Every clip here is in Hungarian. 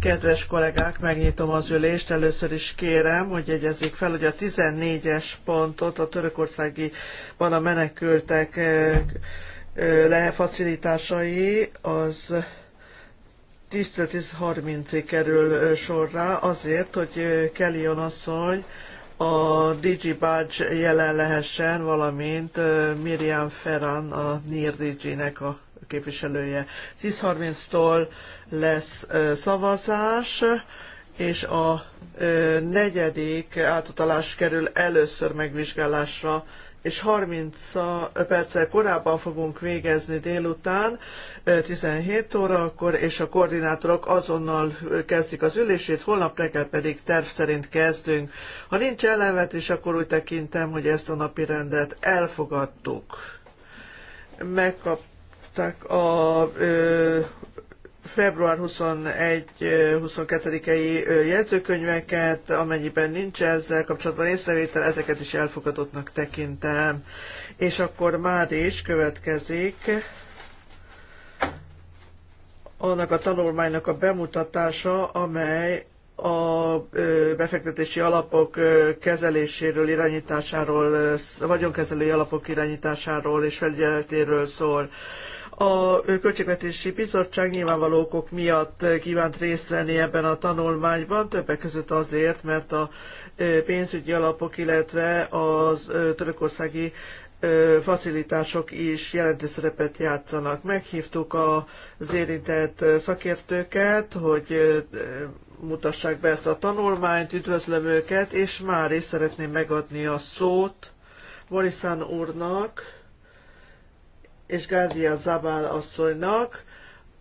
Kedves kollégák, megnyitom az ülést. Először is kérem, hogy jegyezzék fel, hogy a 14-es pontot a törökországi van a menekültek eh, eh, facilitásai az 10-től ig kerül eh, sorra azért, hogy Kelion asszony a DigiBudge jelen lehessen, valamint Miriam Ferran, a NIR nek a képviselője. 10.30-tól lesz szavazás, és a negyedik átutalás kerül először megvizsgálásra és 30 perccel korábban fogunk végezni délután, 17 óra akkor, és a koordinátorok azonnal kezdik az ülését, holnap reggel pedig terv szerint kezdünk. Ha nincs ellenvetés, akkor úgy tekintem, hogy ezt a napi rendet elfogadtuk. Megkap megtámadták a ö, február 21-22-i jegyzőkönyveket, amennyiben nincs ezzel kapcsolatban észrevétel, ezeket is elfogadottnak tekintem. És akkor már is következik annak a tanulmánynak a bemutatása, amely a befektetési alapok kezeléséről, irányításáról, vagyonkezelői alapok irányításáról és felügyeletéről szól. A Költségvetési Bizottság nyilvánvaló okok miatt kívánt részt venni ebben a tanulmányban, többek között azért, mert a pénzügyi alapok, illetve az törökországi facilitások is jelentős szerepet játszanak. Meghívtuk az érintett szakértőket, hogy mutassák be ezt a tanulmányt, üdvözlöm őket, és már is szeretném megadni a szót Borisán úrnak és Gárdia Zabál asszonynak,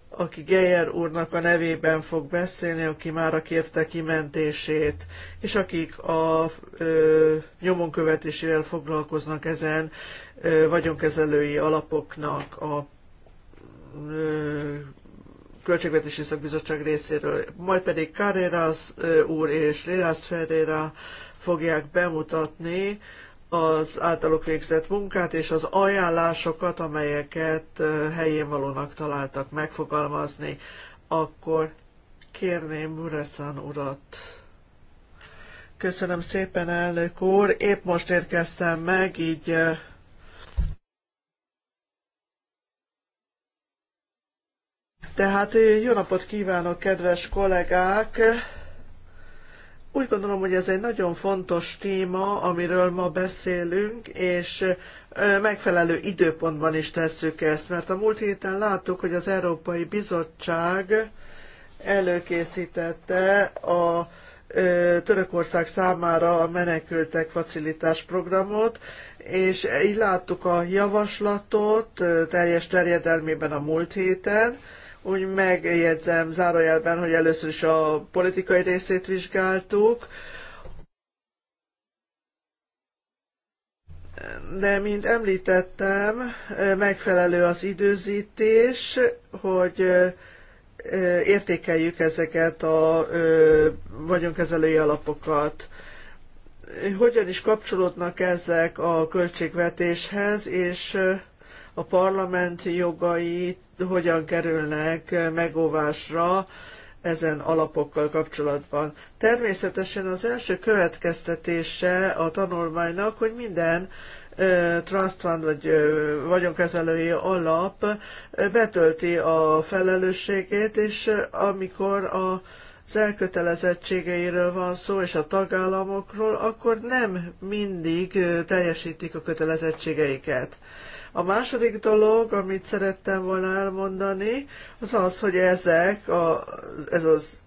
aki Geyer úrnak a nevében fog beszélni, aki már a kérte kimentését, és akik a ö, nyomon foglalkoznak ezen ö, vagyonkezelői alapoknak a ö, Költségvetési Szakbizottság részéről. Majd pedig Carreras úr és Lilas Ferreira fogják bemutatni az általuk végzett munkát és az ajánlásokat, amelyeket helyén valónak találtak megfogalmazni, akkor kérném Muresan urat. Köszönöm szépen, elnök úr. Épp most érkeztem meg, így Tehát jó napot kívánok, kedves kollégák! Úgy gondolom, hogy ez egy nagyon fontos téma, amiről ma beszélünk, és megfelelő időpontban is tesszük ezt, mert a múlt héten láttuk, hogy az Európai Bizottság előkészítette a Törökország számára a menekültek facilitás programot, és így láttuk a javaslatot teljes terjedelmében a múlt héten, úgy megjegyzem zárójelben, hogy először is a politikai részét vizsgáltuk, de mint említettem, megfelelő az időzítés, hogy értékeljük ezeket a vagyonkezelői alapokat. Hogyan is kapcsolódnak ezek a költségvetéshez, és a parlament jogait hogyan kerülnek megóvásra ezen alapokkal kapcsolatban. Természetesen az első következtetése a tanulmánynak, hogy minden trust fund vagy vagyonkezelői alap betölti a felelősségét, és amikor a az elkötelezettségeiről van szó, és a tagállamokról, akkor nem mindig teljesítik a kötelezettségeiket. A második dolog, amit szerettem volna elmondani, az az, hogy ezek, a, ez az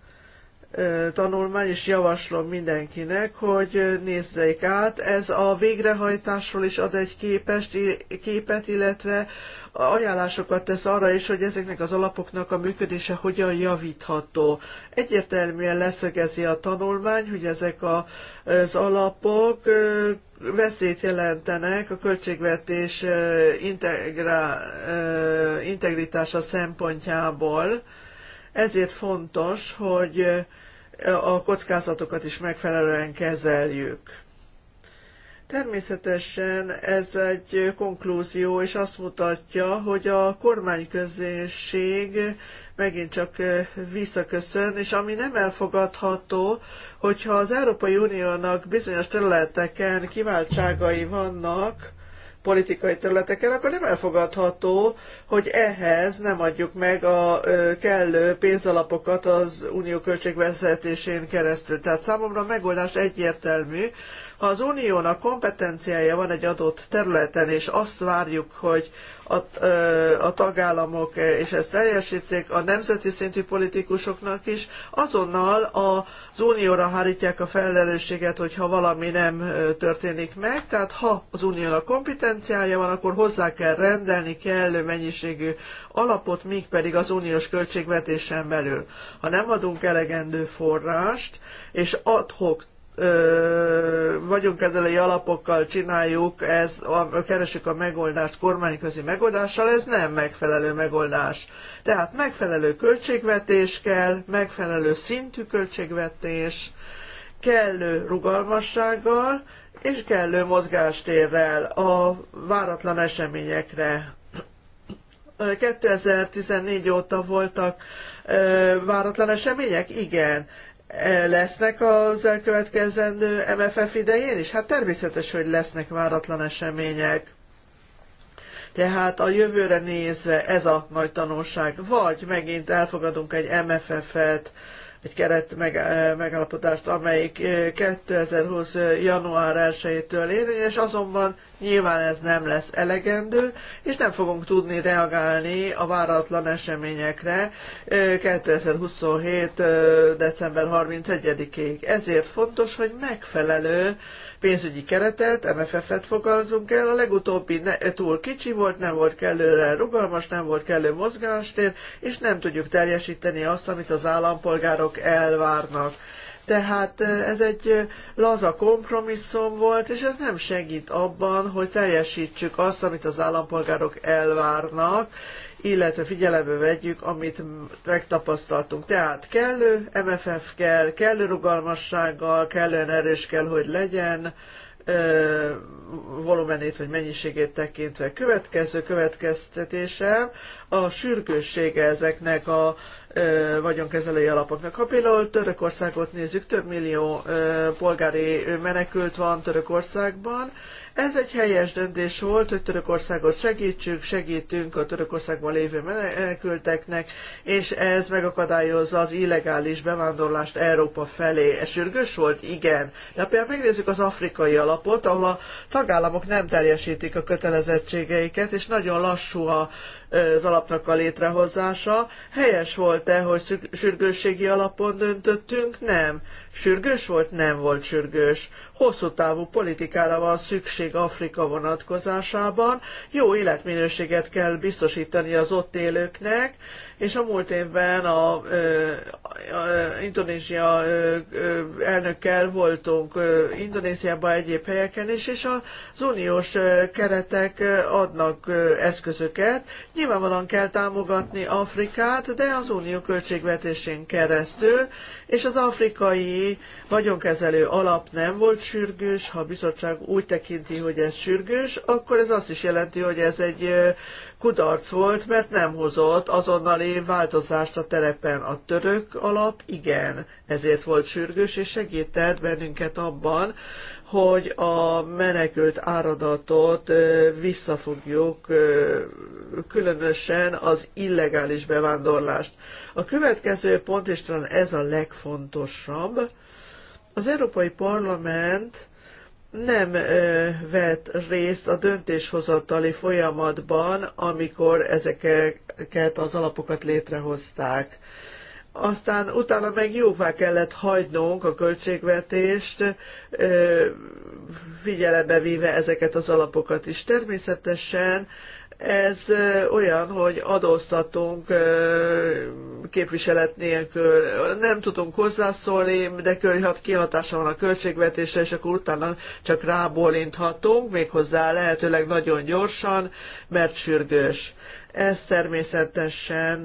tanulmány, és javaslom mindenkinek, hogy nézzék át. Ez a végrehajtásról is ad egy képest, képet, illetve ajánlásokat tesz arra is, hogy ezeknek az alapoknak a működése hogyan javítható. Egyértelműen leszögezi a tanulmány, hogy ezek az alapok veszélyt jelentenek a költségvetés integra, integritása szempontjából. Ezért fontos, hogy a kockázatokat is megfelelően kezeljük. Természetesen ez egy konklúzió, és azt mutatja, hogy a kormányközésség megint csak visszaköszön, és ami nem elfogadható, hogyha az Európai Uniónak bizonyos területeken kiváltságai vannak, politikai területeken, akkor nem elfogadható, hogy ehhez nem adjuk meg a kellő pénzalapokat az unió költségvezetésén keresztül. Tehát számomra a megoldás egyértelmű, ha az uniónak kompetenciája van egy adott területen, és azt várjuk, hogy a, a tagállamok, és ezt teljesítik a nemzeti szintű politikusoknak is, azonnal az unióra hárítják a felelősséget, hogyha valami nem történik meg. Tehát ha az uniónak kompetenciája van, akkor hozzá kell rendelni kellő mennyiségű alapot, mégpedig az uniós költségvetésen belül. Ha nem adunk elegendő forrást, és adhok vagyonkezelői alapokkal csináljuk, ez, a, keresik a megoldást kormányközi megoldással, ez nem megfelelő megoldás. Tehát megfelelő költségvetés kell, megfelelő szintű költségvetés, kellő rugalmassággal és kellő mozgástérrel a váratlan eseményekre. 2014 óta voltak váratlan események? Igen lesznek az elkövetkezendő MFF idején is? Hát természetes, hogy lesznek váratlan események. Tehát a jövőre nézve ez a nagy tanulság. Vagy megint elfogadunk egy MFF-et, egy keret megállapodást, eh, amelyik 2020. Eh, eh, január 1-től érvényes, azonban nyilván ez nem lesz elegendő, és nem fogunk tudni reagálni a váratlan eseményekre 2027. december 31-ig. Ezért fontos, hogy megfelelő pénzügyi keretet, MFF-et fogalmazunk el. A legutóbbi ne, túl kicsi volt, nem volt kellően rugalmas, nem volt kellő mozgástér, és nem tudjuk teljesíteni azt, amit az állampolgárok elvárnak. Tehát ez egy laza kompromisszum volt, és ez nem segít abban, hogy teljesítsük azt, amit az állampolgárok elvárnak, illetve figyelembe vegyük, amit megtapasztaltunk. Tehát kellő MFF kell, kellő rugalmassággal, kellően erős kell, hogy legyen, volumenét vagy mennyiségét tekintve. Következő következtetésem a sürgőssége ezeknek a ö, vagyonkezelői alapoknak. Ha például Törökországot nézzük, több millió ö, polgári menekült van Törökországban, ez egy helyes döntés volt, hogy Törökországot segítsük, segítünk a Törökországban lévő menekülteknek, és ez megakadályozza az illegális bevándorlást Európa felé. Ez sürgős volt? Igen. De például megnézzük az afrikai alapot, ahol a tagállamok nem teljesítik a kötelezettségeiket, és nagyon lassú a az alapnak a létrehozása. Helyes volt-e, hogy sürgősségi alapon döntöttünk? Nem. Sürgős volt? Nem volt sürgős. Hosszú távú politikára van szükség Afrika vonatkozásában. Jó életminőséget kell biztosítani az ott élőknek, és a múlt évben a, a, a Indonézia elnökkel voltunk Indonéziában egyéb helyeken is, és az uniós keretek adnak eszközöket. Nyilvánvalóan kell támogatni Afrikát, de az unió költségvetésén keresztül, és az afrikai vagyonkezelő alap nem volt sürgős, ha a bizottság úgy tekinti, hogy ez sürgős, akkor ez azt is jelenti, hogy ez egy kudarc volt, mert nem hozott év változást a telepen. A török alap igen, ezért volt sürgős, és segített bennünket abban, hogy a menekült áradatot visszafogjuk, különösen az illegális bevándorlást. A következő pont, és talán ez a legfontosabb, az Európai Parlament nem ö, vett részt a döntéshozatali folyamatban, amikor ezeket az alapokat létrehozták. Aztán utána meg jóvá kellett hagynunk a költségvetést, figyelembe véve ezeket az alapokat is. Természetesen ez olyan, hogy adóztatunk képviselet nélkül. Nem tudunk hozzászólni, de kihatása van a költségvetésre, és akkor utána csak rábólinthatunk, méghozzá lehetőleg nagyon gyorsan, mert sürgős. Ez természetesen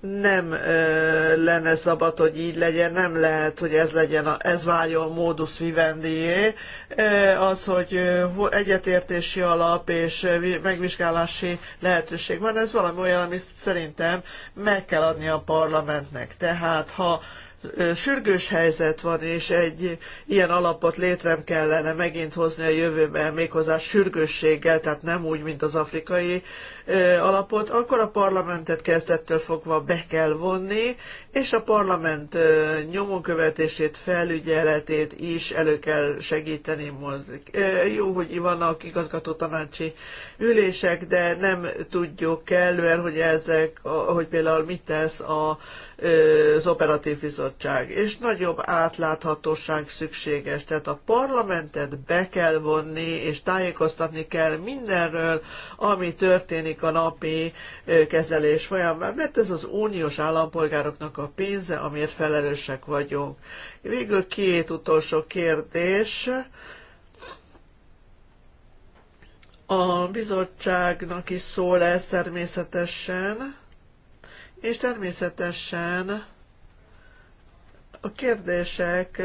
nem ö, lenne szabad, hogy így legyen, nem lehet, hogy ez legyen, a, ez váljon modus vivendié. Az, hogy egyetértési alap és megvizsgálási lehetőség van, ez valami olyan, amit szerintem meg kell adni a parlamentnek. Tehát, ha sürgős helyzet van, és egy ilyen alapot létre kellene megint hozni a jövőben, méghozzá sürgősséggel, tehát nem úgy, mint az afrikai alapot, akkor a parlamentet kezdettől fogva be kell vonni, és a parlament nyomonkövetését, felügyeletét is elő kell segíteni. Jó, hogy vannak igazgató tanácsi ülések, de nem tudjuk kellően, hogy ezek, hogy például mit tesz a, az operatív bizottság. És nagyobb átláthatóság szükséges. Tehát a parlamentet be kell vonni, és tájékoztatni kell mindenről, ami történik a napi kezelés folyamán, mert ez az uniós állampolgároknak a pénze, amiért felelősek vagyunk. Végül két utolsó kérdés. A bizottságnak is szól ez természetesen, és természetesen a kérdések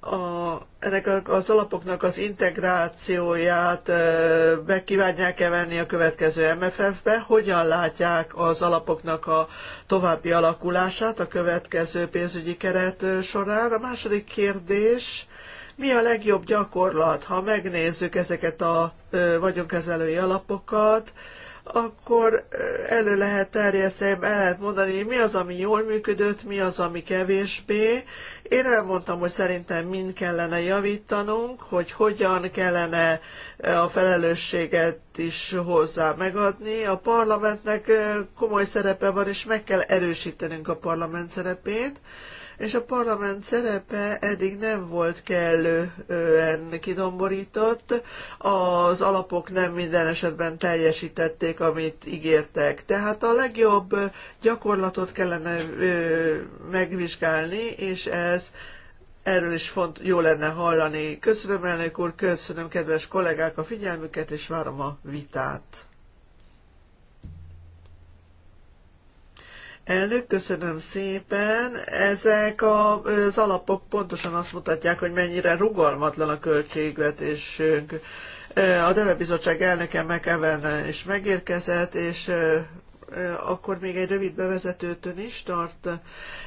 a, ennek az alapoknak az integrációját be kívánják-e venni a következő MFF-be? Hogyan látják az alapoknak a további alakulását a következő pénzügyi keret során? A második kérdés, mi a legjobb gyakorlat, ha megnézzük ezeket a vagyonkezelői alapokat, akkor elő lehet terjeszteni, el lehet mondani, mi az, ami jól működött, mi az, ami kevésbé. Én elmondtam, hogy szerintem mind kellene javítanunk, hogy hogyan kellene a felelősséget is hozzá megadni. A parlamentnek komoly szerepe van, és meg kell erősítenünk a parlament szerepét és a parlament szerepe eddig nem volt kellően kidomborított, az alapok nem minden esetben teljesítették, amit ígértek. Tehát a legjobb gyakorlatot kellene megvizsgálni, és ez erről is font, jó lenne hallani. Köszönöm, elnök úr, köszönöm, kedves kollégák, a figyelmüket, és várom a vitát. Elnök, köszönöm szépen. Ezek a, az alapok pontosan azt mutatják, hogy mennyire rugalmatlan a költségvetésünk. A Deve Bizottság elnöke McEwen is megérkezett, és akkor még egy rövid bevezetőtön is tart.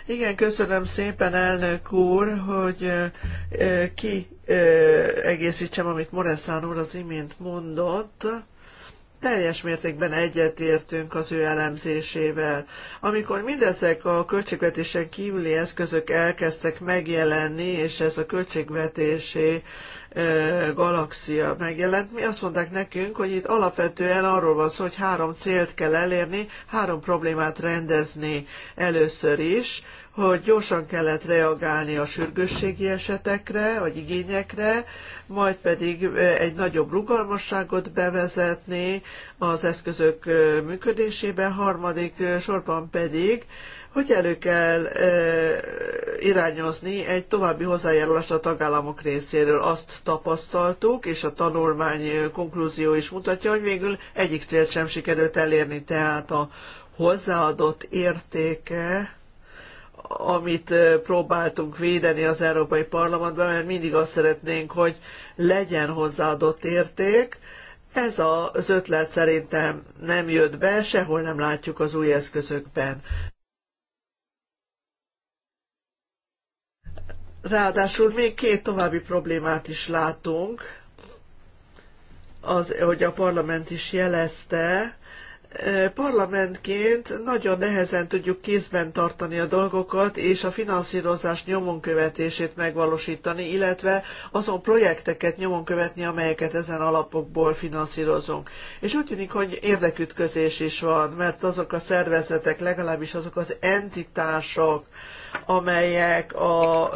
Igen, köszönöm szépen, elnök úr, hogy ki egészítsem, amit Moreszán úr az imént mondott teljes mértékben egyetértünk az ő elemzésével. Amikor mindezek a költségvetésen kívüli eszközök elkezdtek megjelenni, és ez a költségvetési galaxia megjelent. Mi azt mondták nekünk, hogy itt alapvetően arról van szó, hogy három célt kell elérni, három problémát rendezni először is hogy gyorsan kellett reagálni a sürgősségi esetekre, vagy igényekre, majd pedig egy nagyobb rugalmasságot bevezetni az eszközök működésében, harmadik sorban pedig hogy elő kell e, irányozni egy további hozzájárulást a tagállamok részéről. Azt tapasztaltuk, és a tanulmány konklúzió is mutatja, hogy végül egyik célt sem sikerült elérni, tehát a hozzáadott értéke amit próbáltunk védeni az Európai Parlamentben, mert mindig azt szeretnénk, hogy legyen hozzáadott érték. Ez az ötlet szerintem nem jött be, sehol nem látjuk az új eszközökben. Ráadásul még két további problémát is látunk, az, hogy a parlament is jelezte, parlamentként nagyon nehezen tudjuk kézben tartani a dolgokat, és a finanszírozás nyomon követését megvalósítani, illetve azon projekteket nyomon követni, amelyeket ezen alapokból finanszírozunk. És úgy tűnik, hogy érdekütközés is van, mert azok a szervezetek, legalábbis azok az entitások, amelyek a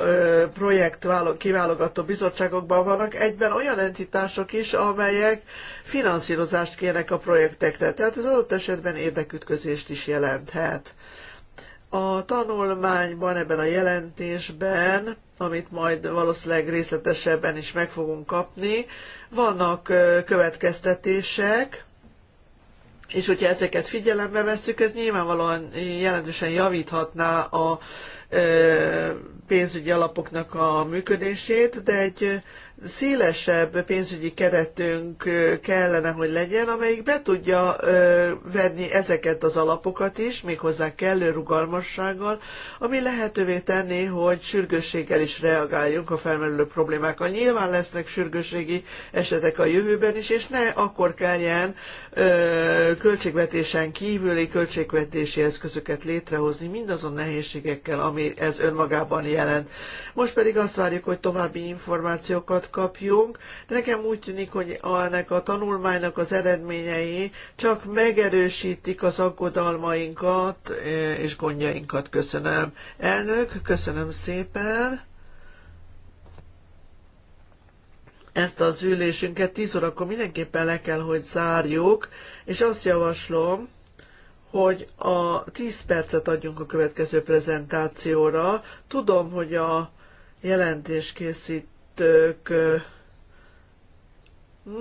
projekt kiválogató bizottságokban vannak, egyben olyan entitások is, amelyek finanszírozást kérnek a projektekre. Tehát ez adott esetben érdekütközést is jelenthet. A tanulmányban, ebben a jelentésben, amit majd valószínűleg részletesebben is meg fogunk kapni, vannak következtetések, és hogyha ezeket figyelembe vesszük, ez nyilvánvalóan jelentősen javíthatná a pénzügyi alapoknak a működését, de egy szélesebb pénzügyi keretünk kellene, hogy legyen, amelyik be tudja venni ezeket az alapokat is, méghozzá kellő rugalmassággal, ami lehetővé tenné, hogy sürgősséggel is reagáljunk a felmerülő problémákra. Nyilván lesznek sürgősségi esetek a jövőben is, és ne akkor kelljen költségvetésen kívüli költségvetési eszközöket létrehozni, mindazon nehézségekkel, ami ez önmagában jelent. Most pedig azt várjuk, hogy további információkat kapjunk. De nekem úgy tűnik, hogy ennek a tanulmánynak az eredményei csak megerősítik az aggodalmainkat e, és gondjainkat. Köszönöm. Elnök, köszönöm szépen. Ezt az ülésünket 10 órakor mindenképpen le kell, hogy zárjuk, és azt javaslom, hogy a 10 percet adjunk a következő prezentációra. Tudom, hogy a készít vezetők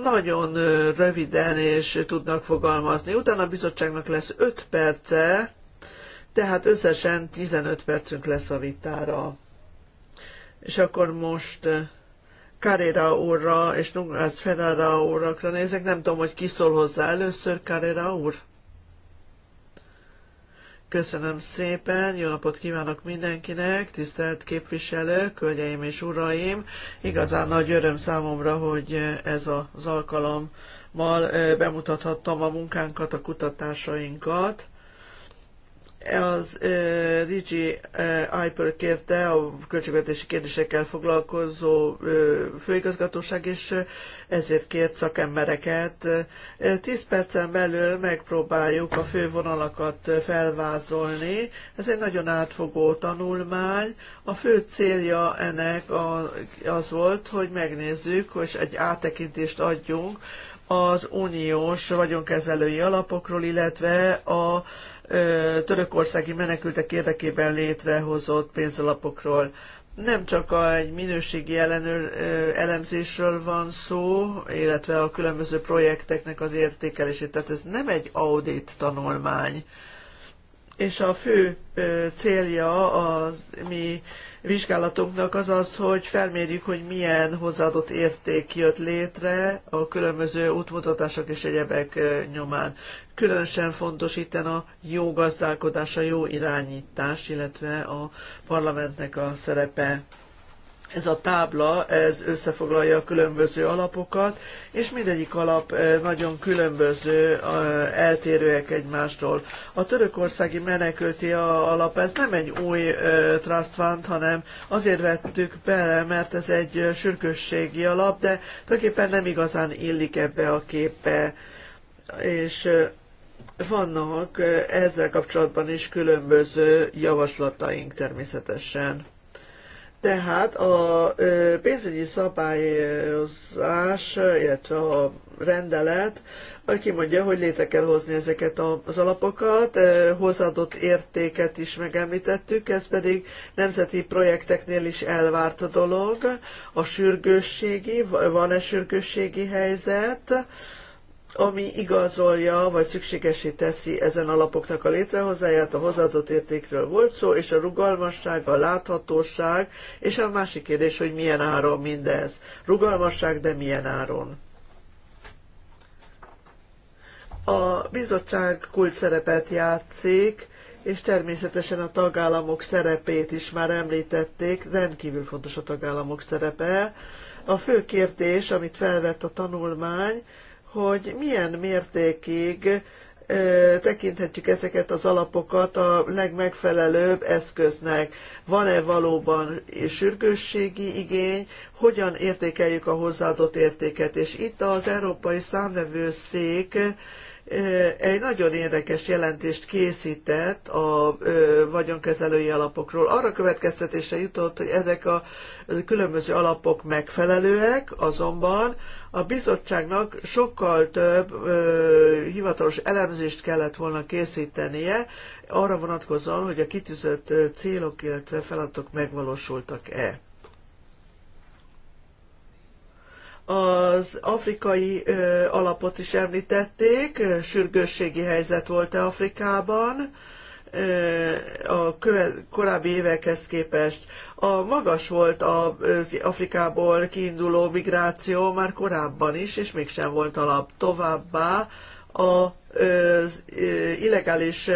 nagyon röviden és tudnak fogalmazni. Utána a bizottságnak lesz 5 perce, tehát összesen 15 percünk lesz a vitára. És akkor most Carrera úrra és Nungász Ferrara úrakra nézek, nem tudom, hogy ki szól hozzá először, Carrera úr. Köszönöm szépen, jó napot kívánok mindenkinek, tisztelt képviselők, hölgyeim és uraim. Igazán nagy öröm számomra, hogy ez az alkalommal eh, bemutathattam a munkánkat, a kutatásainkat az uh, DG uh, IPER kérte a költségvetési kérdésekkel foglalkozó uh, főigazgatóság, és uh, ezért kért szakembereket. Uh, percen belül megpróbáljuk a fő vonalakat felvázolni. Ez egy nagyon átfogó tanulmány. A fő célja ennek a, az volt, hogy megnézzük, és egy áttekintést adjunk az uniós vagyonkezelői alapokról, illetve a törökországi menekültek érdekében létrehozott pénzalapokról. Nem csak egy minőségi ellenőr, elemzésről van szó, illetve a különböző projekteknek az értékelését, tehát ez nem egy audit tanulmány. És a fő célja az mi vizsgálatunknak az az, hogy felmérjük, hogy milyen hozzáadott érték jött létre a különböző útmutatások és egyebek nyomán. Különösen fontos itten a jó gazdálkodás, a jó irányítás, illetve a parlamentnek a szerepe. Ez a tábla, ez összefoglalja a különböző alapokat, és mindegyik alap eh, nagyon különböző, eh, eltérőek egymástól. A törökországi menekülti alap, ez nem egy új eh, trust fund, hanem azért vettük bele, mert ez egy sürgősségi alap, de tulajdonképpen nem igazán illik ebbe a képbe. És vannak ezzel kapcsolatban is különböző javaslataink természetesen. Tehát a pénzügyi szabályozás, illetve a rendelet aki mondja, hogy létre kell hozni ezeket az alapokat, hozadott értéket is megemlítettük, ez pedig nemzeti projekteknél is elvárt a dolog, a sürgősségi, van-e sürgősségi helyzet, ami igazolja vagy szükségesé teszi ezen alapoknak a létrehozáját, a hozzáadott értékről volt szó, és a rugalmasság, a láthatóság, és a másik kérdés, hogy milyen áron mindez. Rugalmasság, de milyen áron? A bizottság kult szerepet játszik, és természetesen a tagállamok szerepét is már említették, rendkívül fontos a tagállamok szerepe. A fő kérdés, amit felvett a tanulmány, hogy milyen mértékig tekinthetjük ezeket az alapokat a legmegfelelőbb eszköznek. Van-e valóban sürgősségi igény, hogyan értékeljük a hozzáadott értéket. És itt az Európai Számvevőszék egy nagyon érdekes jelentést készített a vagyonkezelői alapokról. Arra következtetése jutott, hogy ezek a különböző alapok megfelelőek, azonban a bizottságnak sokkal több ö, hivatalos elemzést kellett volna készítenie, arra vonatkozóan, hogy a kitűzött célok, illetve feladatok megvalósultak-e. Az afrikai alapot is említették, sürgősségi helyzet volt-e Afrikában, a korábbi évekhez képest. A magas volt az Afrikából kiinduló migráció már korábban is, és mégsem volt alap. Továbbá az illegális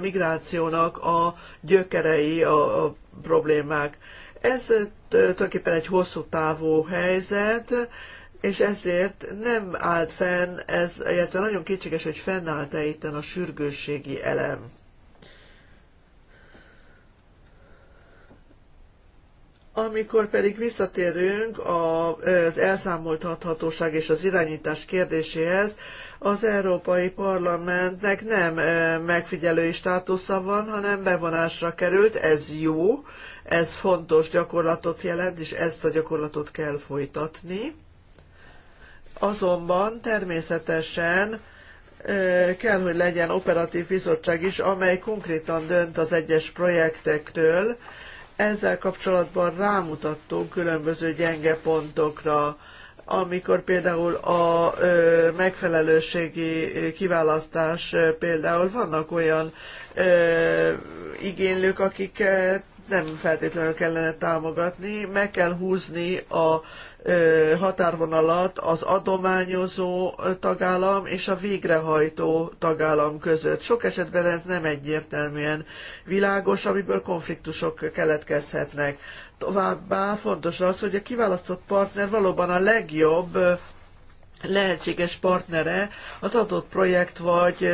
migrációnak a gyökerei a problémák. Ez tulajdonképpen egy hosszú távú helyzet, és ezért nem állt fenn, ez illetve nagyon kétséges, hogy fennállt-e itt a sürgősségi elem. Amikor pedig visszatérünk az elszámoltathatóság és az irányítás kérdéséhez, az Európai Parlamentnek nem megfigyelői státusza van, hanem bevonásra került, ez jó, ez fontos gyakorlatot jelent, és ezt a gyakorlatot kell folytatni. Azonban természetesen kell, hogy legyen operatív bizottság is, amely konkrétan dönt az egyes projektekről. Ezzel kapcsolatban rámutattunk különböző gyenge pontokra amikor például a megfelelőségi kiválasztás például vannak olyan igénylők, akiket nem feltétlenül kellene támogatni, meg kell húzni a határvonalat az adományozó tagállam és a végrehajtó tagállam között. Sok esetben ez nem egyértelműen világos, amiből konfliktusok keletkezhetnek. Továbbá fontos az, hogy a kiválasztott partner valóban a legjobb lehetséges partnere az adott projekt vagy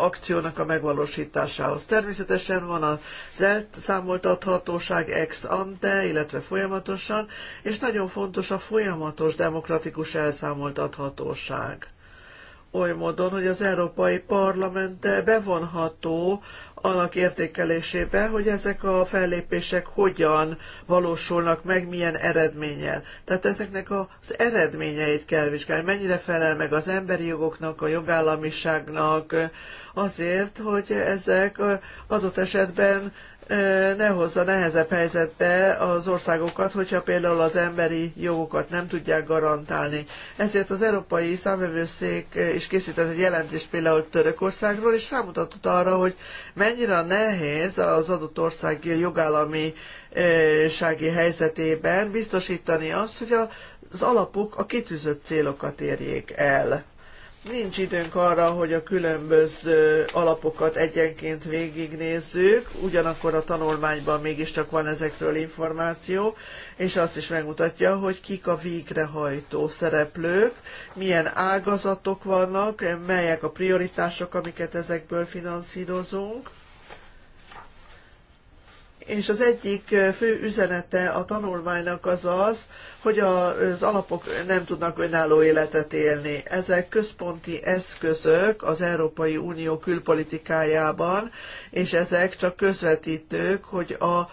akciónak a megvalósításához. Természetesen van az elszámoltathatóság ex ante, illetve folyamatosan, és nagyon fontos a folyamatos demokratikus elszámoltathatóság oly módon, hogy az Európai Parlament bevonható annak értékelésébe, hogy ezek a fellépések hogyan valósulnak meg, milyen eredménnyel. Tehát ezeknek az eredményeit kell vizsgálni, mennyire felel meg az emberi jogoknak, a jogállamiságnak, azért, hogy ezek adott esetben ne hozza nehezebb helyzetbe az országokat, hogyha például az emberi jogokat nem tudják garantálni. Ezért az Európai Számvevőszék is készített egy jelentést például Törökországról, és rámutatott arra, hogy mennyire nehéz az adott ország jogállami sági helyzetében biztosítani azt, hogy az alapok a kitűzött célokat érjék el nincs időnk arra, hogy a különböző alapokat egyenként végignézzük, ugyanakkor a tanulmányban mégiscsak van ezekről információ, és azt is megmutatja, hogy kik a végrehajtó szereplők, milyen ágazatok vannak, melyek a prioritások, amiket ezekből finanszírozunk, és az egyik fő üzenete a tanulmánynak az az, hogy az alapok nem tudnak önálló életet élni. Ezek központi eszközök az Európai Unió külpolitikájában, és ezek csak közvetítők, hogy a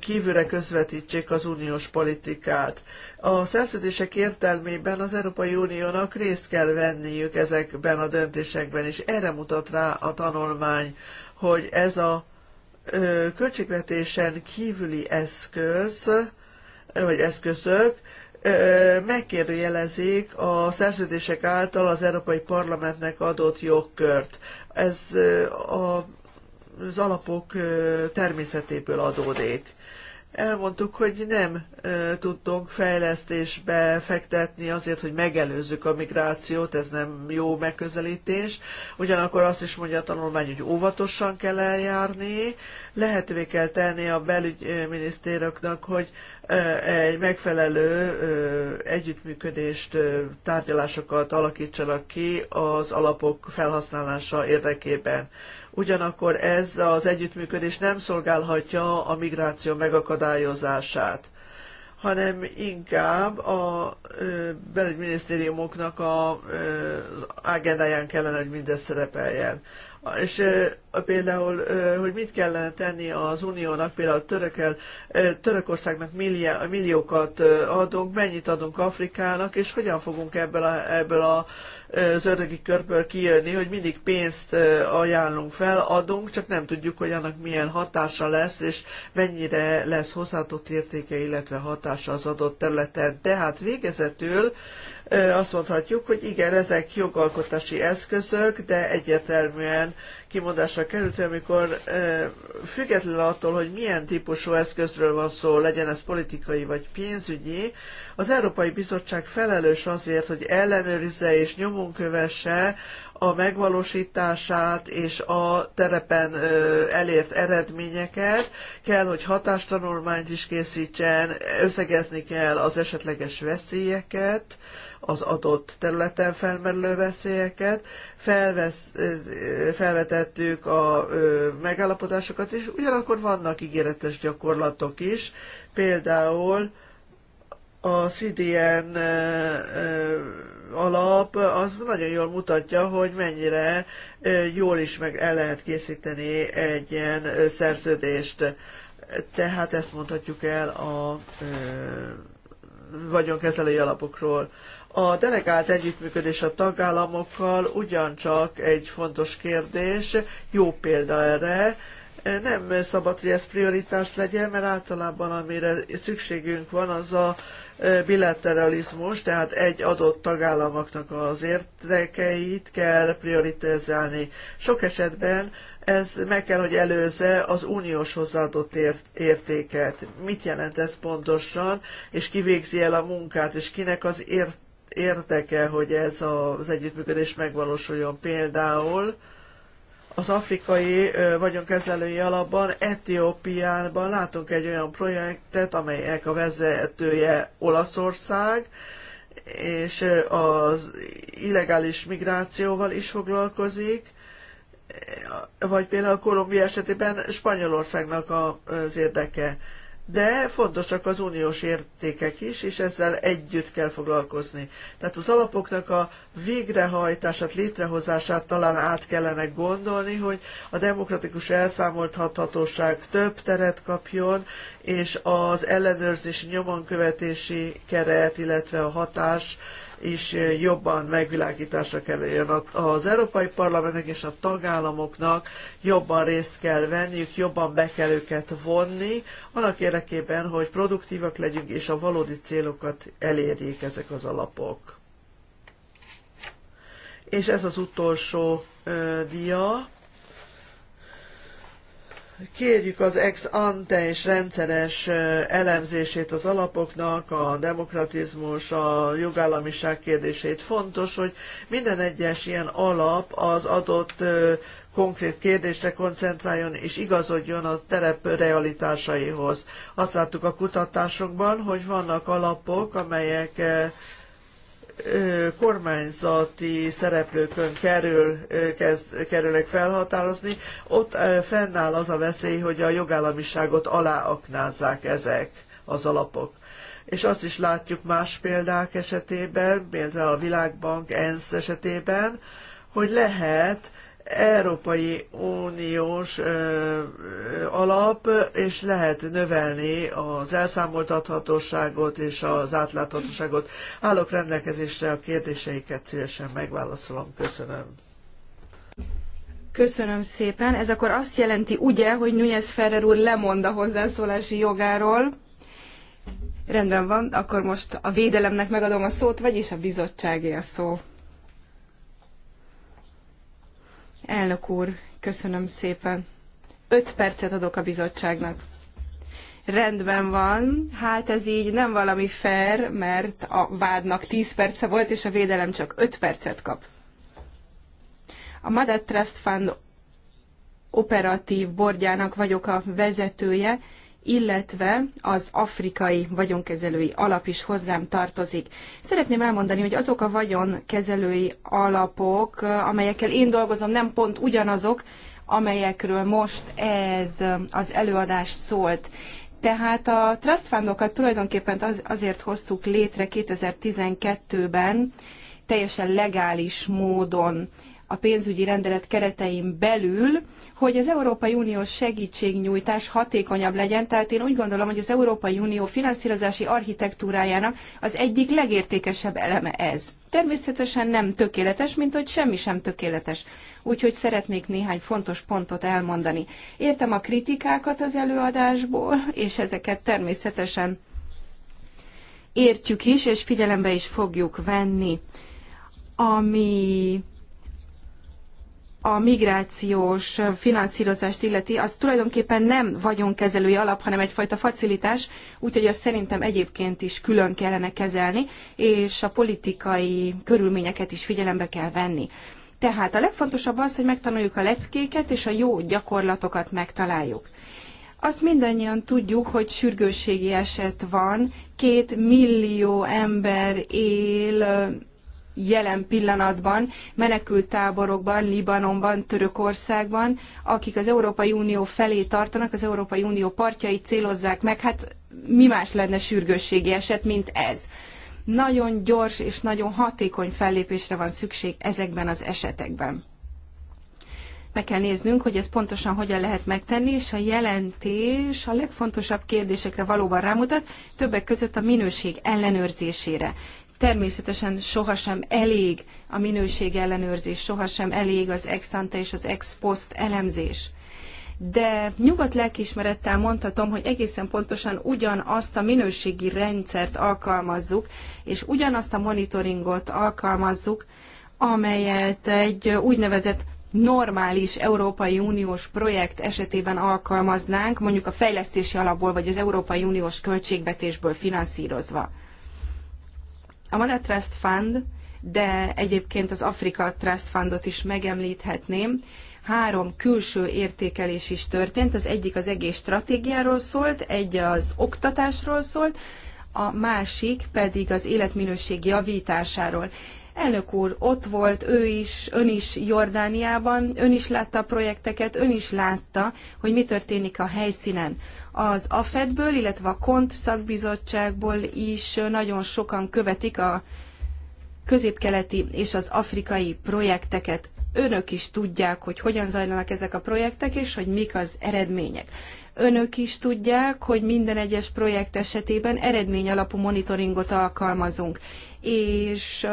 kívülre közvetítsék az uniós politikát. A szerződések értelmében az Európai Uniónak részt kell venniük ezekben a döntésekben, és erre mutat rá a tanulmány, hogy ez a költségvetésen kívüli eszköz, vagy eszközök megkérdőjelezik a szerződések által az Európai Parlamentnek adott jogkört. Ez a, az alapok természetéből adódik elmondtuk, hogy nem tudtunk fejlesztésbe fektetni azért, hogy megelőzzük a migrációt, ez nem jó megközelítés. Ugyanakkor azt is mondja a tanulmány, hogy óvatosan kell eljárni, lehetővé kell tenni a belügyminisztéröknek, hogy egy megfelelő együttműködést, tárgyalásokat alakítsanak ki az alapok felhasználása érdekében ugyanakkor ez az együttműködés nem szolgálhatja a migráció megakadályozását hanem inkább a belügyminisztériumoknak a agendáján kellene, hogy mindez szerepeljen és például, hogy mit kellene tenni az uniónak, például törökel, Törökországnak milliá, milliókat adunk, mennyit adunk Afrikának, és hogyan fogunk ebből, a, ebből a, az ördögi körből kijönni, hogy mindig pénzt ajánlunk fel, adunk, csak nem tudjuk, hogy annak milyen hatása lesz, és mennyire lesz hozzáadott értéke, illetve hatása az adott területen. Tehát végezetül azt mondhatjuk, hogy igen, ezek jogalkotási eszközök, de egyértelműen kimondásra került, amikor függetlenül attól, hogy milyen típusú eszközről van szó, legyen ez politikai vagy pénzügyi, az Európai Bizottság felelős azért, hogy ellenőrizze és nyomon kövesse a megvalósítását és a terepen elért eredményeket, kell, hogy hatástanulmányt is készítsen, összegezni kell az esetleges veszélyeket, az adott területen felmerülő veszélyeket, felvesz, felvetettük a megállapodásokat is, ugyanakkor vannak ígéretes gyakorlatok is, például a CDN alap az nagyon jól mutatja, hogy mennyire jól is meg el lehet készíteni egy ilyen szerződést. Tehát ezt mondhatjuk el a vagyonkezelői alapokról. A delegált együttműködés a tagállamokkal ugyancsak egy fontos kérdés, jó példa erre. Nem szabad, hogy ez prioritás legyen, mert általában amire szükségünk van, az a e, bilateralizmus, tehát egy adott tagállamoknak az érdekeit kell prioritizálni. Sok esetben ez meg kell, hogy előzze az uniós hozzáadott értéket. Mit jelent ez pontosan, és ki végzi el a munkát, és kinek az ért érdeke, hogy ez az együttműködés megvalósuljon. Például az afrikai vagyonkezelői alapban Etiópiában látunk egy olyan projektet, amelyek a vezetője Olaszország, és az illegális migrációval is foglalkozik, vagy például a Kolumbia esetében Spanyolországnak az érdeke de fontosak az uniós értékek is, és ezzel együtt kell foglalkozni. Tehát az alapoknak a végrehajtását, létrehozását talán át kellene gondolni, hogy a demokratikus elszámolthatóság több teret kapjon, és az ellenőrzési nyomonkövetési keret, illetve a hatás is jobban megvilágításra kerüljön. Az Európai Parlamentnek és a tagállamoknak jobban részt kell venniük, jobban be kell őket vonni, annak érdekében, hogy produktívak legyünk és a valódi célokat elérjék ezek az alapok. És ez az utolsó ö, dia kérjük az ex ante és rendszeres elemzését az alapoknak, a demokratizmus, a jogállamiság kérdését. Fontos, hogy minden egyes ilyen alap az adott konkrét kérdésre koncentráljon és igazodjon a terep realitásaihoz. Azt láttuk a kutatásokban, hogy vannak alapok, amelyek kormányzati szereplőkön kerül, kezd, kerülnek felhatározni, ott fennáll az a veszély, hogy a jogállamiságot aláaknázzák ezek az alapok. És azt is látjuk más példák esetében, például a Világbank ENSZ esetében, hogy lehet Európai Uniós alap, és lehet növelni az elszámoltathatóságot és az átláthatóságot. Állok rendelkezésre a kérdéseiket, szívesen megválaszolom. Köszönöm. Köszönöm szépen. Ez akkor azt jelenti, ugye, hogy Nunez Ferrer úr lemond a hozzászólási jogáról. Rendben van, akkor most a védelemnek megadom a szót, vagyis a bizottságé a szó. Elnök úr, köszönöm szépen. Öt percet adok a bizottságnak. Rendben van, hát ez így nem valami fair, mert a vádnak 10 perce volt, és a védelem csak 5 percet kap. A Madat Trust Fund operatív bordjának vagyok a vezetője, illetve az afrikai vagyonkezelői alap is hozzám tartozik. Szeretném elmondani, hogy azok a vagyonkezelői alapok, amelyekkel én dolgozom, nem pont ugyanazok, amelyekről most ez az előadás szólt. Tehát a trust fundokat tulajdonképpen az, azért hoztuk létre 2012-ben, teljesen legális módon a pénzügyi rendelet keretein belül, hogy az Európai Uniós segítségnyújtás hatékonyabb legyen. Tehát én úgy gondolom, hogy az Európai Unió finanszírozási architektúrájának az egyik legértékesebb eleme ez. Természetesen nem tökéletes, mint hogy semmi sem tökéletes. Úgyhogy szeretnék néhány fontos pontot elmondani. Értem a kritikákat az előadásból, és ezeket természetesen értjük is, és figyelembe is fogjuk venni. Ami a migrációs finanszírozást illeti, az tulajdonképpen nem vagyonkezelői alap, hanem egyfajta facilitás, úgyhogy azt szerintem egyébként is külön kellene kezelni, és a politikai körülményeket is figyelembe kell venni. Tehát a legfontosabb az, hogy megtanuljuk a leckéket, és a jó gyakorlatokat megtaláljuk. Azt mindannyian tudjuk, hogy sürgősségi eset van, két millió ember él jelen pillanatban menekültáborokban, Libanonban, Törökországban, akik az Európai Unió felé tartanak, az Európai Unió partjait célozzák meg, hát mi más lenne sürgősségi eset, mint ez. Nagyon gyors és nagyon hatékony fellépésre van szükség ezekben az esetekben. Meg kell néznünk, hogy ez pontosan hogyan lehet megtenni, és a jelentés a legfontosabb kérdésekre valóban rámutat, többek között a minőség ellenőrzésére. Természetesen sohasem elég a minőség ellenőrzés, sohasem elég az ex ante és az ex post elemzés de nyugodt lelkiismerettel mondhatom, hogy egészen pontosan ugyanazt a minőségi rendszert alkalmazzuk, és ugyanazt a monitoringot alkalmazzuk, amelyet egy úgynevezett normális Európai Uniós projekt esetében alkalmaznánk, mondjuk a fejlesztési alapból vagy az Európai Uniós költségvetésből finanszírozva a Manet Trust Fund, de egyébként az Afrika Trust Fundot is megemlíthetném, három külső értékelés is történt. Az egyik az egész stratégiáról szólt, egy az oktatásról szólt, a másik pedig az életminőség javításáról. Elnök úr, ott volt ő is, ön is Jordániában, ön is látta a projekteket, ön is látta, hogy mi történik a helyszínen. Az AFED-ből, illetve a KONT szakbizottságból is nagyon sokan követik a középkeleti és az afrikai projekteket. Önök is tudják, hogy hogyan zajlanak ezek a projektek, és hogy mik az eredmények. Önök is tudják, hogy minden egyes projekt esetében eredmény alapú monitoringot alkalmazunk. És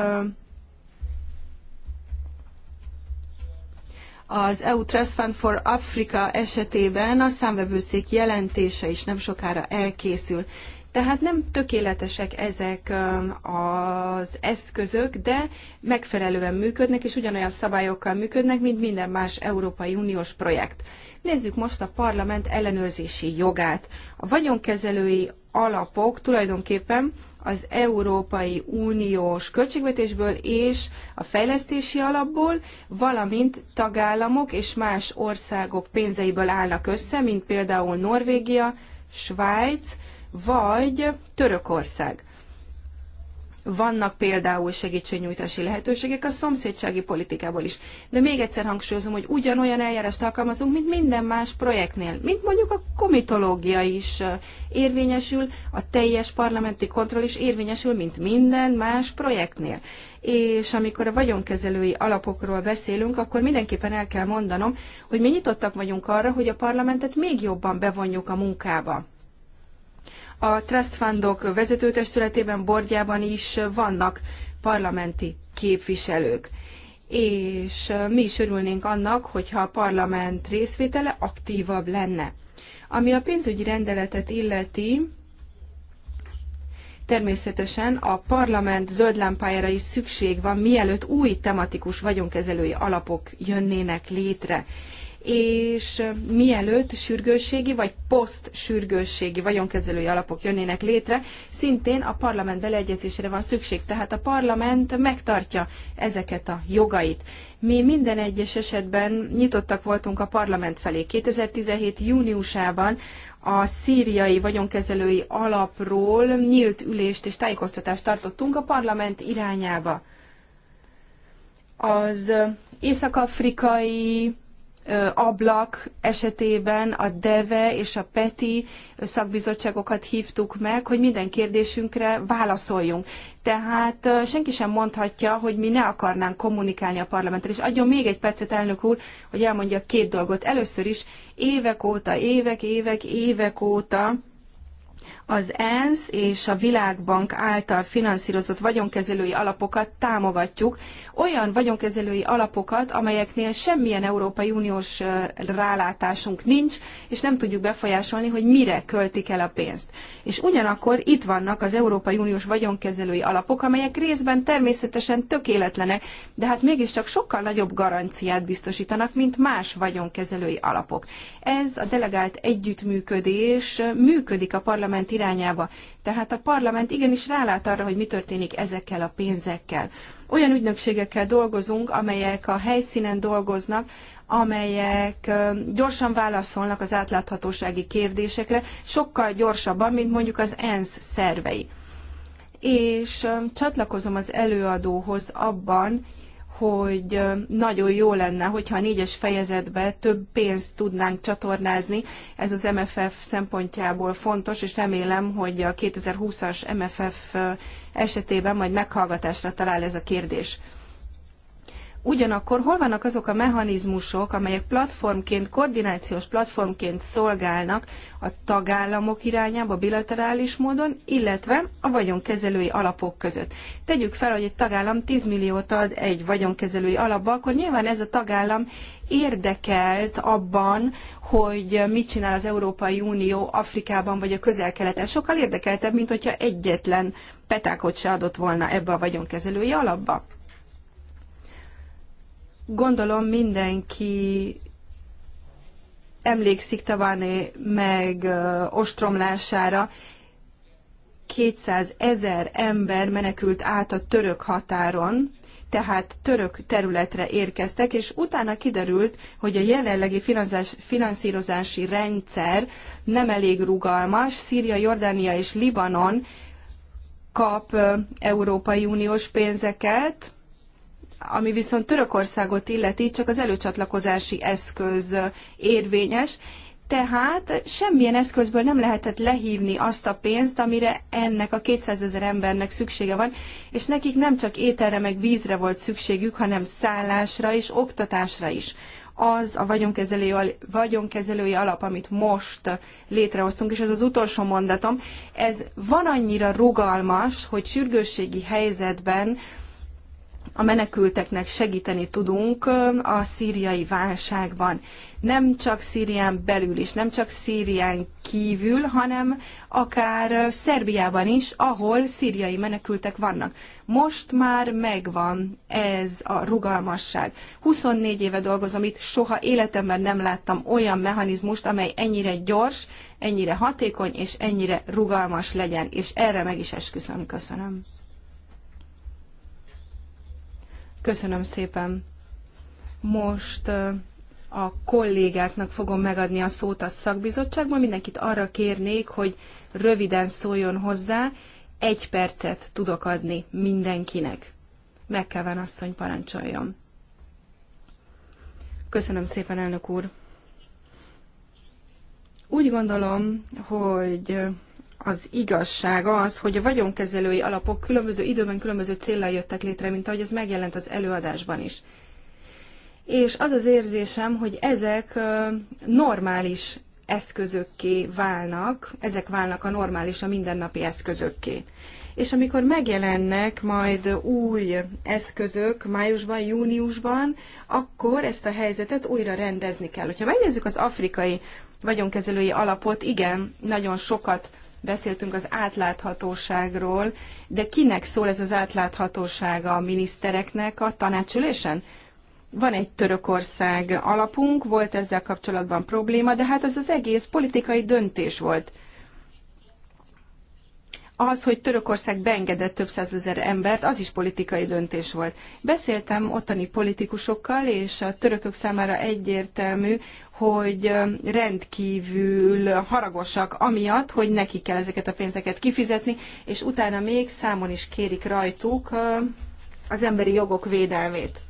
Az EU Trust Fund for Africa esetében a számvevőszék jelentése is nem sokára elkészül. Tehát nem tökéletesek ezek um, az eszközök, de megfelelően működnek, és ugyanolyan szabályokkal működnek, mint minden más Európai Uniós projekt. Nézzük most a parlament ellenőrzési jogát. A vagyonkezelői alapok tulajdonképpen az Európai Uniós költségvetésből és a fejlesztési alapból, valamint tagállamok és más országok pénzeiből állnak össze, mint például Norvégia, Svájc vagy Törökország. Vannak például segítségnyújtási lehetőségek a szomszédsági politikából is. De még egyszer hangsúlyozom, hogy ugyanolyan eljárást alkalmazunk, mint minden más projektnél. Mint mondjuk a komitológia is érvényesül, a teljes parlamenti kontroll is érvényesül, mint minden más projektnél. És amikor a vagyonkezelői alapokról beszélünk, akkor mindenképpen el kell mondanom, hogy mi nyitottak vagyunk arra, hogy a parlamentet még jobban bevonjuk a munkába a trust fundok vezetőtestületében, bordjában is vannak parlamenti képviselők. És mi is örülnénk annak, hogyha a parlament részvétele aktívabb lenne. Ami a pénzügyi rendeletet illeti, természetesen a parlament zöld lámpájára is szükség van, mielőtt új tematikus vagyonkezelői alapok jönnének létre és mielőtt sürgősségi vagy poszt-sürgősségi vagyonkezelői alapok jönnének létre, szintén a parlament beleegyezésére van szükség, tehát a parlament megtartja ezeket a jogait. Mi minden egyes esetben nyitottak voltunk a parlament felé. 2017. júniusában a szíriai vagyonkezelői alapról nyílt ülést és tájékoztatást tartottunk a parlament irányába. Az észak-afrikai ablak esetében a DEVE és a PETI szakbizottságokat hívtuk meg, hogy minden kérdésünkre válaszoljunk. Tehát senki sem mondhatja, hogy mi ne akarnánk kommunikálni a parlamenttel. És adjon még egy percet, elnök úr, hogy elmondja két dolgot. Először is évek óta, évek, évek, évek óta az ENSZ és a Világbank által finanszírozott vagyonkezelői alapokat támogatjuk, olyan vagyonkezelői alapokat, amelyeknél semmilyen Európai Uniós rálátásunk nincs, és nem tudjuk befolyásolni, hogy mire költik el a pénzt. És ugyanakkor itt vannak az Európai Uniós vagyonkezelői alapok, amelyek részben természetesen tökéletlenek, de hát mégiscsak sokkal nagyobb garanciát biztosítanak, mint más vagyonkezelői alapok. Ez a delegált együttműködés működik a parlamenti irányába. Tehát a parlament igenis rálát arra, hogy mi történik ezekkel a pénzekkel. Olyan ügynökségekkel dolgozunk, amelyek a helyszínen dolgoznak, amelyek gyorsan válaszolnak az átláthatósági kérdésekre, sokkal gyorsabban, mint mondjuk az ENSZ szervei. És csatlakozom az előadóhoz abban, hogy nagyon jó lenne, hogyha a négyes fejezetbe több pénzt tudnánk csatornázni. Ez az MFF szempontjából fontos, és remélem, hogy a 2020-as MFF esetében majd meghallgatásra talál ez a kérdés. Ugyanakkor hol vannak azok a mechanizmusok, amelyek platformként, koordinációs platformként szolgálnak a tagállamok irányába bilaterális módon, illetve a vagyonkezelői alapok között. Tegyük fel, hogy egy tagállam 10 milliót ad egy vagyonkezelői alapba, akkor nyilván ez a tagállam érdekelt abban, hogy mit csinál az Európai Unió Afrikában vagy a közel-keleten. Sokkal érdekeltebb, mint hogyha egyetlen petákot se adott volna ebbe a vagyonkezelői alapba. Gondolom mindenki emlékszik Tavané meg ostromlására, 200 ezer ember menekült át a török határon, tehát török területre érkeztek, és utána kiderült, hogy a jelenlegi finanszírozási rendszer nem elég rugalmas. Szíria, Jordánia és Libanon kap Európai Uniós pénzeket, ami viszont Törökországot illeti, csak az előcsatlakozási eszköz érvényes, tehát semmilyen eszközből nem lehetett lehívni azt a pénzt, amire ennek a 200 ezer embernek szüksége van, és nekik nem csak ételre meg vízre volt szükségük, hanem szállásra és oktatásra is. Az a vagyonkezelői, alap, amit most létrehoztunk, és ez az utolsó mondatom, ez van annyira rugalmas, hogy sürgősségi helyzetben a menekülteknek segíteni tudunk a szíriai válságban. Nem csak Szírián belül is, nem csak Szírián kívül, hanem akár Szerbiában is, ahol szíriai menekültek vannak. Most már megvan ez a rugalmasság. 24 éve dolgozom itt, soha életemben nem láttam olyan mechanizmust, amely ennyire gyors, ennyire hatékony és ennyire rugalmas legyen, és erre meg is esküszöm. Köszönöm. Köszönöm szépen. Most a kollégáknak fogom megadni a szót a szakbizottságban. Mindenkit arra kérnék, hogy röviden szóljon hozzá. Egy percet tudok adni mindenkinek. Megkeván asszony parancsoljon. Köszönöm szépen, elnök úr. Úgy gondolom, hogy az igazság az, hogy a vagyonkezelői alapok különböző időben különböző célra jöttek létre, mint ahogy ez megjelent az előadásban is. És az az érzésem, hogy ezek normális eszközökké válnak, ezek válnak a normális, a mindennapi eszközökké. És amikor megjelennek majd új eszközök májusban, júniusban, akkor ezt a helyzetet újra rendezni kell. Ha megnézzük az afrikai vagyonkezelői alapot, igen, nagyon sokat beszéltünk az átláthatóságról, de kinek szól ez az átláthatóság a minisztereknek a tanácsülésen? Van egy Törökország alapunk, volt ezzel kapcsolatban probléma, de hát ez az egész politikai döntés volt az, hogy Törökország beengedett több százezer embert, az is politikai döntés volt. Beszéltem ottani politikusokkal, és a törökök számára egyértelmű, hogy rendkívül haragosak amiatt, hogy neki kell ezeket a pénzeket kifizetni, és utána még számon is kérik rajtuk az emberi jogok védelmét.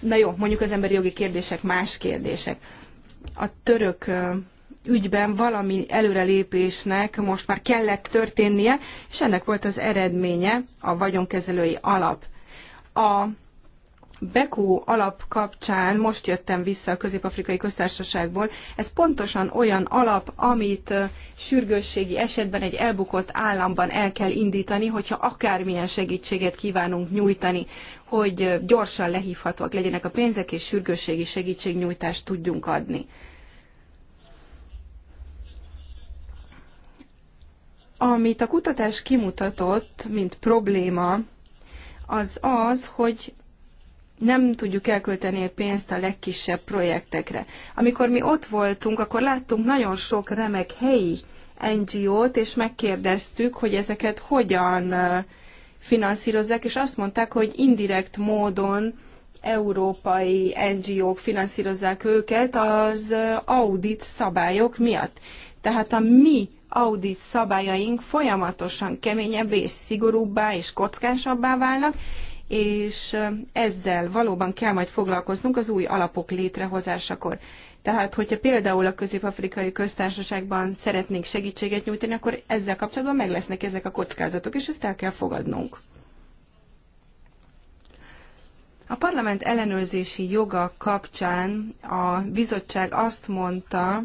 Na jó, mondjuk az emberi jogi kérdések más kérdések. A török ügyben valami előrelépésnek most már kellett történnie, és ennek volt az eredménye a vagyonkezelői alap. A Bekú alap kapcsán most jöttem vissza a Közép-Afrikai Köztársaságból. Ez pontosan olyan alap, amit sürgősségi esetben egy elbukott államban el kell indítani, hogyha akármilyen segítséget kívánunk nyújtani, hogy gyorsan lehívhatóak legyenek a pénzek, és sürgősségi segítségnyújtást tudjunk adni. Amit a kutatás kimutatott, mint probléma, az az, hogy nem tudjuk elkölteni a pénzt a legkisebb projektekre. Amikor mi ott voltunk, akkor láttunk nagyon sok remek helyi NGO-t, és megkérdeztük, hogy ezeket hogyan finanszírozzák, és azt mondták, hogy indirekt módon európai NGO-k finanszírozzák őket az audit szabályok miatt. Tehát a mi audit szabályaink folyamatosan keményebbé és szigorúbbá és kockásabbá válnak, és ezzel valóban kell majd foglalkoznunk az új alapok létrehozásakor. Tehát, hogyha például a közép-afrikai köztársaságban szeretnénk segítséget nyújtani, akkor ezzel kapcsolatban meg lesznek ezek a kockázatok, és ezt el kell fogadnunk. A parlament ellenőrzési joga kapcsán a bizottság azt mondta,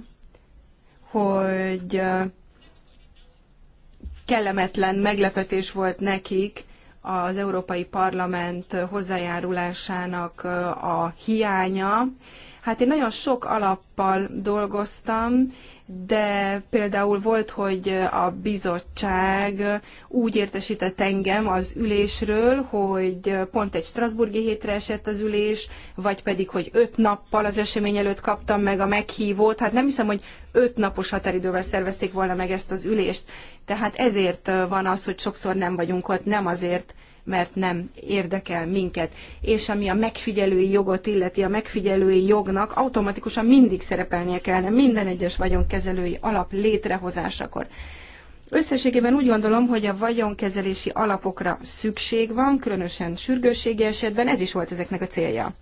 hogy kellemetlen meglepetés volt nekik, az Európai Parlament hozzájárulásának a hiánya. Hát én nagyon sok alappal dolgoztam, de például volt, hogy a bizottság úgy értesített engem az ülésről, hogy pont egy Strasburgi hétre esett az ülés, vagy pedig, hogy öt nappal az esemény előtt kaptam meg a meghívót. Hát nem hiszem, hogy öt napos határidővel szervezték volna meg ezt az ülést. Tehát ezért van az, hogy sokszor nem vagyunk ott, nem azért, mert nem érdekel minket. És ami a megfigyelői jogot illeti, a megfigyelői jognak automatikusan mindig szerepelnie kellene minden egyes vagyonkezelői alap létrehozásakor. Összességében úgy gondolom, hogy a vagyonkezelési alapokra szükség van, különösen sürgősségi esetben, ez is volt ezeknek a célja.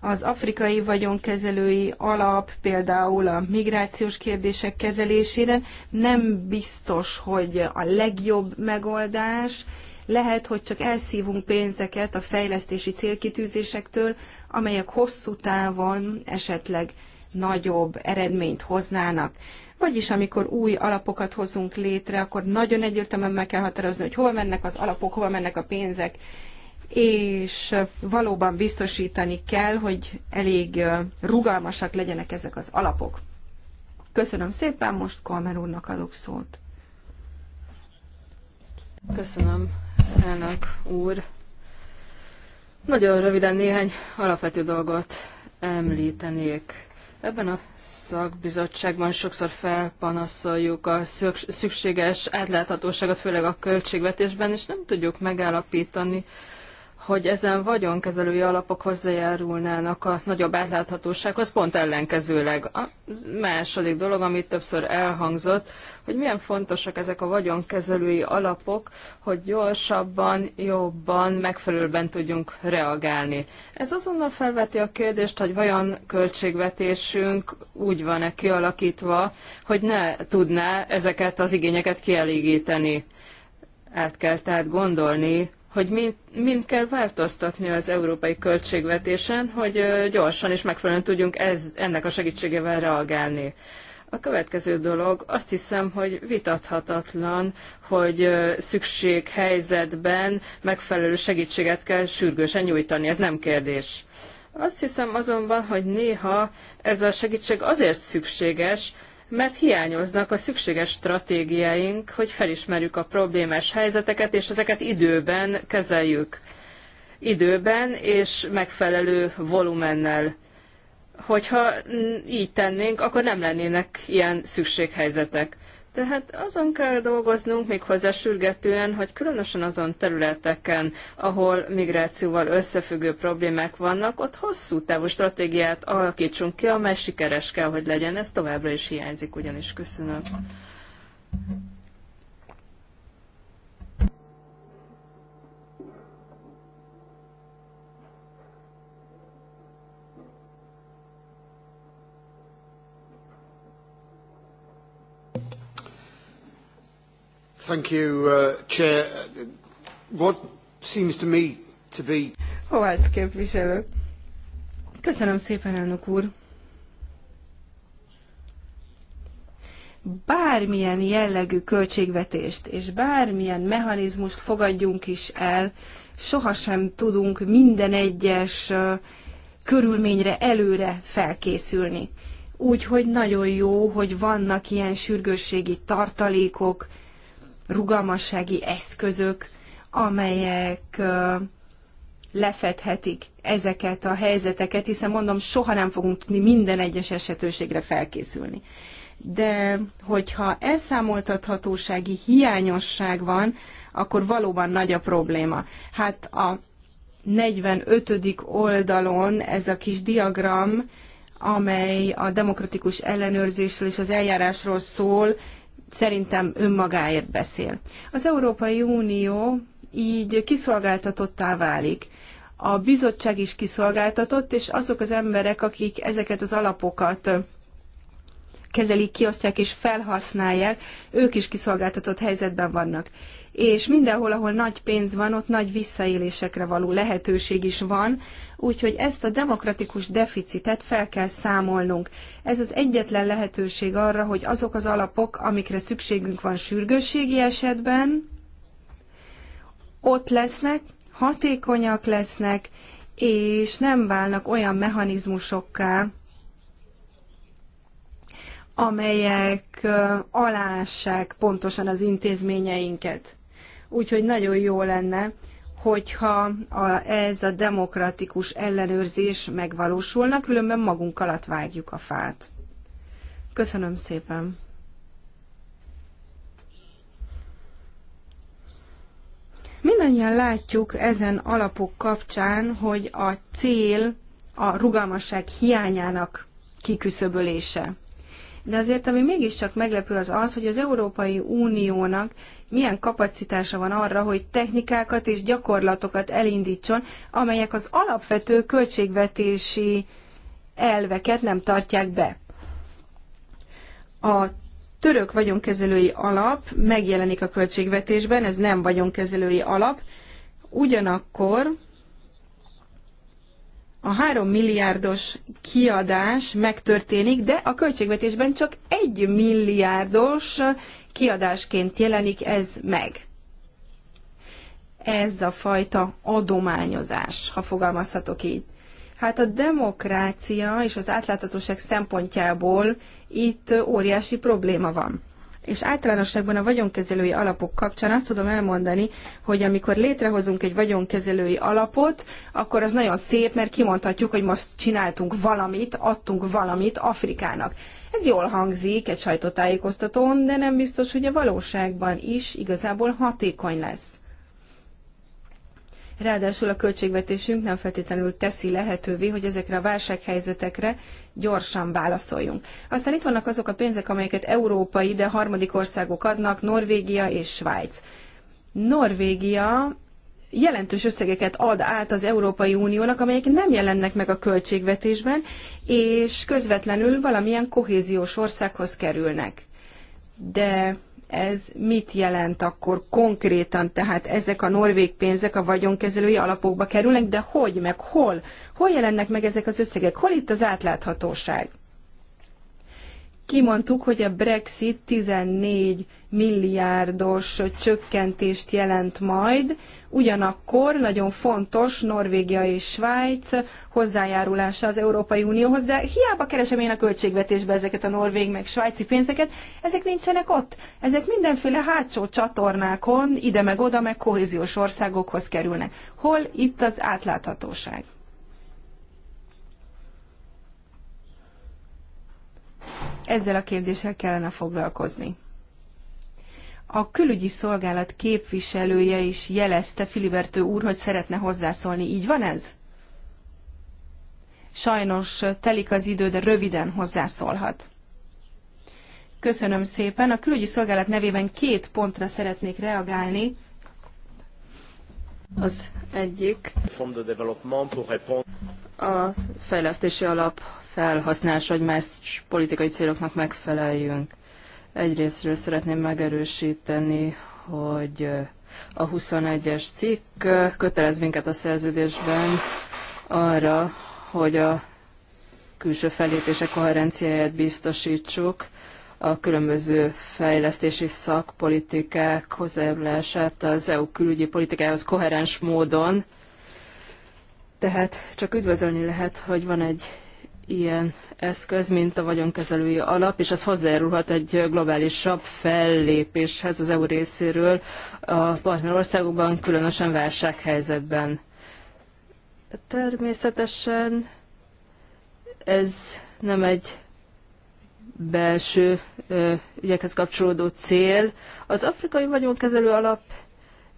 Az afrikai vagyonkezelői alap például a migrációs kérdések kezelésére nem biztos, hogy a legjobb megoldás, lehet, hogy csak elszívunk pénzeket a fejlesztési célkitűzésektől, amelyek hosszú távon esetleg nagyobb eredményt hoznának. Vagyis amikor új alapokat hozunk létre, akkor nagyon egyértelműen meg kell határozni, hogy hova mennek az alapok, hova mennek a pénzek, és valóban biztosítani kell, hogy elég rugalmasak legyenek ezek az alapok. Köszönöm szépen, most Kalmer úrnak adok szót. Köszönöm, elnök úr. Nagyon röviden néhány alapvető dolgot említenék. Ebben a szakbizottságban sokszor felpanaszoljuk a szükséges átláthatóságot, főleg a költségvetésben, és nem tudjuk megállapítani, hogy ezen vagyonkezelői alapok hozzájárulnának a nagyobb átláthatósághoz, pont ellenkezőleg. A második dolog, amit többször elhangzott, hogy milyen fontosak ezek a vagyonkezelői alapok, hogy gyorsabban, jobban, megfelelőben tudjunk reagálni. Ez azonnal felveti a kérdést, hogy vajon költségvetésünk úgy van-e kialakítva, hogy ne tudná ezeket az igényeket kielégíteni. Át kell tehát gondolni, hogy mind, mind kell változtatni az európai költségvetésen, hogy gyorsan és megfelelően tudjunk ez, ennek a segítségével reagálni. A következő dolog, azt hiszem, hogy vitathatatlan, hogy szükség helyzetben megfelelő segítséget kell sürgősen nyújtani, ez nem kérdés. Azt hiszem azonban, hogy néha ez a segítség azért szükséges, mert hiányoznak a szükséges stratégiáink, hogy felismerjük a problémás helyzeteket, és ezeket időben kezeljük. Időben és megfelelő volumennel. Hogyha így tennénk, akkor nem lennének ilyen szükséghelyzetek. Tehát azon kell dolgoznunk méghozzá sürgetően, hogy különösen azon területeken, ahol migrációval összefüggő problémák vannak, ott hosszú távú stratégiát alakítsunk ki, amely sikeres kell, hogy legyen. Ez továbbra is hiányzik ugyanis. Köszönöm. Thank you, uh, Chair. What seems to me to be... Hovács képviselő. Köszönöm szépen, elnök úr. Bármilyen jellegű költségvetést és bármilyen mechanizmust fogadjunk is el, sohasem tudunk minden egyes körülményre előre felkészülni. Úgyhogy nagyon jó, hogy vannak ilyen sürgősségi tartalékok, rugalmassági eszközök, amelyek lefedhetik ezeket a helyzeteket, hiszen mondom, soha nem fogunk tudni minden egyes esetőségre felkészülni. De hogyha elszámoltathatósági hiányosság van, akkor valóban nagy a probléma. Hát a 45. oldalon ez a kis diagram, amely a demokratikus ellenőrzésről és az eljárásról szól, szerintem önmagáért beszél. Az Európai Unió így kiszolgáltatottá válik. A bizottság is kiszolgáltatott, és azok az emberek, akik ezeket az alapokat kezelik, kiosztják és felhasználják, ők is kiszolgáltatott helyzetben vannak és mindenhol, ahol nagy pénz van, ott nagy visszaélésekre való lehetőség is van, úgyhogy ezt a demokratikus deficitet fel kell számolnunk. Ez az egyetlen lehetőség arra, hogy azok az alapok, amikre szükségünk van sürgősségi esetben, ott lesznek, hatékonyak lesznek, és nem válnak olyan mechanizmusokká, amelyek alássák pontosan az intézményeinket. Úgyhogy nagyon jó lenne, hogyha a, ez a demokratikus ellenőrzés megvalósulna, különben magunk alatt vágjuk a fát. Köszönöm szépen! Mindannyian látjuk ezen alapok kapcsán, hogy a cél a rugalmasság hiányának kiküszöbölése. De azért, ami mégiscsak meglepő, az az, hogy az Európai Uniónak milyen kapacitása van arra, hogy technikákat és gyakorlatokat elindítson, amelyek az alapvető költségvetési elveket nem tartják be. A török vagyonkezelői alap megjelenik a költségvetésben, ez nem vagyonkezelői alap, ugyanakkor a három milliárdos kiadás megtörténik, de a költségvetésben csak egy milliárdos kiadásként jelenik ez meg. Ez a fajta adományozás, ha fogalmazhatok így. Hát a demokrácia és az átláthatóság szempontjából itt óriási probléma van és általánosságban a vagyonkezelői alapok kapcsán azt tudom elmondani, hogy amikor létrehozunk egy vagyonkezelői alapot, akkor az nagyon szép, mert kimondhatjuk, hogy most csináltunk valamit, adtunk valamit Afrikának. Ez jól hangzik egy sajtótájékoztatón, de nem biztos, hogy a valóságban is igazából hatékony lesz. Ráadásul a költségvetésünk nem feltétlenül teszi lehetővé, hogy ezekre a válsághelyzetekre gyorsan válaszoljunk. Aztán itt vannak azok a pénzek, amelyeket európai, de harmadik országok adnak, Norvégia és Svájc. Norvégia jelentős összegeket ad át az Európai Uniónak, amelyek nem jelennek meg a költségvetésben, és közvetlenül valamilyen kohéziós országhoz kerülnek. De ez mit jelent akkor konkrétan? Tehát ezek a norvég pénzek a vagyonkezelői alapokba kerülnek, de hogy, meg hol? Hol jelennek meg ezek az összegek? Hol itt az átláthatóság? kimondtuk, hogy a Brexit 14 milliárdos csökkentést jelent majd, ugyanakkor nagyon fontos Norvégia és Svájc hozzájárulása az Európai Unióhoz, de hiába keresem én a költségvetésbe ezeket a norvég meg svájci pénzeket, ezek nincsenek ott. Ezek mindenféle hátsó csatornákon, ide meg oda, meg kohéziós országokhoz kerülnek. Hol itt az átláthatóság? ezzel a kérdéssel kellene foglalkozni. A külügyi szolgálat képviselője is jelezte Filibertő úr, hogy szeretne hozzászólni. Így van ez? Sajnos telik az idő, de röviden hozzászólhat. Köszönöm szépen. A külügyi szolgálat nevében két pontra szeretnék reagálni. Az egyik a fejlesztési alap felhasználása, hogy más politikai céloknak megfeleljünk. Egyrésztről szeretném megerősíteni, hogy a 21-es cikk kötelez minket a szerződésben arra, hogy a külső fellépések koherenciáját biztosítsuk, a különböző fejlesztési szakpolitikák hozzájárulását az EU külügyi politikához koherens módon, tehát csak üdvözölni lehet, hogy van egy ilyen eszköz, mint a vagyonkezelői alap, és ez hozzájárulhat egy globálisabb fellépéshez az EU részéről a partnerországokban, különösen válsághelyzetben. Természetesen ez nem egy belső ügyekhez kapcsolódó cél. Az afrikai vagyonkezelő alap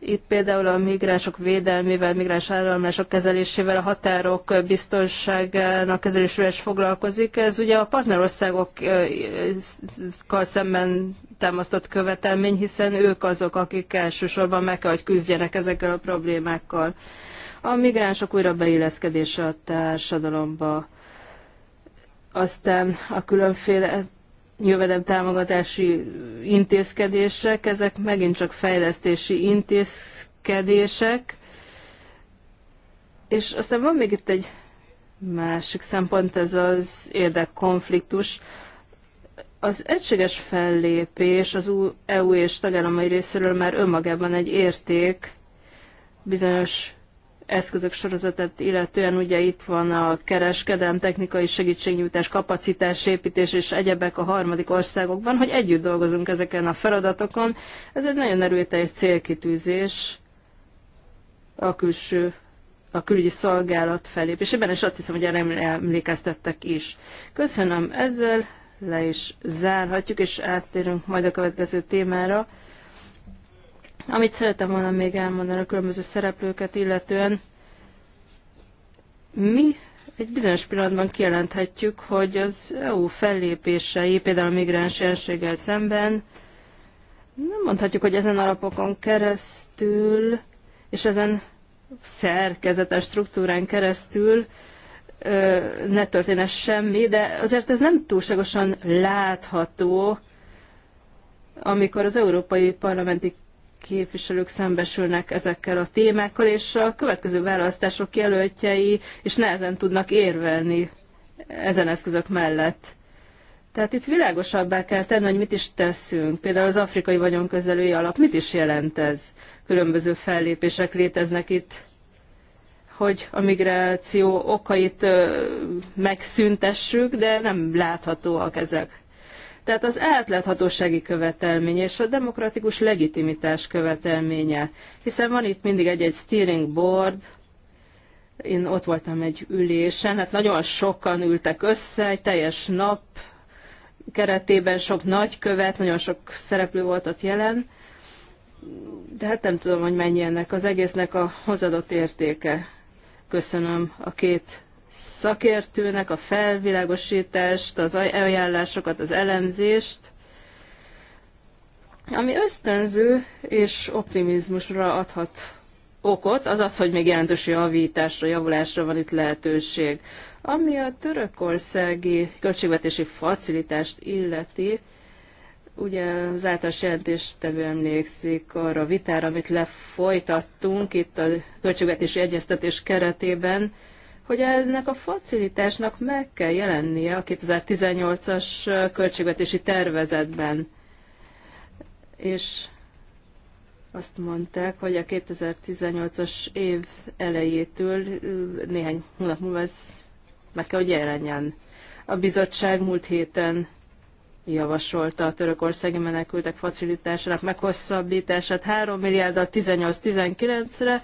itt például a migránsok védelmével, migráns áramlások kezelésével, a határok biztonságának kezelésével is foglalkozik. Ez ugye a partnerországokkal szemben támasztott követelmény, hiszen ők azok, akik elsősorban meg kell, hogy küzdjenek ezekkel a problémákkal. A migránsok újra beilleszkedése a társadalomba aztán a különféle jövedelemtámogatási intézkedések, ezek megint csak fejlesztési intézkedések. És aztán van még itt egy másik szempont, ez az érdekkonfliktus. Az egységes fellépés az EU és tagállamai részéről már önmagában egy érték, bizonyos eszközök sorozatát illetően ugye itt van a kereskedelem, technikai segítségnyújtás, kapacitásépítés és egyebek a harmadik országokban, hogy együtt dolgozunk ezeken a feladatokon. Ez egy nagyon erőteljes célkitűzés a külső a külügyi szolgálat felépésében, és azt hiszem, hogy erre emlékeztettek is. Köszönöm ezzel, le is zárhatjuk, és áttérünk majd a következő témára. Amit szeretem volna még elmondani a különböző szereplőket illetően, mi egy bizonyos pillanatban kijelenthetjük, hogy az EU fellépései, például a migráns jelenséggel szemben, nem mondhatjuk, hogy ezen alapokon keresztül, és ezen szerkezetes struktúrán keresztül ö, ne történne semmi, de azért ez nem túlságosan látható, amikor az európai parlamenti képviselők szembesülnek ezekkel a témákkal, és a következő választások jelöltjei is nehezen tudnak érvelni ezen eszközök mellett. Tehát itt világosabbá kell tenni, hogy mit is teszünk. Például az afrikai vagyonkezelői alap mit is jelent ez? Különböző fellépések léteznek itt, hogy a migráció okait megszüntessük, de nem láthatóak ezek. Tehát az átláthatósági követelmény és a demokratikus legitimitás követelménye, hiszen van itt mindig egy-egy steering board, én ott voltam egy ülésen, hát nagyon sokan ültek össze, egy teljes nap keretében sok nagy követ, nagyon sok szereplő volt ott jelen, de hát nem tudom, hogy mennyi ennek az egésznek a hozadott értéke. Köszönöm a két szakértőnek a felvilágosítást, az ajánlásokat, az elemzést, ami ösztönző és optimizmusra adhat okot, az az, hogy még jelentős javításra, javulásra van itt lehetőség. Ami a törökországi költségvetési facilitást illeti, ugye az általános jelentéstevő emlékszik arra a vitára, amit lefolytattunk itt a költségvetési egyeztetés keretében, hogy ennek a facilitásnak meg kell jelennie a 2018-as költségvetési tervezetben. És azt mondták, hogy a 2018-as év elejétől néhány hónap múlva ez meg kell, hogy jelenjen. A bizottság múlt héten javasolta a törökországi menekültek facilitásának meghosszabbítását 3 milliárdal 18-19-re,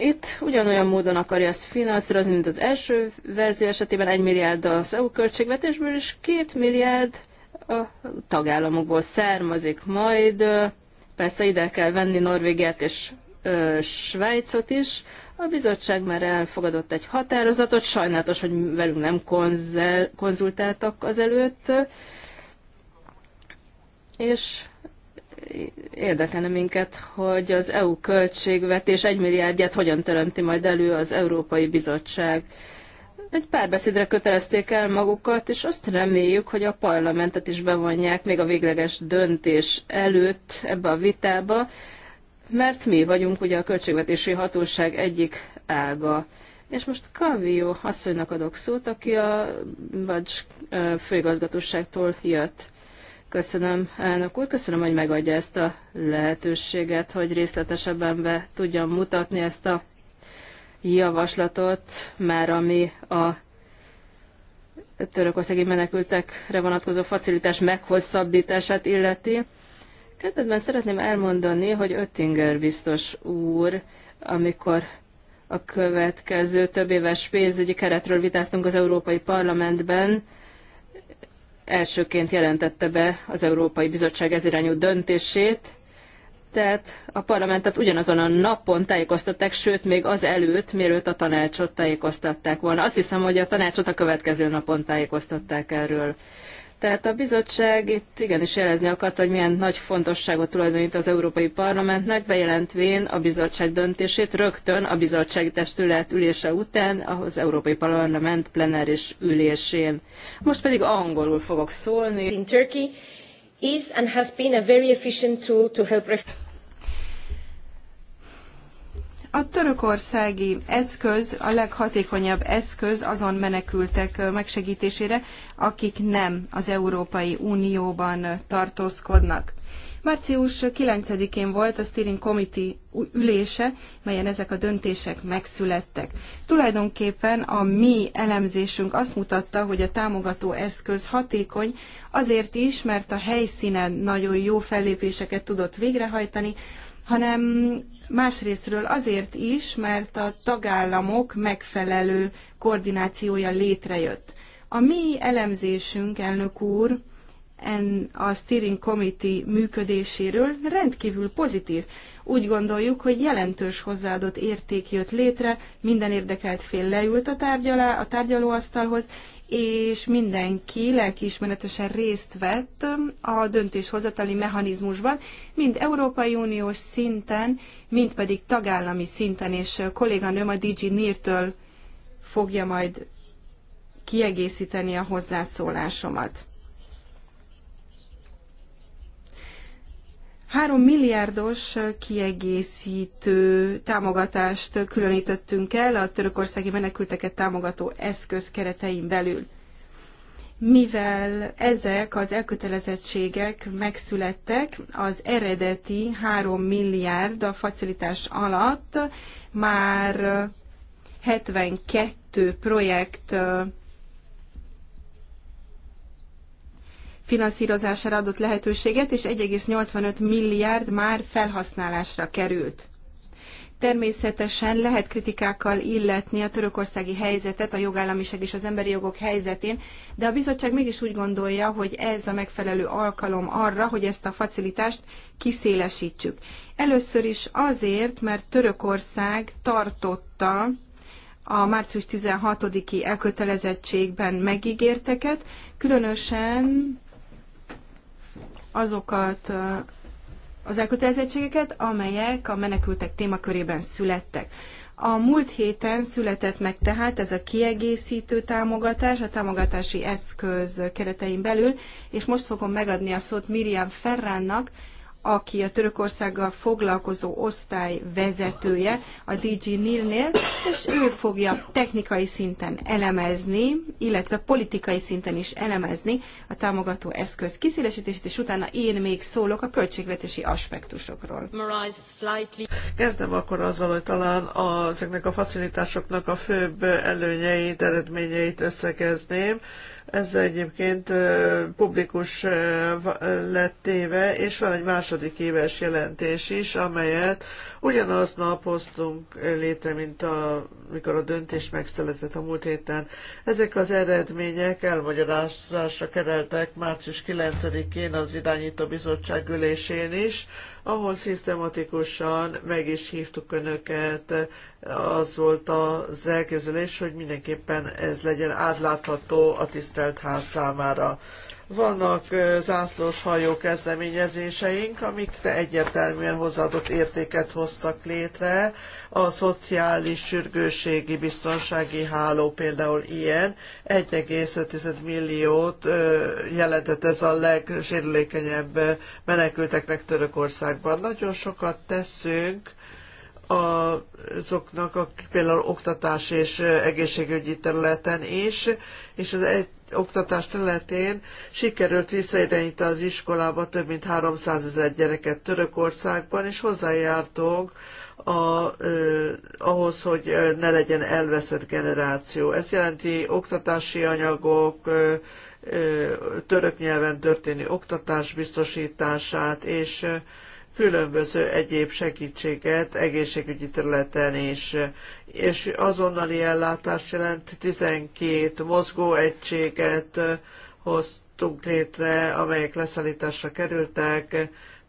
itt ugyanolyan módon akarja ezt finanszírozni, mint az első verzió esetében 1 milliárd az EU költségvetésből, és 2 milliárd a tagállamokból származik. Majd persze ide kell venni Norvégiát és ö, Svájcot is. A bizottság már elfogadott egy határozatot, sajnálatos, hogy velünk nem konzel, konzultáltak azelőtt. És érdekelne minket, hogy az EU költségvetés egy milliárdját hogyan teremti majd elő az Európai Bizottság. Egy párbeszédre kötelezték el magukat, és azt reméljük, hogy a parlamentet is bevonják még a végleges döntés előtt ebbe a vitába, mert mi vagyunk ugye a költségvetési hatóság egyik ága. És most Kavió asszonynak adok szót, aki a vagy főigazgatóságtól jött. Köszönöm, elnök úr, köszönöm, hogy megadja ezt a lehetőséget, hogy részletesebben be tudjam mutatni ezt a javaslatot, már ami a törökországi menekültekre vonatkozó facilitás meghosszabbítását illeti. Kezdetben szeretném elmondani, hogy Öttinger biztos úr, amikor a következő több éves pénzügyi keretről vitáztunk az Európai Parlamentben, elsőként jelentette be az Európai Bizottság ez irányú döntését, tehát a parlamentet ugyanazon a napon tájékoztatták, sőt, még az előtt, mielőtt a tanácsot tájékoztatták volna. Azt hiszem, hogy a tanácsot a következő napon tájékoztatták erről. Tehát a bizottság itt igenis jelezni akarta, hogy milyen nagy fontosságot tulajdonít az Európai Parlamentnek, bejelentvén a bizottság döntését rögtön a bizottsági testület ülése után az Európai Parlament plenáris ülésén. Most pedig angolul fogok szólni. In Turkey is and has been a very efficient tool to help a törökországi eszköz a leghatékonyabb eszköz azon menekültek megsegítésére, akik nem az Európai Unióban tartózkodnak. Március 9-én volt a Steering Committee ülése, melyen ezek a döntések megszülettek. Tulajdonképpen a mi elemzésünk azt mutatta, hogy a támogató eszköz hatékony, azért is, mert a helyszínen nagyon jó fellépéseket tudott végrehajtani, hanem másrésztről azért is, mert a tagállamok megfelelő koordinációja létrejött. A mi elemzésünk, elnök úr, en a Steering Committee működéséről rendkívül pozitív. Úgy gondoljuk, hogy jelentős hozzáadott érték jött létre, minden érdekelt fél leült a, tárgyalá, a tárgyalóasztalhoz, és mindenki lelkiismeretesen részt vett um, a döntéshozatali mechanizmusban, mind Európai Uniós szinten, mind pedig tagállami szinten, és uh, kolléganőm a DG NIR-től fogja majd kiegészíteni a hozzászólásomat. 3 milliárdos kiegészítő támogatást különítettünk el a törökországi menekülteket támogató eszköz keretein belül. Mivel ezek az elkötelezettségek megszülettek, az eredeti 3 milliárd a facilitás alatt már 72 projekt finanszírozására adott lehetőséget, és 1,85 milliárd már felhasználásra került. Természetesen lehet kritikákkal illetni a törökországi helyzetet, a jogállamiság és az emberi jogok helyzetén, de a bizottság mégis úgy gondolja, hogy ez a megfelelő alkalom arra, hogy ezt a facilitást kiszélesítsük. Először is azért, mert Törökország tartotta a március 16-i elkötelezettségben megígérteket, különösen azokat az elkötelezettségeket, amelyek a menekültek témakörében születtek. A múlt héten született meg tehát ez a kiegészítő támogatás, a támogatási eszköz keretein belül, és most fogom megadni a szót Miriam Ferránnak, aki a Törökországgal foglalkozó osztály vezetője a DG Nilnél, és ő fogja technikai szinten elemezni, illetve politikai szinten is elemezni a támogató eszköz kiszélesítését, és utána én még szólok a költségvetési aspektusokról. Kezdem akkor azzal, hogy talán a, ezeknek a facilitásoknak a főbb előnyeit, eredményeit összegezném ez egyébként publikus lett téve, és van egy második éves jelentés is, amelyet Ugyanaz nap hoztunk létre, mint a, mikor a döntés megszületett a múlt héten. Ezek az eredmények elmagyarázásra kereltek március 9-én az irányító bizottság ülésén is, ahol szisztematikusan meg is hívtuk önöket. Az volt az elképzelés, hogy mindenképpen ez legyen átlátható a tisztelt ház számára. Vannak zászlós hajó kezdeményezéseink, amik egyértelműen hozzáadott értéket hoztak létre. A szociális sürgőségi biztonsági háló például ilyen. 1,5 milliót jelentett ez a legsérülékenyebb menekülteknek Törökországban. Nagyon sokat teszünk azoknak, akik például oktatás és egészségügyi területen is, és az egy, oktatás területén sikerült visszaidenyíteni az iskolába több mint 300 ezer gyereket Törökországban, és hozzájártunk a, eh, ahhoz, hogy ne legyen elveszett generáció. Ez jelenti oktatási anyagok, eh, török nyelven történő oktatás biztosítását, és eh, különböző egyéb segítséget egészségügyi területen is. És azonnali ellátást jelent 12 mozgóegységet hoztunk létre, amelyek leszállításra kerültek,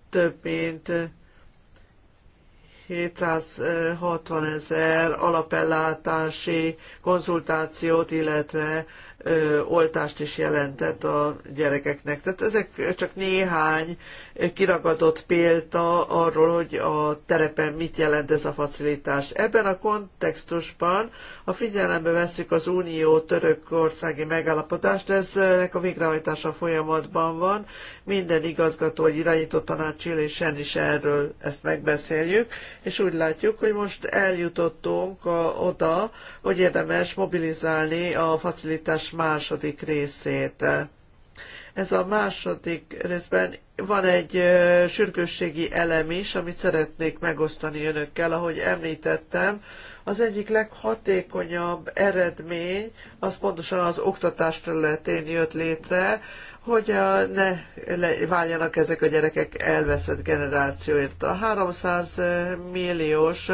több mint 760 ezer alapellátási konzultációt, illetve ö, oltást is jelentett a gyerekeknek. Tehát ezek csak néhány kiragadott példa arról, hogy a terepen mit jelent ez a facilitás. Ebben a kontextusban, ha figyelembe veszük az Unió törökországi megállapodást, eznek a végrehajtása folyamatban van. Minden igazgató, hogy irányító tanács ülésen is erről ezt megbeszéljük, és úgy látjuk, hogy most eljutottunk a, oda, hogy érdemes mobilizálni a facilitás második részét. Ez a második részben van egy sürgősségi elem is, amit szeretnék megosztani önökkel, ahogy említettem. Az egyik leghatékonyabb eredmény, az pontosan az oktatás területén jött létre, hogy ne váljanak ezek a gyerekek elveszett generációért. A 300 milliós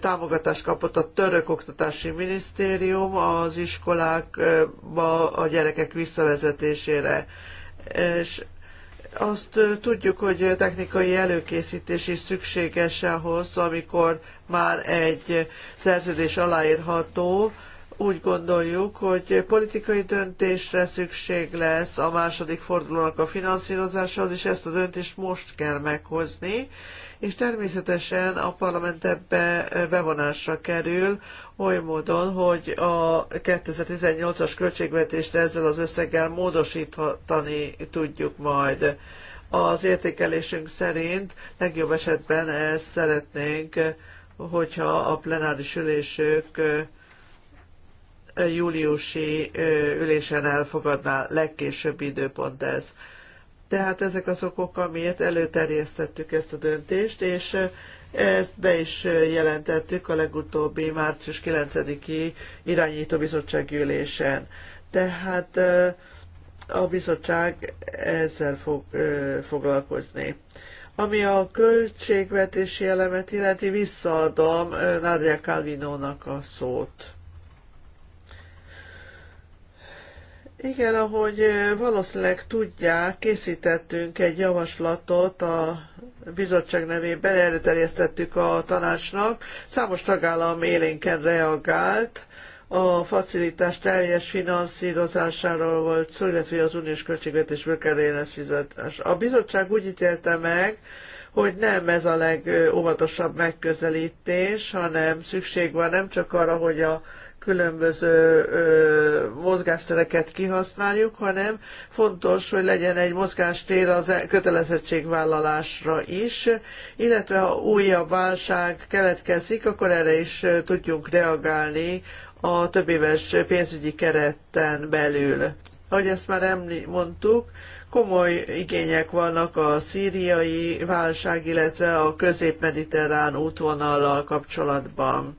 támogatást kapott a török oktatási minisztérium az iskolákba a gyerekek visszavezetésére. És azt tudjuk, hogy technikai előkészítés is szükséges ahhoz, amikor már egy szerződés aláírható, úgy gondoljuk, hogy politikai döntésre szükség lesz a második fordulónak a finanszírozásához, és ezt a döntést most kell meghozni, és természetesen a parlament ebbe eh, bevonásra kerül, oly módon, hogy a 2018-as költségvetést ezzel az összeggel módosítani tudjuk majd. Az értékelésünk szerint legjobb esetben ezt szeretnénk, hogyha a plenáris ülésük eh, júliusi eh, ülésen elfogadná legkésőbb időpont ez. Tehát ezek az okok, amiért előterjesztettük ezt a döntést, és ezt be is jelentettük a legutóbbi március 9-i irányító bizottság ülésen. Tehát a bizottság ezzel fog foglalkozni. Ami a költségvetési elemet illeti, visszaadom Nádia Calvinónak a szót. Igen, ahogy valószínűleg tudják, készítettünk egy javaslatot a bizottság nevében, előterjesztettük a tanácsnak. Számos tagállam élénken reagált, a facilitás teljes finanszírozásáról volt szó, illetve az uniós költségvetésből kerüljön ez fizetés. A bizottság úgy ítélte meg, hogy nem ez a legóvatosabb megközelítés, hanem szükség van nem csak arra, hogy a különböző ö, mozgástereket kihasználjuk, hanem fontos, hogy legyen egy mozgástér az e- kötelezettségvállalásra is, illetve ha újabb válság keletkezik, akkor erre is tudjunk reagálni a éves pénzügyi keretten belül. Ahogy ezt már mondtuk, komoly igények vannak a szíriai válság, illetve a közép-mediterrán útvonallal kapcsolatban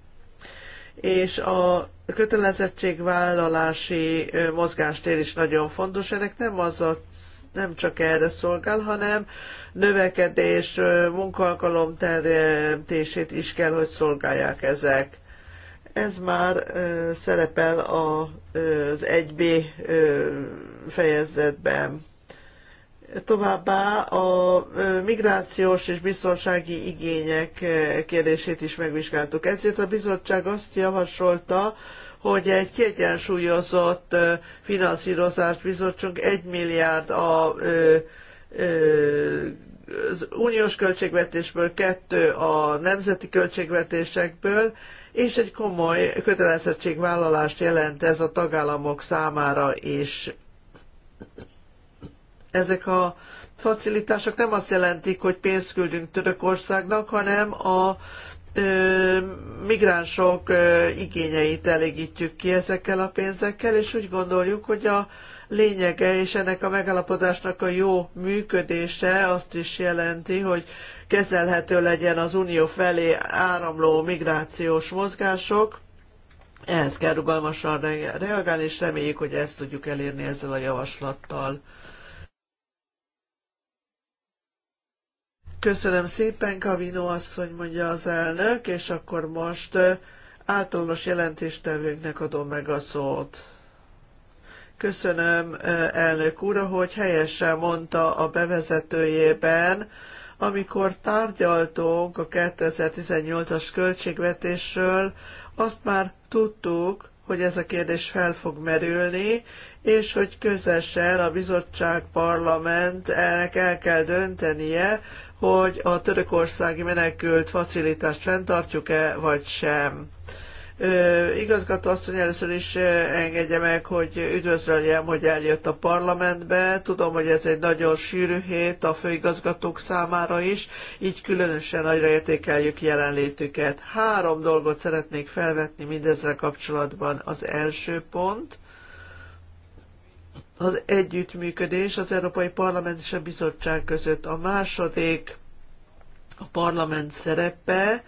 és a kötelezettségvállalási mozgástér is nagyon fontos. Ennek nem az a nem csak erre szolgál, hanem növekedés, munkaalkalom teremtését is kell, hogy szolgálják ezek. Ez már szerepel az 1B fejezetben. Továbbá a migrációs és biztonsági igények kérdését is megvizsgáltuk. Ezért a bizottság azt javasolta, hogy egy kiegyensúlyozott finanszírozást bizottság egy milliárd a az uniós költségvetésből, kettő a nemzeti költségvetésekből, és egy komoly kötelezettségvállalást jelent ez a tagállamok számára is ezek a facilitások nem azt jelentik, hogy pénzt küldünk Törökországnak, hanem a ö, migránsok ö, igényeit elégítjük ki ezekkel a pénzekkel, és úgy gondoljuk, hogy a lényege és ennek a megállapodásnak a jó működése azt is jelenti, hogy kezelhető legyen az unió felé áramló migrációs mozgások. Ehhez kell rugalmasan reagálni, és reméljük, hogy ezt tudjuk elérni ezzel a javaslattal. Köszönöm szépen, Kavino asszony, mondja az elnök, és akkor most általános jelentéstevőnknek adom meg a szót. Köszönöm elnök úr, hogy helyesen mondta a bevezetőjében, amikor tárgyaltunk a 2018-as költségvetésről, azt már tudtuk, hogy ez a kérdés fel fog merülni, és hogy közösen a bizottság parlamentnek el kell döntenie, hogy a törökországi menekült facilitást fenntartjuk-e, vagy sem. Ö, igazgató asszony először is engedje meg, hogy üdvözöljem, hogy eljött a parlamentbe. Tudom, hogy ez egy nagyon sűrű hét a főigazgatók számára is, így különösen nagyra értékeljük jelenlétüket. Három dolgot szeretnék felvetni mindezzel kapcsolatban. Az első pont, az együttműködés az Európai Parlament és a Bizottság között. A második a parlament szerepe,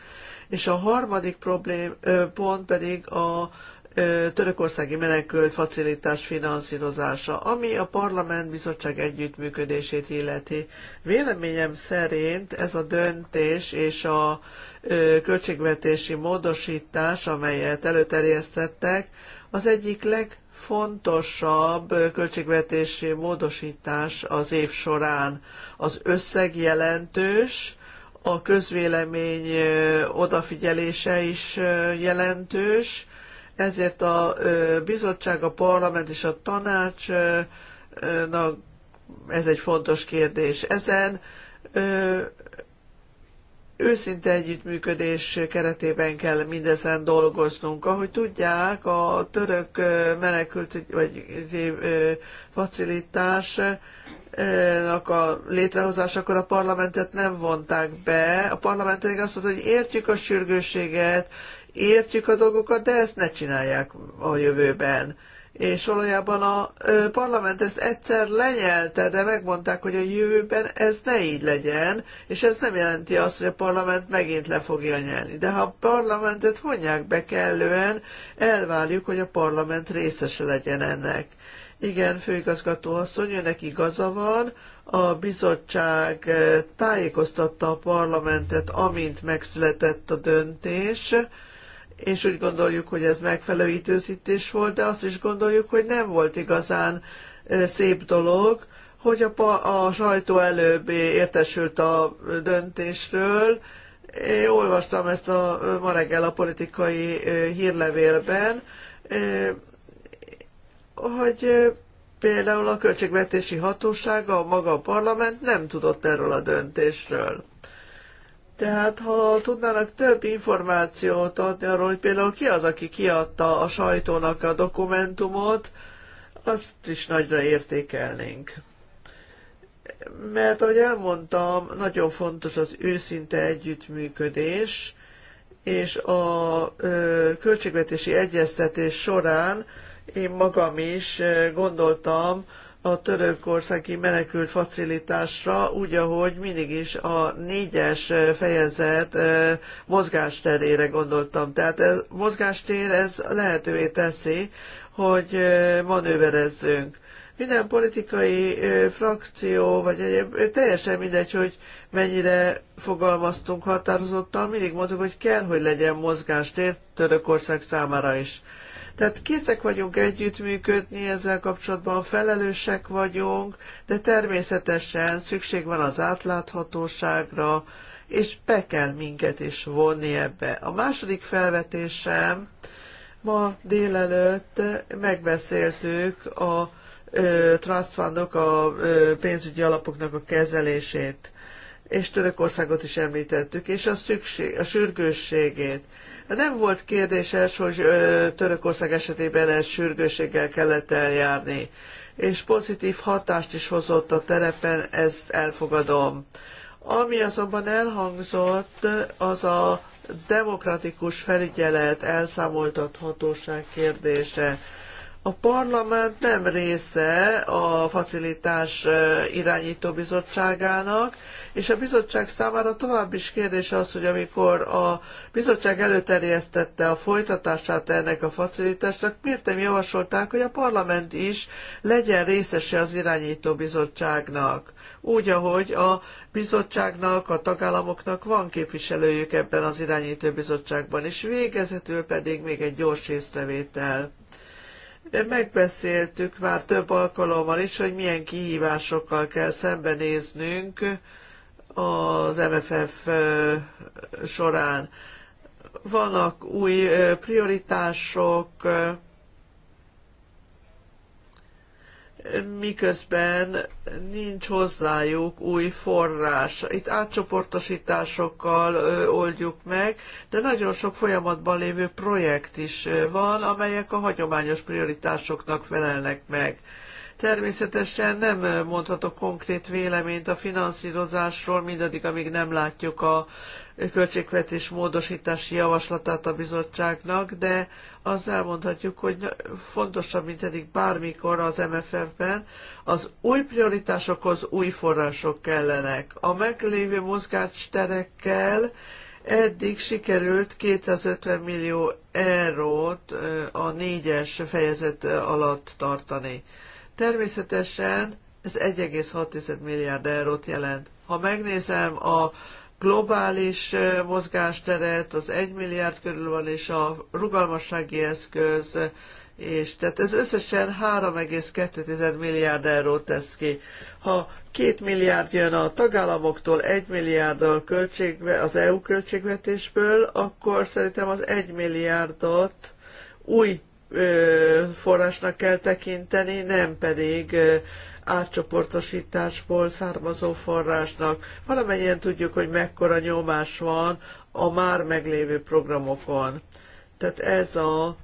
és a harmadik problém, pont pedig a törökországi menekült facilitás finanszírozása, ami a parlament bizottság együttműködését illeti. Véleményem szerint ez a döntés és a költségvetési módosítás, amelyet előterjesztettek, az egyik leg legfontosabb költségvetési módosítás az év során. Az összeg jelentős, a közvélemény odafigyelése is jelentős, ezért a bizottság, a parlament és a tanács ez egy fontos kérdés. Ezen őszinte együttműködés keretében kell mindezen dolgoznunk. Ahogy tudják, a török menekült vagy facilitás a létrehozásakor a parlamentet nem vonták be. A parlament pedig azt mondta, hogy értjük a sürgősséget, értjük a dolgokat, de ezt ne csinálják a jövőben és valójában a parlament ezt egyszer lenyelte, de megmondták, hogy a jövőben ez ne így legyen, és ez nem jelenti azt, hogy a parlament megint le fogja nyelni. De ha a parlamentet vonják be kellően, elvárjuk, hogy a parlament részese legyen ennek. Igen, főigazgató asszony, önnek igaza van, a bizottság tájékoztatta a parlamentet, amint megszületett a döntés, és úgy gondoljuk, hogy ez megfelelő időzítés volt, de azt is gondoljuk, hogy nem volt igazán szép dolog, hogy a, a sajtó előbb értesült a döntésről. Én olvastam ezt a ma reggel a politikai hírlevélben, hogy például a költségvetési hatósága, a maga a parlament nem tudott erről a döntésről. Tehát ha tudnának több információt adni arról, hogy például ki az, aki kiadta a sajtónak a dokumentumot, azt is nagyra értékelnénk. Mert ahogy elmondtam, nagyon fontos az őszinte együttműködés, és a ö, költségvetési egyeztetés során én magam is gondoltam a törökországi menekült facilitásra, úgy, ahogy mindig is a négyes fejezet mozgásterére gondoltam. Tehát a mozgástér ez lehetővé teszi, hogy manőverezzünk. Minden politikai frakció, vagy egyéb, teljesen mindegy, hogy mennyire fogalmaztunk határozottan, mindig mondtuk, hogy kell, hogy legyen mozgástér Törökország számára is. Tehát készek vagyunk együttműködni ezzel kapcsolatban, felelősek vagyunk, de természetesen szükség van az átláthatóságra, és be kell minket is vonni ebbe. A második felvetésem ma délelőtt megbeszéltük a ö, trust fundok, a ö, pénzügyi alapoknak a kezelését, és Törökországot is említettük, és a, szükség, a sürgősségét. Nem volt kérdéses, hogy Törökország esetében ez sürgőséggel kellett eljárni, és pozitív hatást is hozott a terepen, ezt elfogadom. Ami azonban elhangzott, az a demokratikus felügyelet, elszámoltathatóság kérdése. A parlament nem része a facilitás irányító bizottságának, és a bizottság számára tovább is kérdés az, hogy amikor a bizottság előterjesztette a folytatását ennek a facilitásnak, miért nem javasolták, hogy a parlament is legyen részese az irányító bizottságnak? Úgy, ahogy a bizottságnak, a tagállamoknak van képviselőjük ebben az irányítóbizottságban és végezetül pedig még egy gyors észrevétel Megbeszéltük már több alkalommal is, hogy milyen kihívásokkal kell szembenéznünk az MFF során. Vannak új prioritások, miközben nincs hozzájuk új forrás. Itt átcsoportosításokkal oldjuk meg, de nagyon sok folyamatban lévő projekt is van, amelyek a hagyományos prioritásoknak felelnek meg. Természetesen nem mondhatok konkrét véleményt a finanszírozásról, mindaddig, amíg nem látjuk a költségvetés módosítási javaslatát a bizottságnak, de az elmondhatjuk, hogy fontosabb, mint eddig bármikor az MFF-ben, az új prioritásokhoz új források kellenek. A meglévő mozgásterekkel eddig sikerült 250 millió eurót a négyes fejezet alatt tartani. Természetesen ez 1,6 milliárd eurót jelent. Ha megnézem a globális mozgásteret, az 1 milliárd körül van, és a rugalmassági eszköz, és tehát ez összesen 3,2 milliárd eurót tesz ki. Ha 2 milliárd jön a tagállamoktól, 1 milliárd a költségve, az EU költségvetésből, akkor szerintem az 1 milliárdot új ö, forrásnak kell tekinteni, nem pedig ö, átcsoportosításból származó forrásnak. Valamennyien tudjuk, hogy mekkora nyomás van a már meglévő programokon. Tehát ez a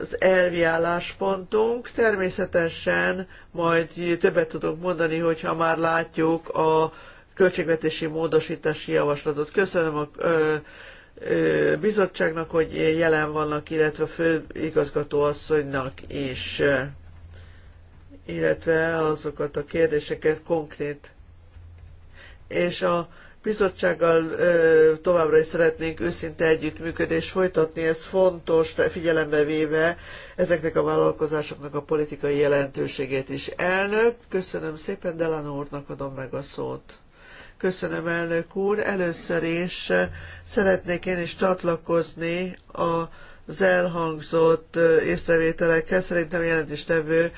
az elvi álláspontunk. Természetesen majd többet tudunk mondani, hogyha már látjuk a költségvetési módosítási javaslatot. Köszönöm a ö, ö, bizottságnak, hogy jelen vannak, illetve a asszonynak is illetve azokat a kérdéseket konkrét. És a bizottsággal ö, továbbra is szeretnénk őszinte együttműködést folytatni, ez fontos, figyelembe véve ezeknek a vállalkozásoknak a politikai jelentőségét is. Elnök, köszönöm szépen, Delano úrnak adom meg a szót. Köszönöm, elnök úr. Először is szeretnék én is csatlakozni a az elhangzott észrevételekhez szerintem jelentéstevő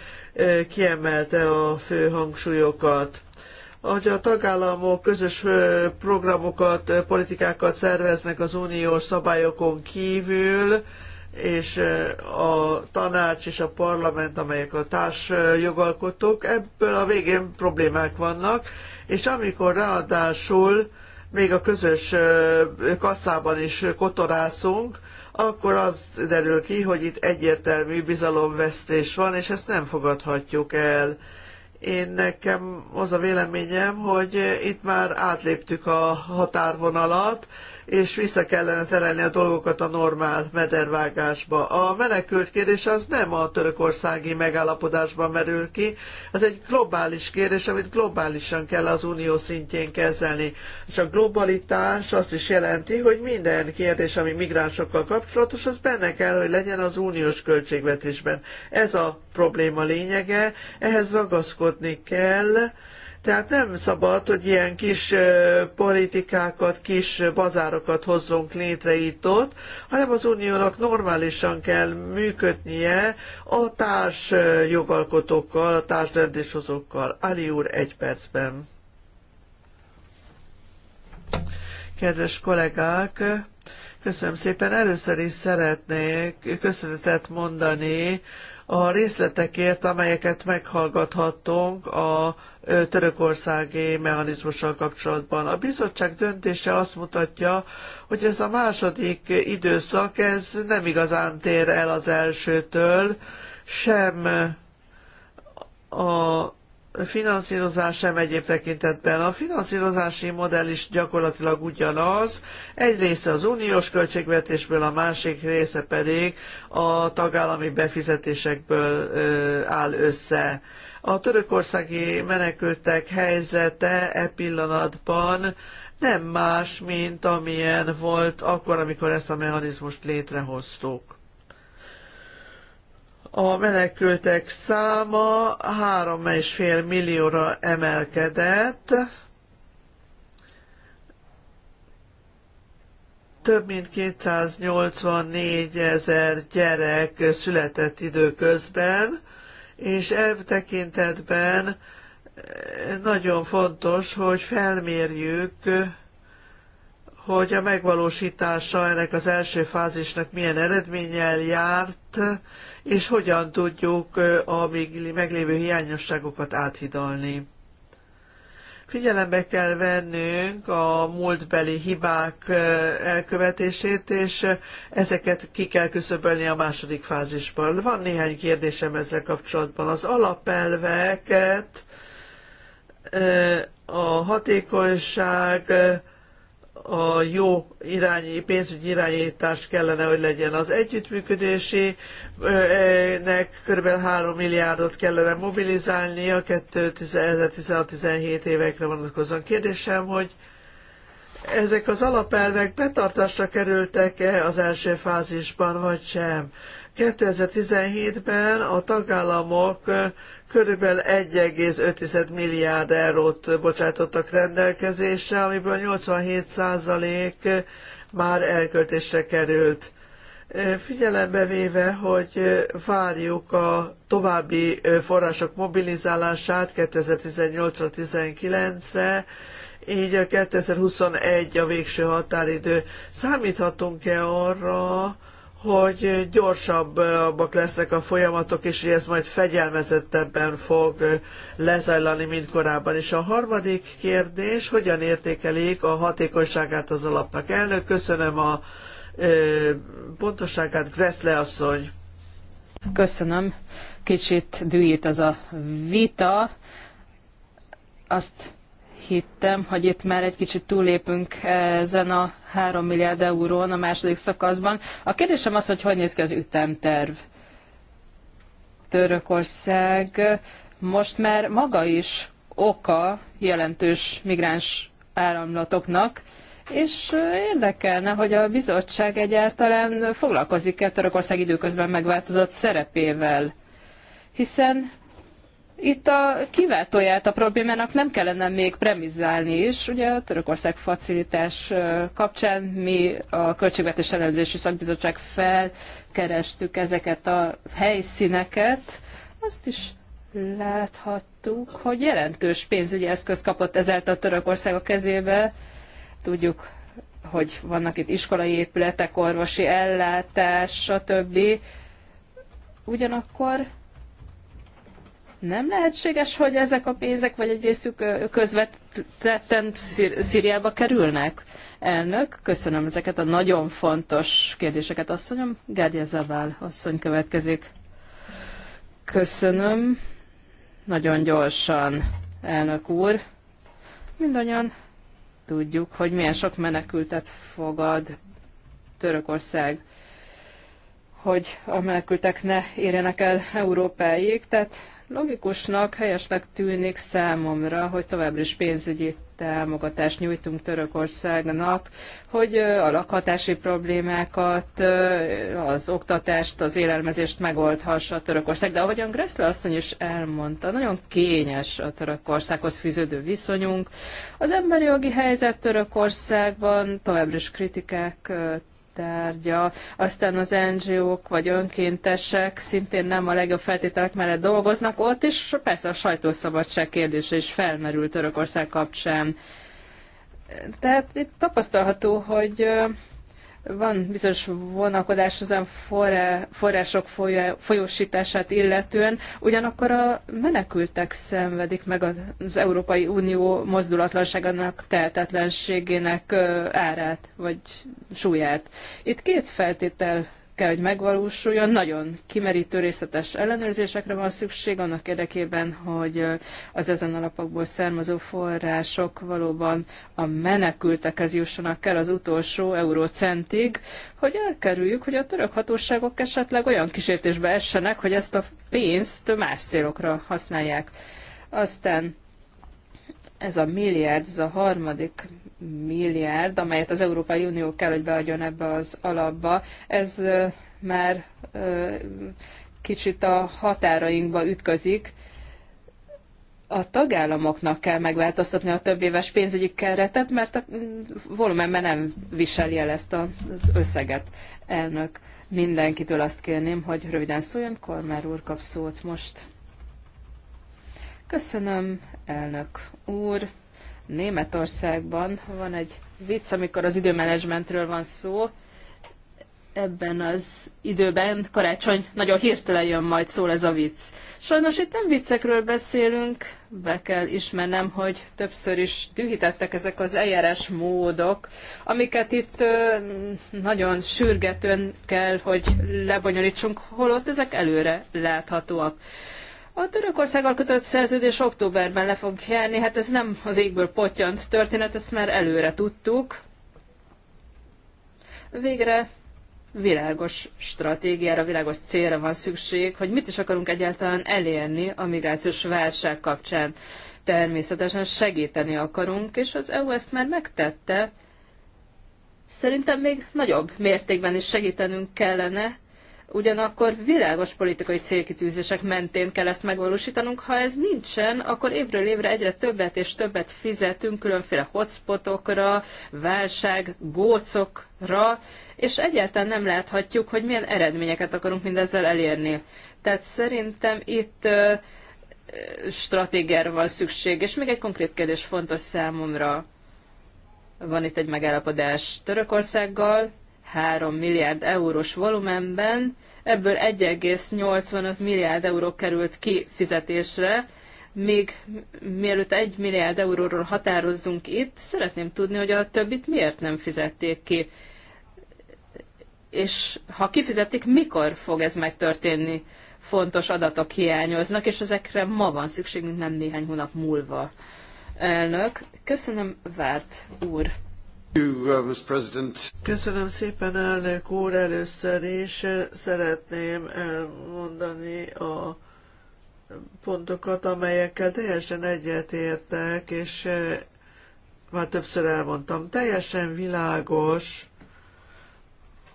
kiemelte a fő hangsúlyokat Ahogy a tagállamok közös programokat, politikákat szerveznek az uniós szabályokon kívül, és a tanács és a parlament, amelyek a társ jogalkotók, ebből a végén problémák vannak, és amikor ráadásul még a közös kasszában is kotorászunk, akkor az derül ki, hogy itt egyértelmű bizalomvesztés van, és ezt nem fogadhatjuk el. Én nekem az a véleményem, hogy itt már átléptük a határvonalat, és vissza kellene terelni a dolgokat a normál medervágásba. A menekült kérdés az nem a törökországi megállapodásban merül ki, ez egy globális kérdés, amit globálisan kell az unió szintjén kezelni. És a globalitás azt is jelenti, hogy minden kérdés, ami migránsokkal kapcsolatos, az benne kell, hogy legyen az uniós költségvetésben. Ez a probléma lényege, ehhez ragaszkodni kell, tehát nem szabad, hogy ilyen kis politikákat, kis bazárokat hozzunk létre itt-ott, hanem az uniónak normálisan kell működnie a társ jogalkotókkal, a társ döntéshozókkal. Ali úr, egy percben. Kedves kollégák, köszönöm szépen. Először is szeretnék köszönetet mondani a részletekért, amelyeket meghallgathattunk a törökországi mechanizmussal kapcsolatban. A bizottság döntése azt mutatja, hogy ez a második időszak ez nem igazán tér el az elsőtől, sem a finanszírozás sem egyéb tekintetben. A finanszírozási modell is gyakorlatilag ugyanaz. Egy része az uniós költségvetésből, a másik része pedig a tagállami befizetésekből áll össze. A törökországi menekültek helyzete e pillanatban nem más, mint amilyen volt akkor, amikor ezt a mechanizmust létrehoztuk. A menekültek száma 3,5 millióra emelkedett, több mint 284 ezer gyerek született időközben, és ebb tekintetben nagyon fontos, hogy felmérjük hogy a megvalósítása ennek az első fázisnak milyen eredménnyel járt, és hogyan tudjuk a még meglévő hiányosságokat áthidalni. Figyelembe kell vennünk a múltbeli hibák elkövetését, és ezeket ki kell küszöbölni a második fázisból. Van néhány kérdésem ezzel kapcsolatban. Az alapelveket, a hatékonyság, a jó irányi, pénzügyi irányítás kellene, hogy legyen. Az együttműködésének kb. 3 milliárdot kellene mobilizálni a 2016-17 évekre vonatkozóan. Kérdésem, hogy ezek az alapelvek betartásra kerültek-e az első fázisban, vagy sem? 2017-ben a tagállamok körülbelül 1,5 milliárd eurót bocsátottak rendelkezésre, amiből 87% már elköltésre került. Figyelembe véve, hogy várjuk a további források mobilizálását 2018-19-re, így a 2021 a végső határidő. Számíthatunk-e arra, hogy gyorsabbak lesznek a folyamatok, és hogy ez majd fegyelmezettebben fog lezajlani, mint korábban. És a harmadik kérdés, hogyan értékelik a hatékonyságát az alapnak? Elnök, köszönöm a ö, pontosságát, Gressle asszony. Köszönöm. Kicsit dühít az a vita. Azt hittem, hogy itt már egy kicsit túlépünk ezen a 3 milliárd eurón a második szakaszban. A kérdésem az, hogy hogy néz ki az ütemterv? Törökország most már maga is oka jelentős migráns áramlatoknak, és érdekelne, hogy a bizottság egyáltalán foglalkozik-e Törökország időközben megváltozott szerepével, hiszen itt a kiváltóját a problémának nem kellene még premizálni is. Ugye a Törökország facilitás kapcsán mi a Költségvetés Ellenőrzési Szakbizottság felkerestük ezeket a helyszíneket. Azt is láthattuk, hogy jelentős pénzügyi eszköz kapott ezáltal Törökország a kezébe. Tudjuk, hogy vannak itt iskolai épületek, orvosi ellátás, stb. Ugyanakkor nem lehetséges, hogy ezek a pénzek, vagy egy részük közvetetten Szíriába kerülnek? Elnök, köszönöm ezeket a nagyon fontos kérdéseket, asszonyom. Gárdia Zabál asszony következik. Köszönöm. Nagyon gyorsan, elnök úr. Mindannyian tudjuk, hogy milyen sok menekültet fogad Törökország hogy a menekültek ne érjenek el Európáig, tehát Logikusnak, helyesnek tűnik számomra, hogy továbbra is pénzügyi támogatást nyújtunk Törökországnak, hogy a lakhatási problémákat, az oktatást, az élelmezést megoldhassa Törökország. De ahogyan greszle asszony is elmondta, nagyon kényes a Törökországhoz fűződő viszonyunk. Az emberi jogi helyzet Törökországban továbbra is kritikák tárgya. Aztán az NGO-k vagy önkéntesek szintén nem a legjobb feltételek mellett dolgoznak ott, és persze a sajtószabadság kérdése is felmerült Törökország kapcsán. Tehát itt tapasztalható, hogy van bizonyos vonakodás ezen források folyósítását illetően, ugyanakkor a menekültek szenvedik meg az Európai Unió mozdulatlanságának, tehetetlenségének árát vagy súlyát. Itt két feltétel kell, hogy megvalósuljon. Nagyon kimerítő részletes ellenőrzésekre van szükség annak érdekében, hogy az ezen alapokból származó források valóban a menekültekhez jussanak el az utolsó eurócentig, hogy elkerüljük, hogy a török hatóságok esetleg olyan kísértésbe essenek, hogy ezt a pénzt más célokra használják. Aztán ez a milliárd, ez a harmadik milliárd, amelyet az Európai Unió kell, hogy beadjon ebbe az alapba. Ez már kicsit a határainkba ütközik. A tagállamoknak kell megváltoztatni a több éves pénzügyi keretet, mert a volumenben nem viseli el ezt az összeget. Elnök, mindenkitől azt kérném, hogy röviden szóljon, Kormár úr kap szót most. Köszönöm, elnök úr. Németországban van egy vicc, amikor az időmenedzsmentről van szó. Ebben az időben karácsony nagyon hirtelen jön, majd szól ez a vicc. Sajnos itt nem viccekről beszélünk, be kell ismernem, hogy többször is dühítettek ezek az eljárás módok, amiket itt nagyon sürgetően kell, hogy lebonyolítsunk, holott ezek előre láthatóak. A Törökországgal kötött szerződés októberben le fog járni, hát ez nem az égből potyant történet, ezt már előre tudtuk. Végre világos stratégiára, világos célra van szükség, hogy mit is akarunk egyáltalán elérni a migrációs válság kapcsán. Természetesen segíteni akarunk, és az EU ezt már megtette. Szerintem még nagyobb mértékben is segítenünk kellene, Ugyanakkor világos politikai célkitűzések mentén kell ezt megvalósítanunk. Ha ez nincsen, akkor évről évre egyre többet és többet fizetünk különféle hotspotokra, válság, gócokra, és egyáltalán nem láthatjuk, hogy milyen eredményeket akarunk mindezzel elérni. Tehát szerintem itt stratégiára van szükség. És még egy konkrét kérdés fontos számomra. Van itt egy megállapodás Törökországgal, 3 milliárd eurós volumenben, ebből 1,85 milliárd euró került kifizetésre, még mielőtt 1 milliárd euróról határozzunk itt, szeretném tudni, hogy a többit miért nem fizették ki. És ha kifizetik, mikor fog ez megtörténni? Fontos adatok hiányoznak, és ezekre ma van szükségünk, nem néhány hónap múlva. Elnök, köszönöm, Várt úr. Uh, Köszönöm szépen, elnök úr. Először is eh, szeretném elmondani a pontokat, amelyekkel teljesen egyetértek, és eh, már többször elmondtam, teljesen világos,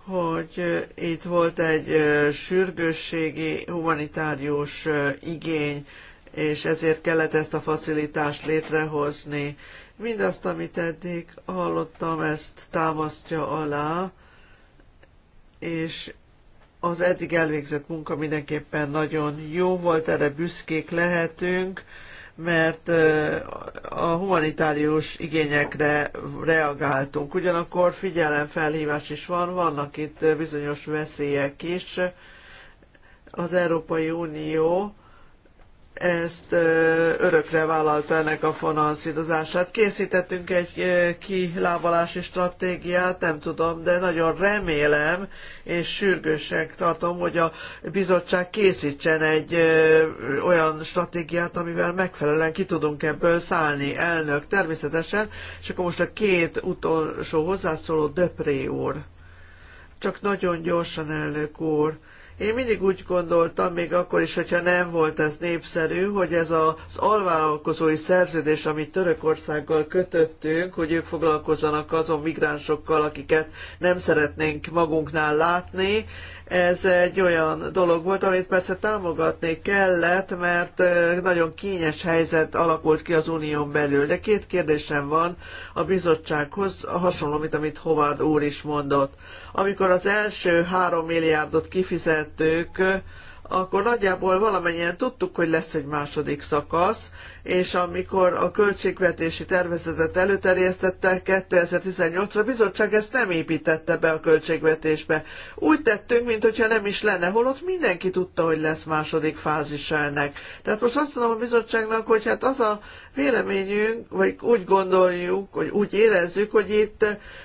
hogy eh, itt volt egy sürgősségi humanitárius igény, és ezért kellett ezt a facilitást létrehozni. Mindazt, amit eddig hallottam, ezt támasztja alá, és az eddig elvégzett munka mindenképpen nagyon jó volt, erre büszkék lehetünk, mert a humanitárius igényekre reagáltunk. Ugyanakkor figyelemfelhívás is van, vannak itt bizonyos veszélyek is. Az Európai Unió ezt örökre vállalta ennek a finanszírozását. Készítettünk egy kilábalási stratégiát, nem tudom, de nagyon remélem és sürgősek tartom, hogy a bizottság készítsen egy olyan stratégiát, amivel megfelelően ki tudunk ebből szállni. Elnök, természetesen, és akkor most a két utolsó hozzászóló Döpré úr. Csak nagyon gyorsan, elnök úr én mindig úgy gondoltam, még akkor is, hogyha nem volt ez népszerű, hogy ez az alvállalkozói szerződés, amit Törökországgal kötöttünk, hogy ők foglalkozzanak azon migránsokkal, akiket nem szeretnénk magunknál látni, ez egy olyan dolog volt, amit persze támogatni kellett, mert nagyon kényes helyzet alakult ki az unión belül. De két kérdésem van a bizottsághoz, hasonló, mint amit Howard úr is mondott. Amikor az első három milliárdot kifizettük, akkor nagyjából valamennyien tudtuk, hogy lesz egy második szakasz, és amikor a költségvetési tervezetet előterjesztette 2018-ra, a bizottság ezt nem építette be a költségvetésbe. Úgy tettünk, mintha nem is lenne, holott mindenki tudta, hogy lesz második fázisa ennek. Tehát most azt mondom a bizottságnak, hogy hát az a véleményünk, vagy úgy gondoljuk, hogy úgy érezzük, hogy itt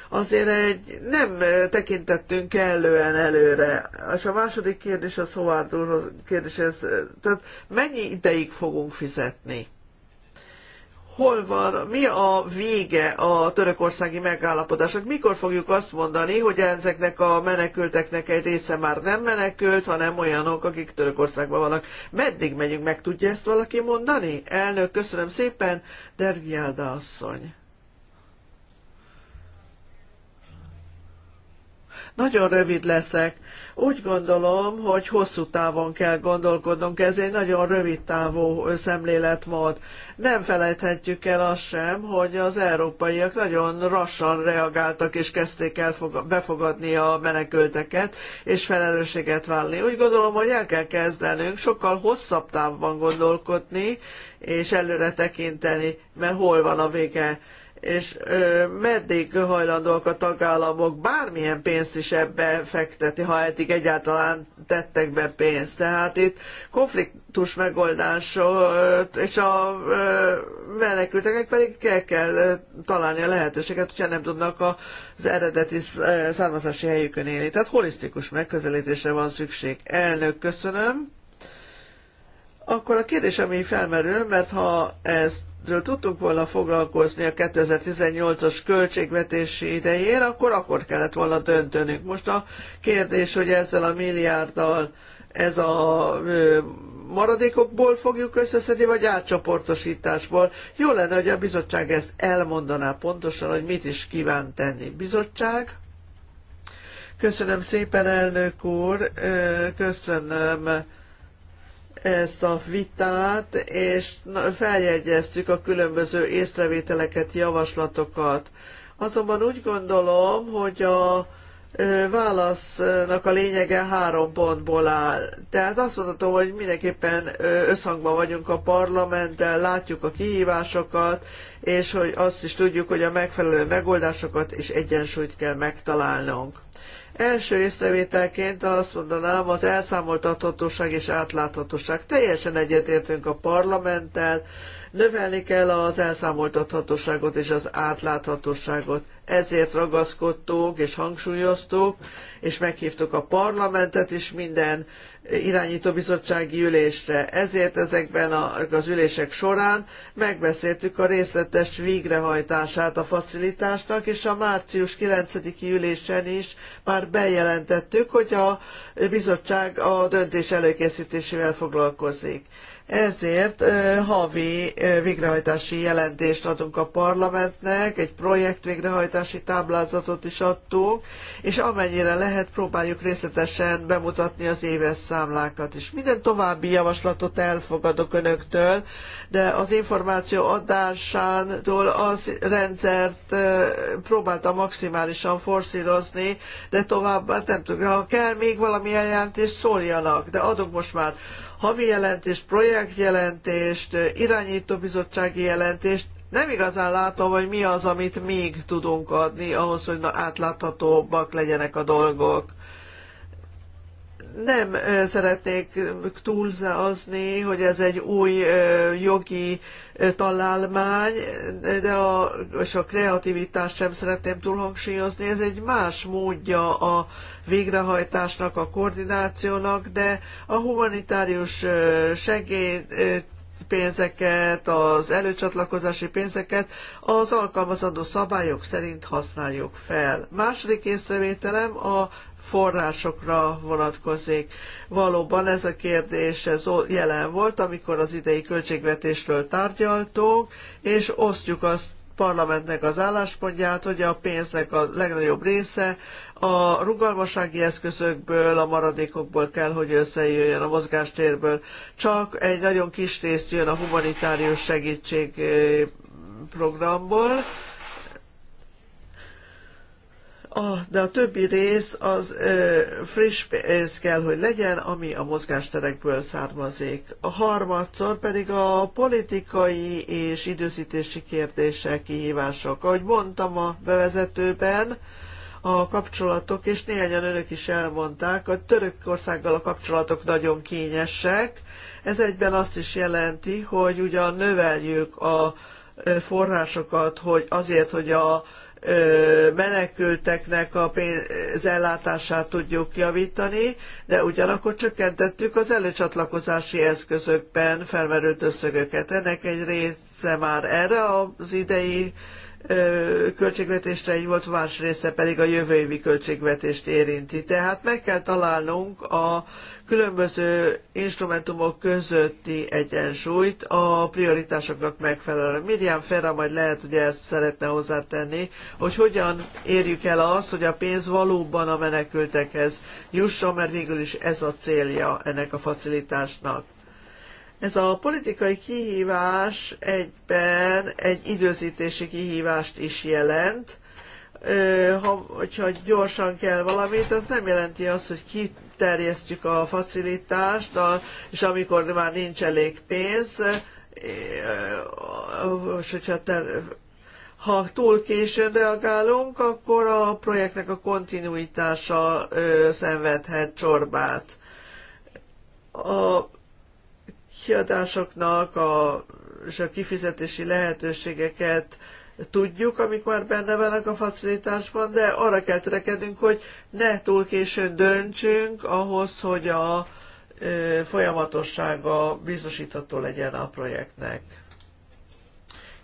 azért egy nem tekintettünk kellően előre. És a második kérdés az Howard úrhoz kérdéshez, tehát mennyi ideig fogunk fizetni? hol van, mi a vége a törökországi megállapodásnak? Mikor fogjuk azt mondani, hogy ezeknek a menekülteknek egy része már nem menekült, hanem olyanok, akik Törökországban vannak? Meddig megyünk, meg tudja ezt valaki mondani? Elnök, köszönöm szépen, Dergiáda asszony. Nagyon rövid leszek. Úgy gondolom, hogy hosszú távon kell gondolkodnunk, ez egy nagyon rövid távú szemléletmód. Nem felejthetjük el azt sem, hogy az európaiak nagyon rassan reagáltak és kezdték el befogadni a menekülteket és felelősséget válni. Úgy gondolom, hogy el kell kezdenünk sokkal hosszabb távban gondolkodni és előre tekinteni, mert hol van a vége és ö, meddig hajlandóak a tagállamok bármilyen pénzt is ebbe fektetni, ha eddig egyáltalán tettek be pénzt. Tehát itt konfliktus megoldás és a menekülteknek pedig kell, kell találni a lehetőséget, hogyha nem tudnak az eredeti származási helyükön élni. Tehát holisztikus megközelítésre van szükség. Elnök, köszönöm akkor a kérdés, ami felmerül, mert ha ezt tudtunk volna foglalkozni a 2018-as költségvetési idején, akkor akkor kellett volna döntenünk. Most a kérdés, hogy ezzel a milliárddal ez a maradékokból fogjuk összeszedni, vagy átcsoportosításból. Jó lenne, hogy a bizottság ezt elmondaná pontosan, hogy mit is kíván tenni. Bizottság? Köszönöm szépen, elnök úr, köszönöm ezt a vitát, és feljegyeztük a különböző észrevételeket, javaslatokat. Azonban úgy gondolom, hogy a válasznak a lényege három pontból áll. Tehát azt mondhatom, hogy mindenképpen összhangban vagyunk a parlamenttel, látjuk a kihívásokat, és hogy azt is tudjuk, hogy a megfelelő megoldásokat és egyensúlyt kell megtalálnunk. Első észrevételként azt mondanám, az elszámoltathatóság és átláthatóság. Teljesen egyetértünk a parlamenttel, növelni kell az elszámoltathatóságot és az átláthatóságot ezért ragaszkodtunk és hangsúlyoztuk, és meghívtuk a parlamentet is minden irányítóbizottsági ülésre. Ezért ezekben az ülések során megbeszéltük a részletes végrehajtását a facilitásnak, és a március 9-i ülésen is már bejelentettük, hogy a bizottság a döntés előkészítésével foglalkozik. Ezért havi végrehajtási jelentést adunk a parlamentnek, egy projekt végrehajtási táblázatot is adtunk, és amennyire lehet, próbáljuk részletesen bemutatni az éves számlákat is. Minden további javaslatot elfogadok önöktől, de az információ adásántól az rendszert próbáltam maximálisan forszírozni, de tovább, hát nem tudom, ha kell még valami eljelentést, szóljanak, de adok most már havi jelentést, projektjelentést, irányítóbizottsági jelentést, nem igazán látom, hogy mi az, amit még tudunk adni ahhoz, hogy átláthatóbbak legyenek a dolgok nem szeretnék túlzázni, hogy ez egy új jogi találmány, de a, és a kreativitást sem szeretném túlhangsúlyozni. Ez egy más módja a végrehajtásnak, a koordinációnak, de a humanitárius segély pénzeket, az előcsatlakozási pénzeket az alkalmazandó szabályok szerint használjuk fel. Második észrevételem a forrásokra vonatkozik. Valóban ez a kérdés ez jelen volt, amikor az idei költségvetésről tárgyaltunk, és osztjuk azt parlamentnek az álláspontját, hogy a pénznek a legnagyobb része a rugalmassági eszközökből, a maradékokból kell, hogy összejöjjön a mozgástérből. Csak egy nagyon kis részt jön a humanitárius segítség eh, programból, a, de a többi rész az ö, friss pénz kell, hogy legyen, ami a mozgásterekből származik. A harmadszor pedig a politikai és időzítési kérdések, kihívások. Ahogy mondtam a bevezetőben, a kapcsolatok, és néhányan önök is elmondták, a Törökországgal a kapcsolatok nagyon kényesek. Ez egyben azt is jelenti, hogy ugyan növeljük a forrásokat, hogy azért, hogy a menekülteknek a pénzellátását tudjuk javítani, de ugyanakkor csökkentettük az előcsatlakozási eszközökben felmerült összegöket. Ennek egy része már erre az idei költségvetésre egy volt, más része pedig a jövő évi költségvetést érinti. Tehát meg kell találnunk a különböző instrumentumok közötti egyensúlyt a prioritásoknak megfelelően. Miriam Ferra majd lehet, hogy ezt szeretne hozzátenni, hogy hogyan érjük el azt, hogy a pénz valóban a menekültekhez jusson, mert végül is ez a célja ennek a facilitásnak. Ez a politikai kihívás egyben egy időzítési kihívást is jelent. Ha, hogyha gyorsan kell valamit, az nem jelenti azt, hogy kiterjesztjük a facilitást, a, és amikor már nincs elég pénz, és hogyha ter, ha túl későn reagálunk, akkor a projektnek a kontinuitása ö, szenvedhet csorbát. A kiadásoknak a, és a kifizetési lehetőségeket tudjuk, amik már benne vannak a facilitásban, de arra kell törekednünk, hogy ne túl későn döntsünk ahhoz, hogy a e, folyamatossága biztosítható legyen a projektnek.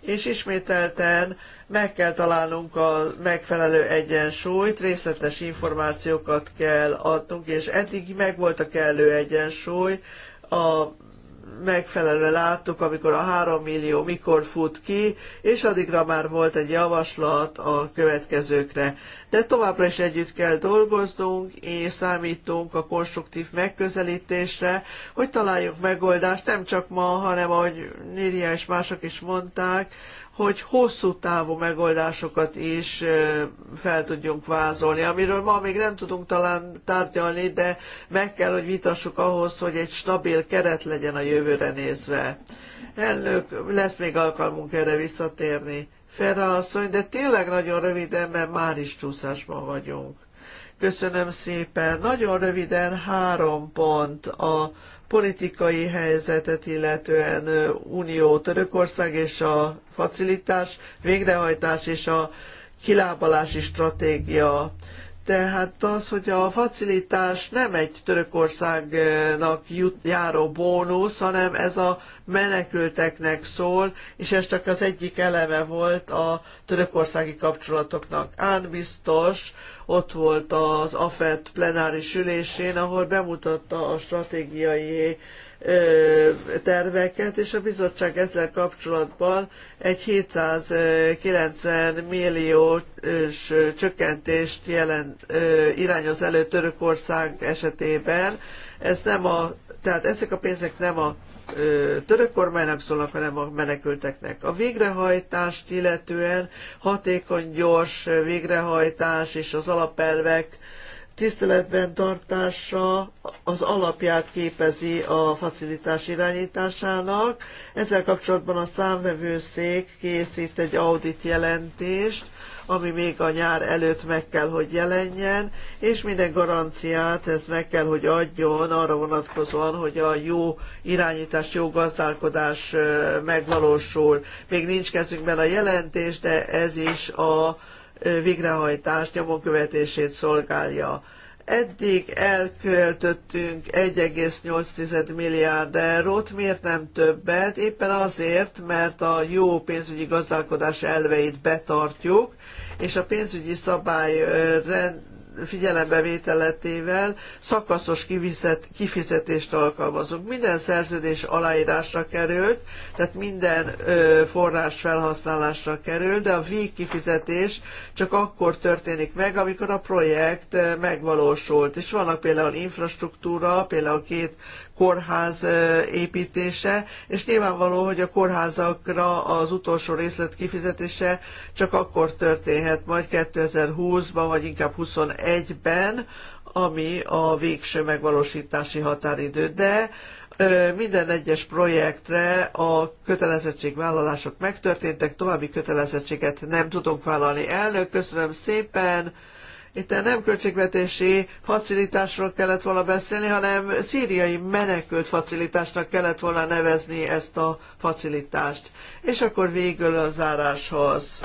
És ismételten meg kell találnunk a megfelelő egyensúlyt, részletes információkat kell adnunk, és eddig megvolt a kellő egyensúly, a megfelelően láttuk, amikor a 3 millió mikor fut ki, és addigra már volt egy javaslat a következőkre. De továbbra is együtt kell dolgoznunk, és számítunk a konstruktív megközelítésre, hogy találjunk megoldást nem csak ma, hanem ahogy Nélia és mások is mondták, hogy hosszú távú megoldásokat is fel tudjunk vázolni, amiről ma még nem tudunk talán tárgyalni, de meg kell, hogy vitassuk ahhoz, hogy egy stabil keret legyen a jövőre nézve. Elnök, lesz még alkalmunk erre visszatérni. Ferra asszony, de tényleg nagyon röviden, mert már is csúszásban vagyunk. Köszönöm szépen. Nagyon röviden három pont a politikai helyzetet illetően Unió, Törökország és a facilitás, végrehajtás és a kilábalási stratégia tehát az, hogy a facilitás nem egy Törökországnak jut, járó bónusz, hanem ez a menekülteknek szól, és ez csak az egyik eleme volt a törökországi kapcsolatoknak. Án biztos ott volt az AFET plenáris ülésén, ahol bemutatta a stratégiai terveket, és a bizottság ezzel kapcsolatban egy 790 milliós csökkentést jelent, irányoz elő Törökország esetében. Ez nem a, tehát ezek a pénzek nem a török kormánynak szólnak, hanem a menekülteknek. A végrehajtást illetően hatékony, gyors végrehajtás és az alapelvek tiszteletben tartása az alapját képezi a facilitás irányításának. Ezzel kapcsolatban a számvevőszék készít egy audit jelentést, ami még a nyár előtt meg kell, hogy jelenjen, és minden garanciát ez meg kell, hogy adjon arra vonatkozóan, hogy a jó irányítás, jó gazdálkodás megvalósul. Még nincs kezünkben a jelentés, de ez is a végrehajtás nyomonkövetését szolgálja. Eddig elköltöttünk 1,8 milliárd eurót, miért nem többet? Éppen azért, mert a jó pénzügyi gazdálkodás elveit betartjuk, és a pénzügyi szabály figyelembevételetével szakaszos kifizetést alkalmazunk. Minden szerződés aláírásra került, tehát minden forrás felhasználásra kerül, de a végkifizetés csak akkor történik meg, amikor a projekt megvalósult. És vannak például infrastruktúra, például két kórház építése, és nyilvánvaló, hogy a kórházakra az utolsó részlet kifizetése csak akkor történhet majd 2020-ban, vagy inkább 21-ben, ami a végső megvalósítási határidő. De minden egyes projektre a kötelezettségvállalások megtörténtek, további kötelezettséget nem tudunk vállalni. Elnök, köszönöm szépen! Itt nem költségvetési facilitásról kellett volna beszélni, hanem szíriai menekült facilitásnak kellett volna nevezni ezt a facilitást. És akkor végül a záráshoz.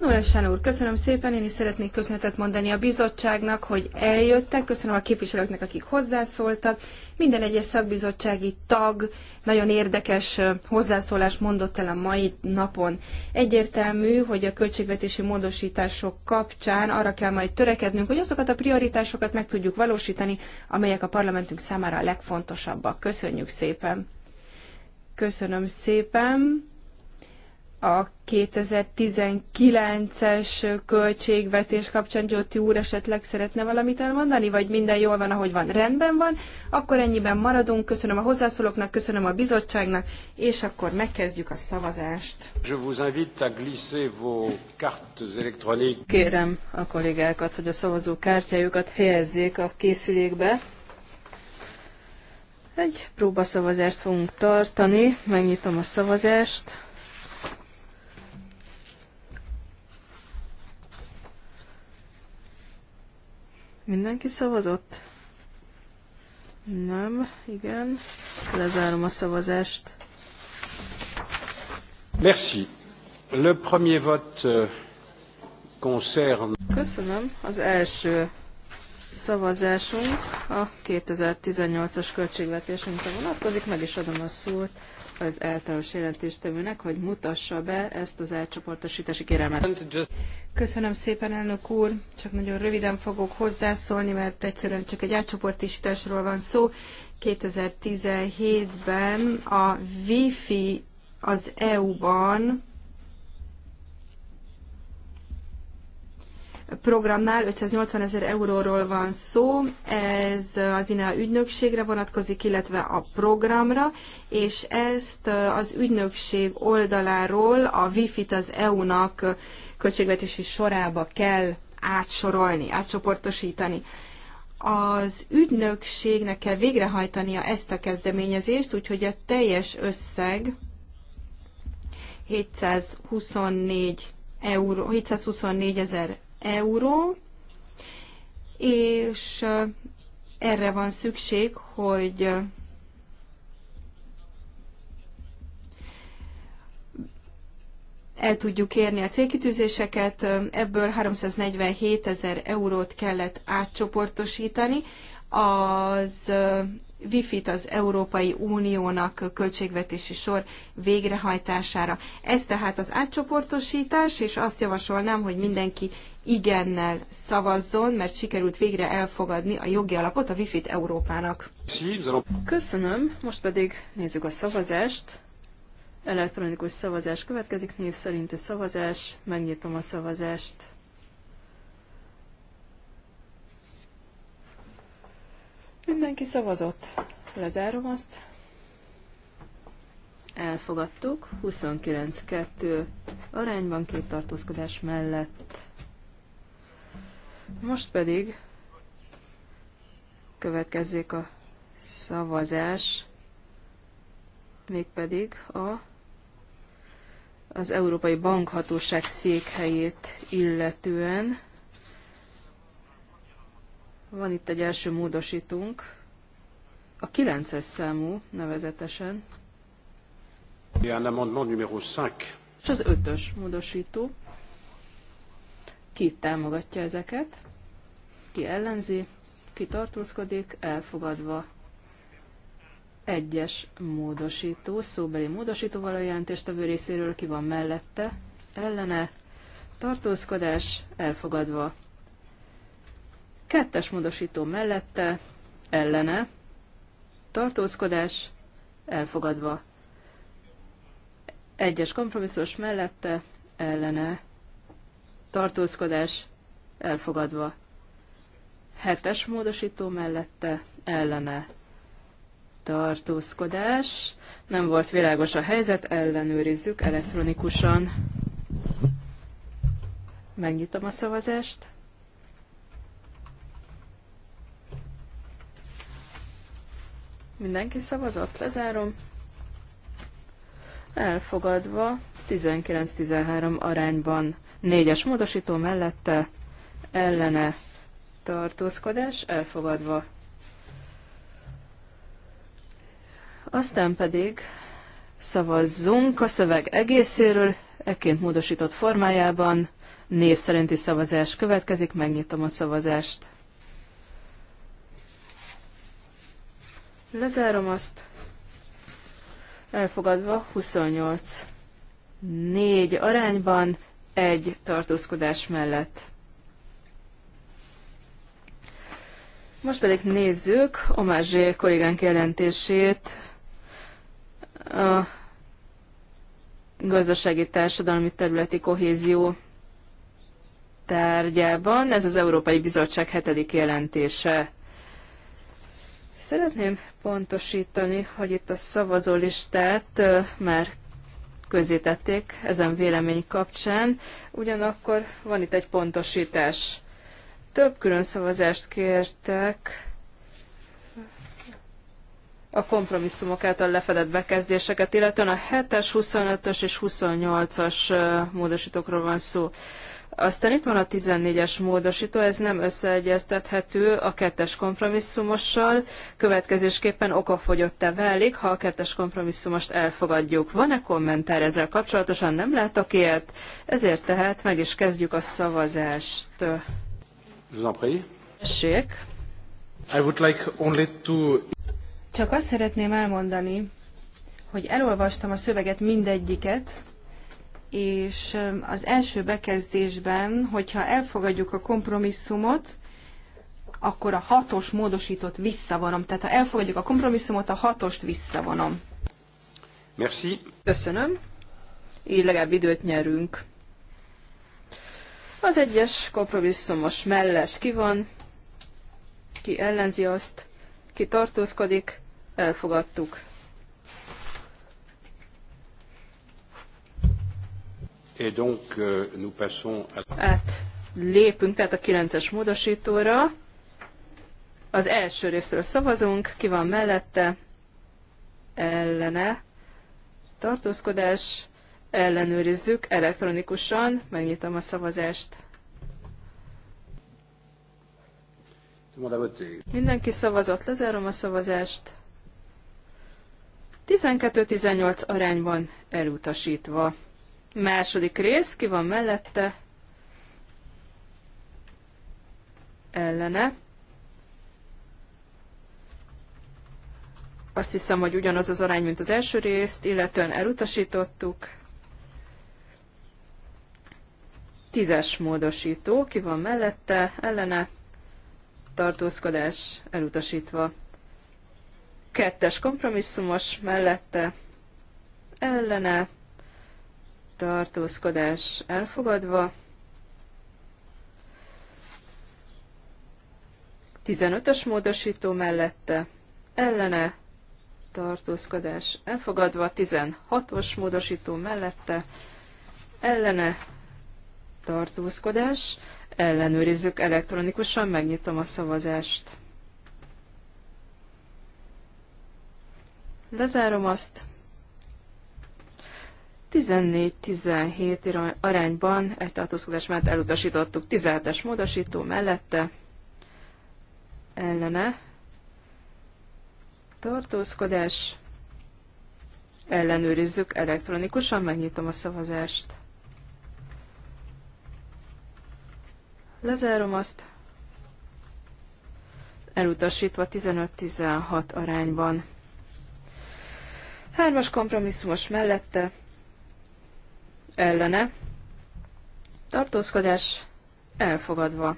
Nuresán úr, köszönöm szépen, én is szeretnék köszönetet mondani a bizottságnak, hogy eljöttek, köszönöm a képviselőknek, akik hozzászóltak. Minden egyes szakbizottsági tag nagyon érdekes hozzászólást mondott el a mai napon. Egyértelmű, hogy a költségvetési módosítások kapcsán arra kell majd törekednünk, hogy azokat a prioritásokat meg tudjuk valósítani, amelyek a parlamentünk számára a legfontosabbak. Köszönjük szépen! Köszönöm szépen! a 2019-es költségvetés kapcsán Gyóti úr esetleg szeretne valamit elmondani, vagy minden jól van, ahogy van, rendben van, akkor ennyiben maradunk. Köszönöm a hozzászólóknak, köszönöm a bizottságnak, és akkor megkezdjük a szavazást. Kérem a kollégákat, hogy a kártyájukat helyezzék a készülékbe. Egy próbaszavazást fogunk tartani, megnyitom a szavazást. Mindenki szavazott? Nem, igen. Lezárom a szavazást. Merci. Le premier vote euh, concerne... Köszönöm. Az első szavazásunk a 2018-as költségvetésünkre vonatkozik, meg is adom a szót az eltelős jelentéstevőnek, hogy mutassa be ezt az elcsoportosítási kérelmet. Köszönöm szépen, elnök úr. Csak nagyon röviden fogok hozzászólni, mert egyszerűen csak egy átcsoportosításról van szó. 2017-ben a Wi-Fi az EU-ban programnál 580 ezer euróról van szó, ez az INEA ügynökségre vonatkozik, illetve a programra, és ezt az ügynökség oldaláról a Wi-Fi-t az EU-nak költségvetési sorába kell átsorolni, átcsoportosítani. Az ügynökségnek kell végrehajtania ezt a kezdeményezést, úgyhogy a teljes összeg 724 euró, 724 ezer euró, és erre van szükség, hogy el tudjuk érni a célkitűzéseket, ebből 347 ezer eurót kellett átcsoportosítani. Az wifi-t az Európai Uniónak költségvetési sor végrehajtására. Ez tehát az átcsoportosítás, és azt javasolnám, hogy mindenki igennel szavazzon, mert sikerült végre elfogadni a jogi alapot a Wifit Európának. Köszönöm, most pedig nézzük a szavazást. Elektronikus szavazás következik, név szerinti szavazás, megnyitom a szavazást. Mindenki szavazott. Lezárom azt. Elfogadtuk. 29-2 arányban két tartózkodás mellett. Most pedig következzék a szavazás, mégpedig a az Európai Bankhatóság székhelyét illetően. Van itt egy első módosítunk, a 9-es számú nevezetesen. És az 5-ös módosító. Ki támogatja ezeket? Ki ellenzi? Ki tartózkodik? Elfogadva. Egyes módosító, szóbeli módosítóval a jelentéstevő részéről ki van mellette, ellene, tartózkodás, elfogadva. Kettes módosító mellette, ellene, tartózkodás, elfogadva. Egyes kompromisszus mellette, ellene, tartózkodás elfogadva. Hetes módosító mellette ellene tartózkodás. Nem volt világos a helyzet, ellenőrizzük elektronikusan. Megnyitom a szavazást. Mindenki szavazott, lezárom. Elfogadva 19-13 arányban Négyes módosító mellette ellene tartózkodás elfogadva. Aztán pedig szavazzunk a szöveg egészéről, ekként módosított formájában. Név szerinti szavazás következik, megnyitom a szavazást. Lezárom azt. Elfogadva 28. 4 arányban egy tartózkodás mellett. Most pedig nézzük Omázsé kollégánk jelentését a gazdasági társadalmi területi kohézió tárgyában. Ez az Európai Bizottság hetedik jelentése. Szeretném pontosítani, hogy itt a szavazólistát már közzétették ezen vélemény kapcsán. Ugyanakkor van itt egy pontosítás. Több külön szavazást kértek a kompromisszumok által lefedett bekezdéseket, illetően a 7-es, 25-ös és 28-as módosítókról van szó. Aztán itt van a 14-es módosító, ez nem összeegyeztethető a kettes kompromisszumossal, következésképpen okafogyott-e válik, ha a kettes kompromisszumost elfogadjuk. Van-e kommentár ezzel kapcsolatosan? Nem látok ilyet, ezért tehát meg is kezdjük a szavazást. Tessék. I would like only to... Csak azt szeretném elmondani, hogy elolvastam a szöveget mindegyiket, és az első bekezdésben, hogyha elfogadjuk a kompromisszumot, akkor a hatos módosított visszavonom. Tehát ha elfogadjuk a kompromisszumot, a hatost visszavonom. Merci. Köszönöm. Így legalább időt nyerünk. Az egyes kompromisszumos mellett ki van, ki ellenzi azt, ki tartózkodik, elfogadtuk. Euh, Átlépünk tehát a 9-es módosítóra. Az első részről szavazunk, ki van mellette, ellene, tartózkodás, ellenőrizzük elektronikusan, megnyitom a szavazást. Mindenki szavazott, lezárom a szavazást. 12-18 arányban elutasítva. Második rész, ki van mellette? Ellene. Azt hiszem, hogy ugyanaz az arány, mint az első részt, illetően elutasítottuk. Tízes módosító, ki van mellette? Ellene. Tartózkodás elutasítva. Kettes kompromisszumos mellette. Ellene tartózkodás elfogadva. 15-ös módosító mellette ellene tartózkodás elfogadva, 16-os módosító mellette ellene tartózkodás, ellenőrizzük elektronikusan, megnyitom a szavazást. Lezárom azt. 14-17 arányban egy tartózkodás mellett elutasítottuk 17-es módosító mellette ellene tartózkodás ellenőrizzük elektronikusan, megnyitom a szavazást. Lezárom azt. Elutasítva 15-16 arányban. Hármas kompromisszumos mellette ellene, tartózkodás elfogadva.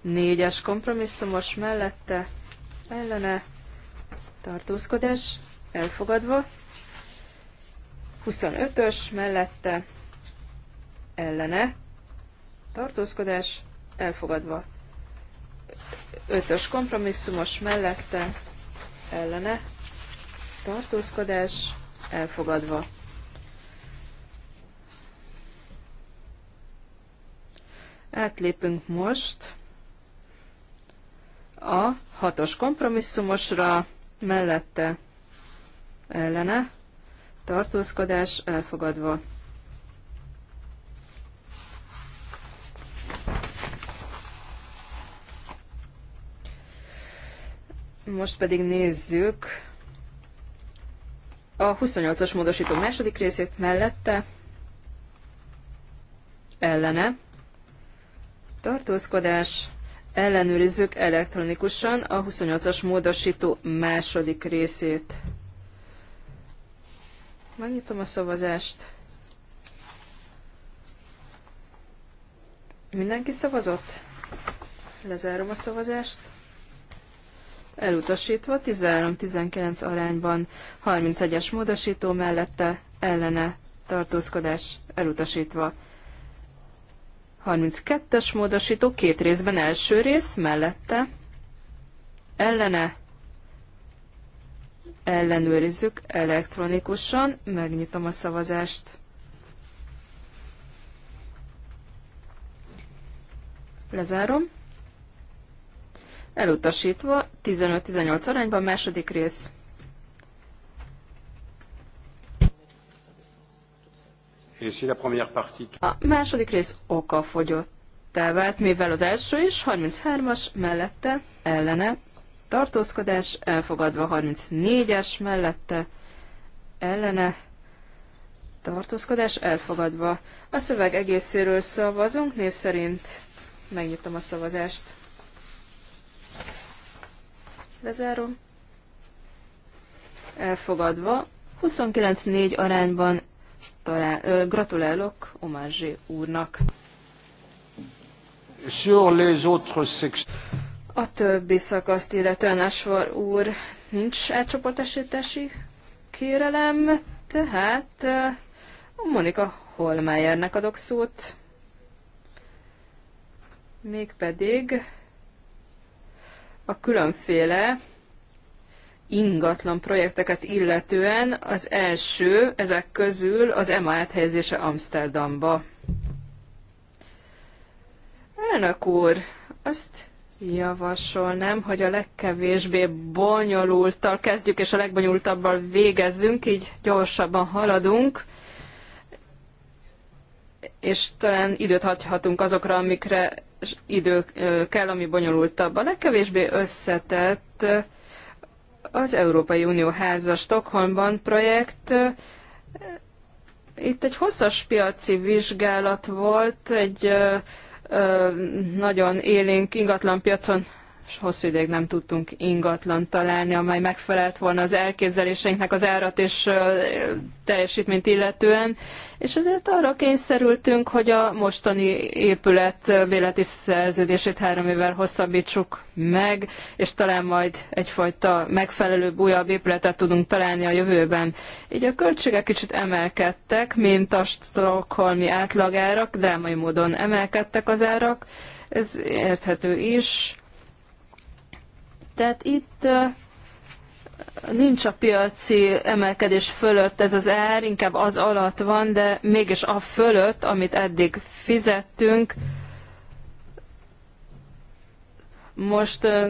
Négyes kompromisszumos mellette, ellene, tartózkodás elfogadva. 25-ös mellette, ellene, tartózkodás elfogadva. 5-ös kompromisszumos mellette, ellene, tartózkodás elfogadva. Átlépünk most a hatos kompromisszumosra, mellette ellene, tartózkodás elfogadva. Most pedig nézzük a 28-as módosító második részét mellette, ellene, tartózkodás, ellenőrizzük elektronikusan a 28-as módosító második részét. Megnyitom a szavazást. Mindenki szavazott? Lezárom a szavazást. Elutasítva 13-19 arányban 31-es módosító mellette ellene tartózkodás elutasítva. 32-es módosító két részben első rész mellette ellene ellenőrizzük elektronikusan, megnyitom a szavazást. Lezárom. Elutasítva 15-18 arányban második rész A második rész oka fogyottá vált, mivel az első is, 33-as mellette, ellene, tartózkodás, elfogadva 34-es mellette, ellene, tartózkodás, elfogadva. A szöveg egészéről szavazunk, név szerint megnyitom a szavazást. Lezárom. Elfogadva. 29-4 arányban Gratulálok Omázsi úrnak. Sur les autres sections. A többi szakaszt illetően Asvar úr nincs elcsoportesítési kérelem, tehát Monika Holmeyernek adok szót. Mégpedig a különféle ingatlan projekteket illetően az első ezek közül az EMA áthelyezése Amsterdamba. Elnök úr, azt javasolnám, hogy a legkevésbé bonyolulttal kezdjük, és a legbonyolultabbal végezzünk, így gyorsabban haladunk, és talán időt hagyhatunk azokra, amikre idő kell, ami bonyolultabb. A legkevésbé összetett az Európai Unió háza Stockholmban projekt itt egy hosszas piaci vizsgálat volt, egy nagyon élénk ingatlanpiacon és hosszú ideig nem tudtunk ingatlan találni, amely megfelelt volna az elképzeléseinknek az árat és teljesítményt illetően, és azért arra kényszerültünk, hogy a mostani épület véleti szerződését három évvel hosszabbítsuk meg, és talán majd egyfajta megfelelőbb, újabb épületet tudunk találni a jövőben. Így a költségek kicsit emelkedtek, mint a stokholmi átlagárak, drámai módon emelkedtek az árak, ez érthető is tehát itt nincs a piaci emelkedés fölött ez az ár, inkább az alatt van, de mégis a fölött, amit eddig fizettünk, most uh,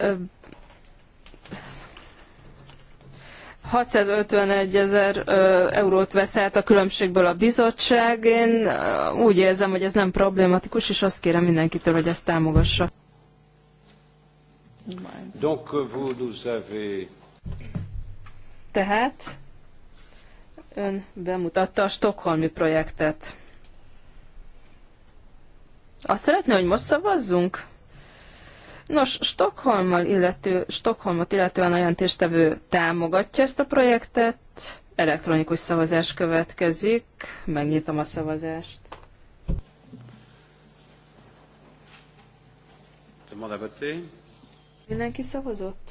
uh, 651 ezer eurót vesz át a különbségből a bizottság. Én úgy érzem, hogy ez nem problématikus, és azt kérem mindenkitől, hogy ezt támogassa. Donc vous nous avez... Tehát ön bemutatta a stokholmi projektet. Azt szeretné, hogy most szavazzunk? Nos, Stockholmmal illető, Stockholmot illetően a jelentéstevő támogatja ezt a projektet. Elektronikus szavazás következik. Megnyitom a szavazást. Demande à voter. Mindenki szavazott?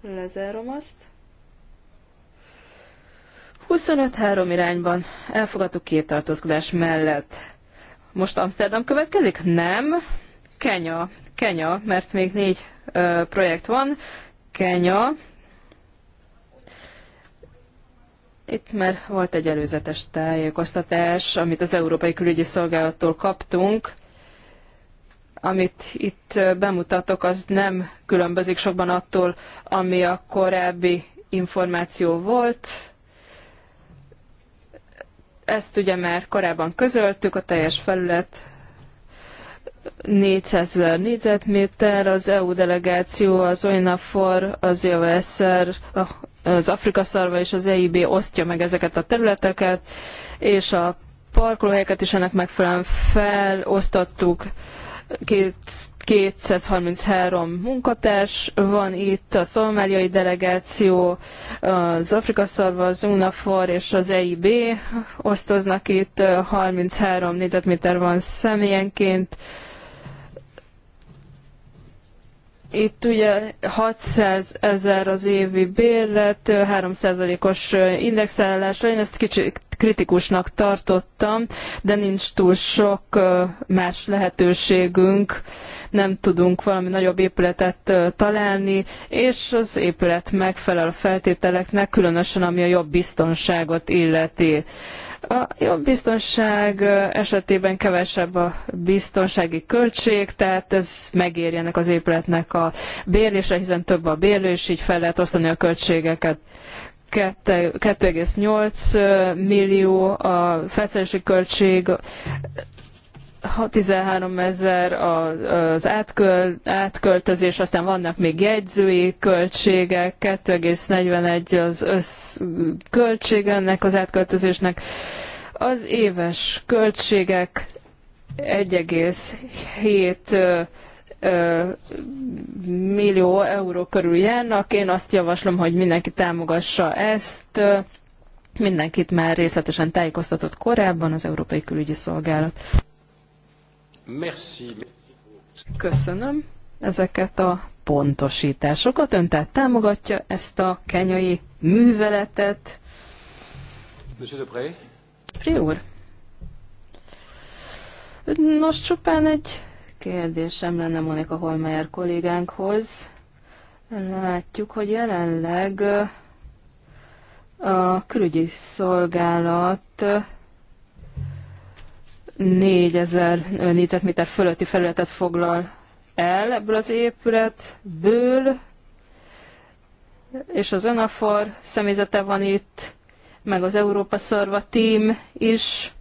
Lezárom azt. 25-3 irányban elfogadtuk két tartózkodás mellett. Most Amsterdam következik? Nem. Kenya. Kenya, mert még négy ö, projekt van. Kenya. Itt már volt egy előzetes tájékoztatás, amit az Európai Külügyi Szolgálattól kaptunk amit itt bemutatok, az nem különbözik sokban attól, ami a korábbi információ volt. Ezt ugye már korábban közöltük, a teljes felület 400 ezer négyzetméter, az EU delegáció, az OINAFOR, az EOSR, az Afrika szarva és az EIB osztja meg ezeket a területeket, és a parkolóhelyeket is ennek megfelelően felosztottuk. 233 munkatárs van itt, a szomáliai delegáció, az Afrika Szarva, az UNAFOR és az EIB osztoznak itt, 33 négyzetméter van személyenként, itt ugye 600 ezer az évi bérlet, 3%-os indexálásra, én ezt kicsit kritikusnak tartottam, de nincs túl sok más lehetőségünk, nem tudunk valami nagyobb épületet találni, és az épület megfelel a feltételeknek, különösen ami a jobb biztonságot illeti. A jobb biztonság esetében kevesebb a biztonsági költség, tehát ez megéri ennek az épületnek a bérlése, hiszen több a bérlő, és így fel lehet osztani a költségeket. 2,8 millió a felszerelési költség, 13 ezer az átköltözés, aztán vannak még jegyzői költségek, 2,41 az össz ennek az átköltözésnek. Az éves költségek 1,7 millió euró körül járnak. Én azt javaslom, hogy mindenki támogassa ezt. Mindenkit már részletesen tájékoztatott korábban az Európai Külügyi Szolgálat. Köszönöm ezeket a pontosításokat. Ön tehát támogatja ezt a kenyai műveletet. Monsieur úr. Nos, csupán egy kérdésem lenne Monika Holmeyer kollégánkhoz. Látjuk, hogy jelenleg a külügyi szolgálat 4000 négyzetméter fölötti felületet foglal el ebből az épületből, és az Enafor személyzete van itt, meg az Európa Szarva Team is,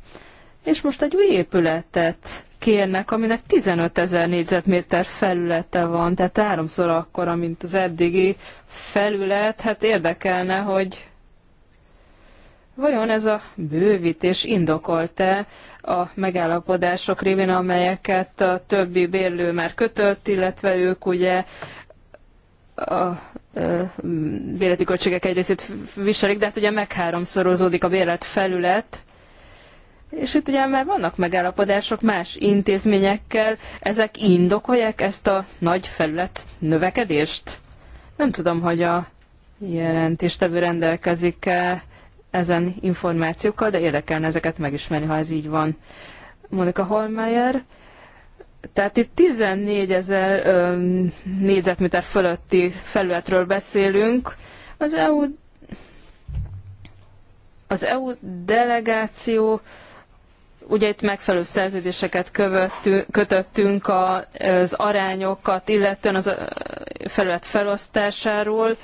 és most egy új épületet kérnek, aminek 15 ezer négyzetméter felülete van, tehát háromszor akkora, mint az eddigi felület. Hát érdekelne, hogy Vajon ez a bővítés indokolta a megállapodások révén, amelyeket a többi bérlő már kötött, illetve ők ugye a bérleti költségek egyrészt viselik, de hát ugye megháromszorozódik a bérlet felület, és itt ugye már vannak megállapodások más intézményekkel, ezek indokolják ezt a nagy felület növekedést? Nem tudom, hogy a jelentéstevő rendelkezik-e ezen információkkal, de érdekelne ezeket megismerni, ha ez így van. Monika Holmeyer, tehát itt 14 ezer négyzetméter fölötti felületről beszélünk. Az EU, az EU delegáció ugye itt megfelelő szerződéseket követtünk, kötöttünk az arányokat, illetően az felület felosztásáról,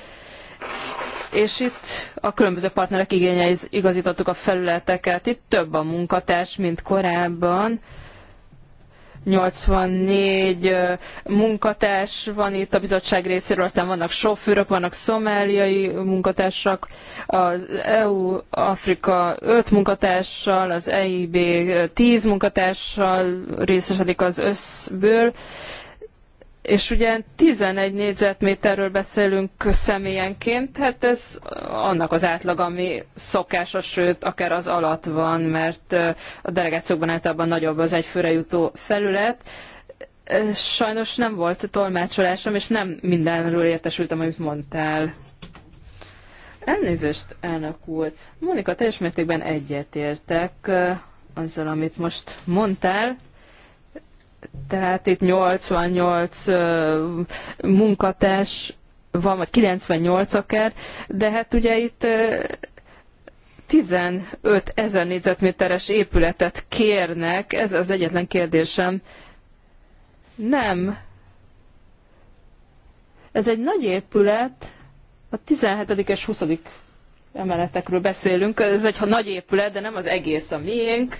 és itt a különböző partnerek igényeihez igazítottuk a felületeket. Itt több a munkatárs, mint korábban. 84 munkatárs van itt a bizottság részéről, aztán vannak sofőrök, vannak szomáliai munkatársak, az EU-Afrika 5 munkatárssal, az EIB 10 munkatárssal részesedik az összből, és ugye 11 négyzetméterről beszélünk személyenként, hát ez annak az átlag, ami szokásos, sőt, akár az alatt van, mert a delegációkban általában nagyobb az egyfőre jutó felület. Sajnos nem volt tolmácsolásom, és nem mindenről értesültem, amit mondtál. Elnézést, elnök úr. Monika, teljes mértékben egyetértek azzal, amit most mondtál tehát itt 88 munkatárs van, vagy 98 akár, de hát ugye itt 15 ezer négyzetméteres épületet kérnek, ez az egyetlen kérdésem. Nem. Ez egy nagy épület, a 17. és 20. emeletekről beszélünk, ez egy nagy épület, de nem az egész a miénk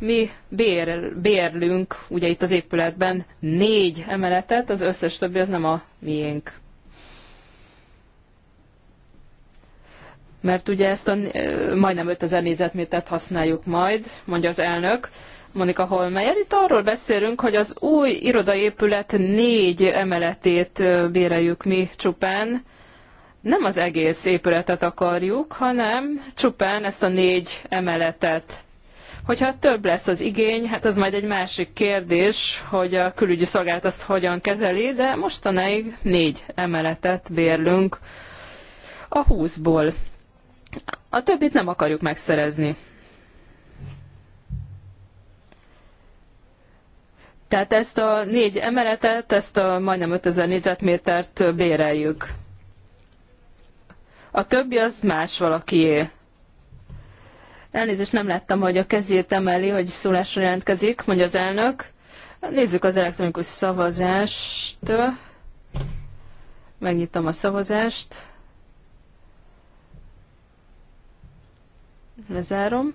mi bér, bérlünk, ugye itt az épületben négy emeletet, az összes többi az nem a miénk. Mert ugye ezt a eh, majdnem 5000 négyzetmétert használjuk majd, mondja az elnök. Monika Holmeyer, itt arról beszélünk, hogy az új irodaépület négy emeletét eh, béreljük mi csupán. Nem az egész épületet akarjuk, hanem csupán ezt a négy emeletet. Hogyha több lesz az igény, hát az majd egy másik kérdés, hogy a külügyi szolgálat azt hogyan kezeli, de mostanáig négy emeletet bérlünk a húszból. A többit nem akarjuk megszerezni. Tehát ezt a négy emeletet, ezt a majdnem 5000 négyzetmétert béreljük. A többi az más valakié. Elnézést nem láttam, hogy a kezét emeli, hogy szólásra jelentkezik, mondja az elnök. Nézzük az elektronikus szavazást. Megnyitom a szavazást. Lezárom.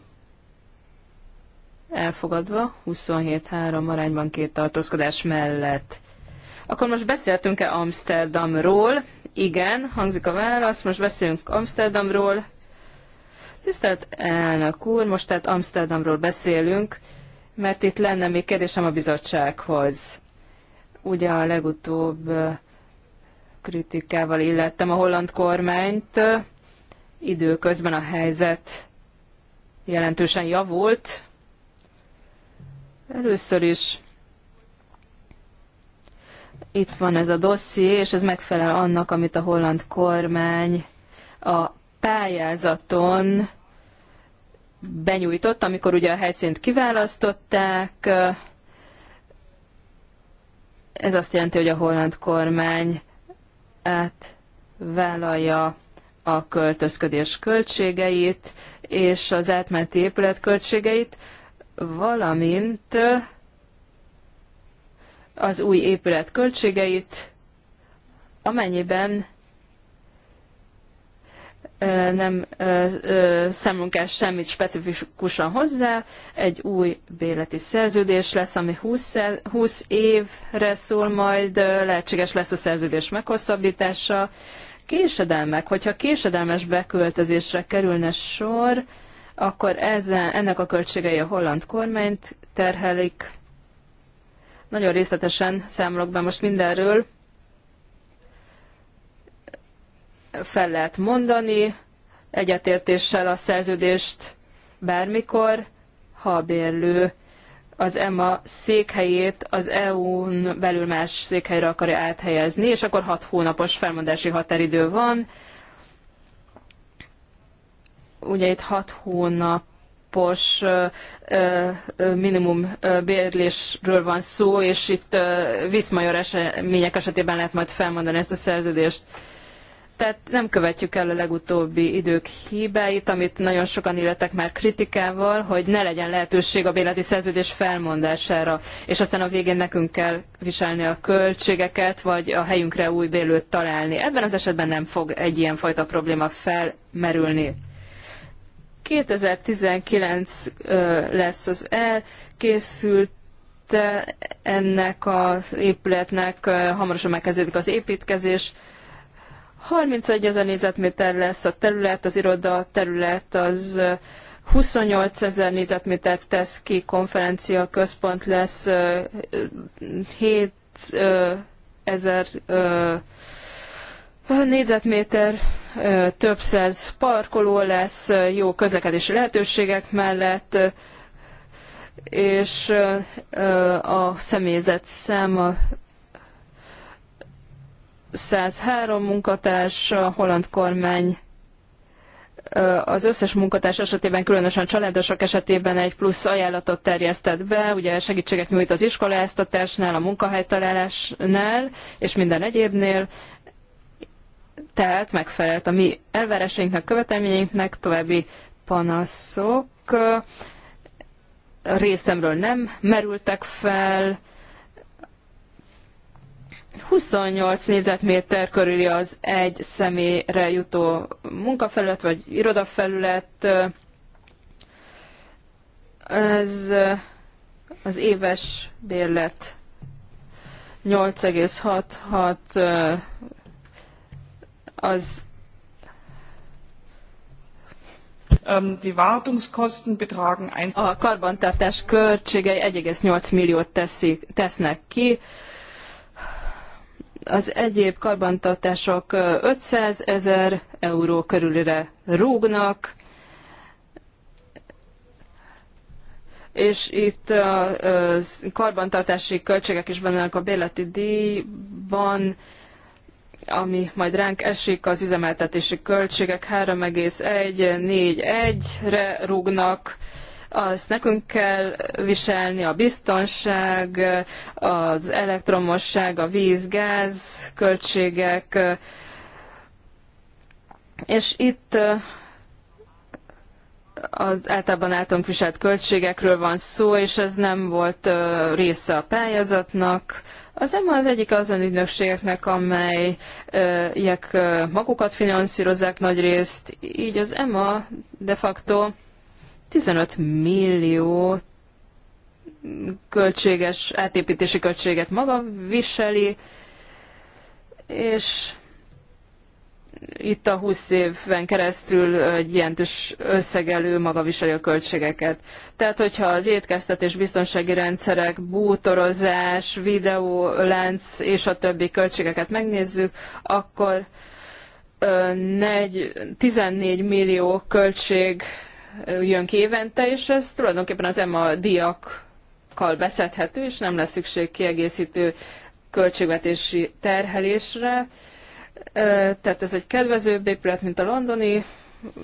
Elfogadva, 27-3 arányban két tartózkodás mellett. Akkor most beszéltünk-e Amsterdamról? Igen, hangzik a válasz, most beszélünk Amsterdamról. Tisztelt elnök úr, most tehát Amsterdamról beszélünk, mert itt lenne még kérdésem a bizottsághoz. Ugye a legutóbb kritikával illettem a holland kormányt, időközben a helyzet jelentősen javult. Először is itt van ez a dosszié, és ez megfelel annak, amit a holland kormány a pályázaton benyújtott, amikor ugye a helyszínt kiválasztották. Ez azt jelenti, hogy a holland kormány átvállalja a költözködés költségeit és az átmeneti épület költségeit, valamint az új épület költségeit, amennyiben nem számolunk el semmit specifikusan hozzá, egy új béleti szerződés lesz, ami 20, évre szól majd, lehetséges lesz a szerződés meghosszabbítása. Késedelmek, hogyha késedelmes beköltözésre kerülne sor, akkor ezen, ennek a költségei a holland kormányt terhelik. Nagyon részletesen számolok be most mindenről, fel lehet mondani, egyetértéssel a szerződést bármikor, ha a bérlő az EMA székhelyét az EU-n belül más székhelyre akarja áthelyezni, és akkor hat hónapos felmondási határidő van. Ugye itt hat hónapos minimum bérlésről van szó, és itt viszmajor események esetében lehet majd felmondani ezt a szerződést tehát nem követjük el a legutóbbi idők hibáit, amit nagyon sokan illetek már kritikával, hogy ne legyen lehetőség a béleti szerződés felmondására, és aztán a végén nekünk kell viselni a költségeket, vagy a helyünkre új bélőt találni. Ebben az esetben nem fog egy ilyen fajta probléma felmerülni. 2019 lesz az elkészült ennek az épületnek, hamarosan megkezdődik az építkezés, 31 ezer négyzetméter lesz a terület, az iroda terület az 28 ezer négyzetmétert tesz ki, konferencia központ lesz 7 ezer négyzetméter, több száz parkoló lesz, jó közlekedési lehetőségek mellett, és a személyzet száma 103 munkatárs, a holland kormány az összes munkatárs esetében, különösen családosok esetében egy plusz ajánlatot terjesztett be, ugye segítséget nyújt az iskoláztatásnál, a munkahelytalálásnál és minden egyébnél, tehát megfelelt a mi elvárásainknak, követelményeinknek, további panaszok részemről nem merültek fel, 28 négyzetméter körüli az egy személyre jutó munkafelület vagy irodafelület. Ez az éves bérlet 8,66 az ähm, Die Wartungskosten betragen a karbantartás költségei 1,8 milliót teszik, tesznek ki az egyéb karbantartások 500 ezer euró körülire rúgnak, és itt a karbantartási költségek is benne a béleti díjban, ami majd ránk esik, az üzemeltetési költségek 3,1-4,1-re rúgnak, azt nekünk kell viselni, a biztonság, az elektromosság, a víz, gáz, költségek, és itt az általában általunk viselt költségekről van szó, és ez nem volt része a pályázatnak. Az EMA az egyik azon ügynökségeknek, amelyek magukat finanszírozzák nagy részt, így az EMA de facto 15 millió költséges, átépítési költséget maga viseli, és itt a 20 évben keresztül egy jelentős összegelő maga viseli a költségeket. Tehát, hogyha az étkeztetés, biztonsági rendszerek, bútorozás, videólánc és a többi költségeket megnézzük, akkor 14 millió költség jön ki évente, és ez tulajdonképpen az EMA diakkal beszedhető, és nem lesz szükség kiegészítő költségvetési terhelésre. Tehát ez egy kedvezőbb épület, mint a londoni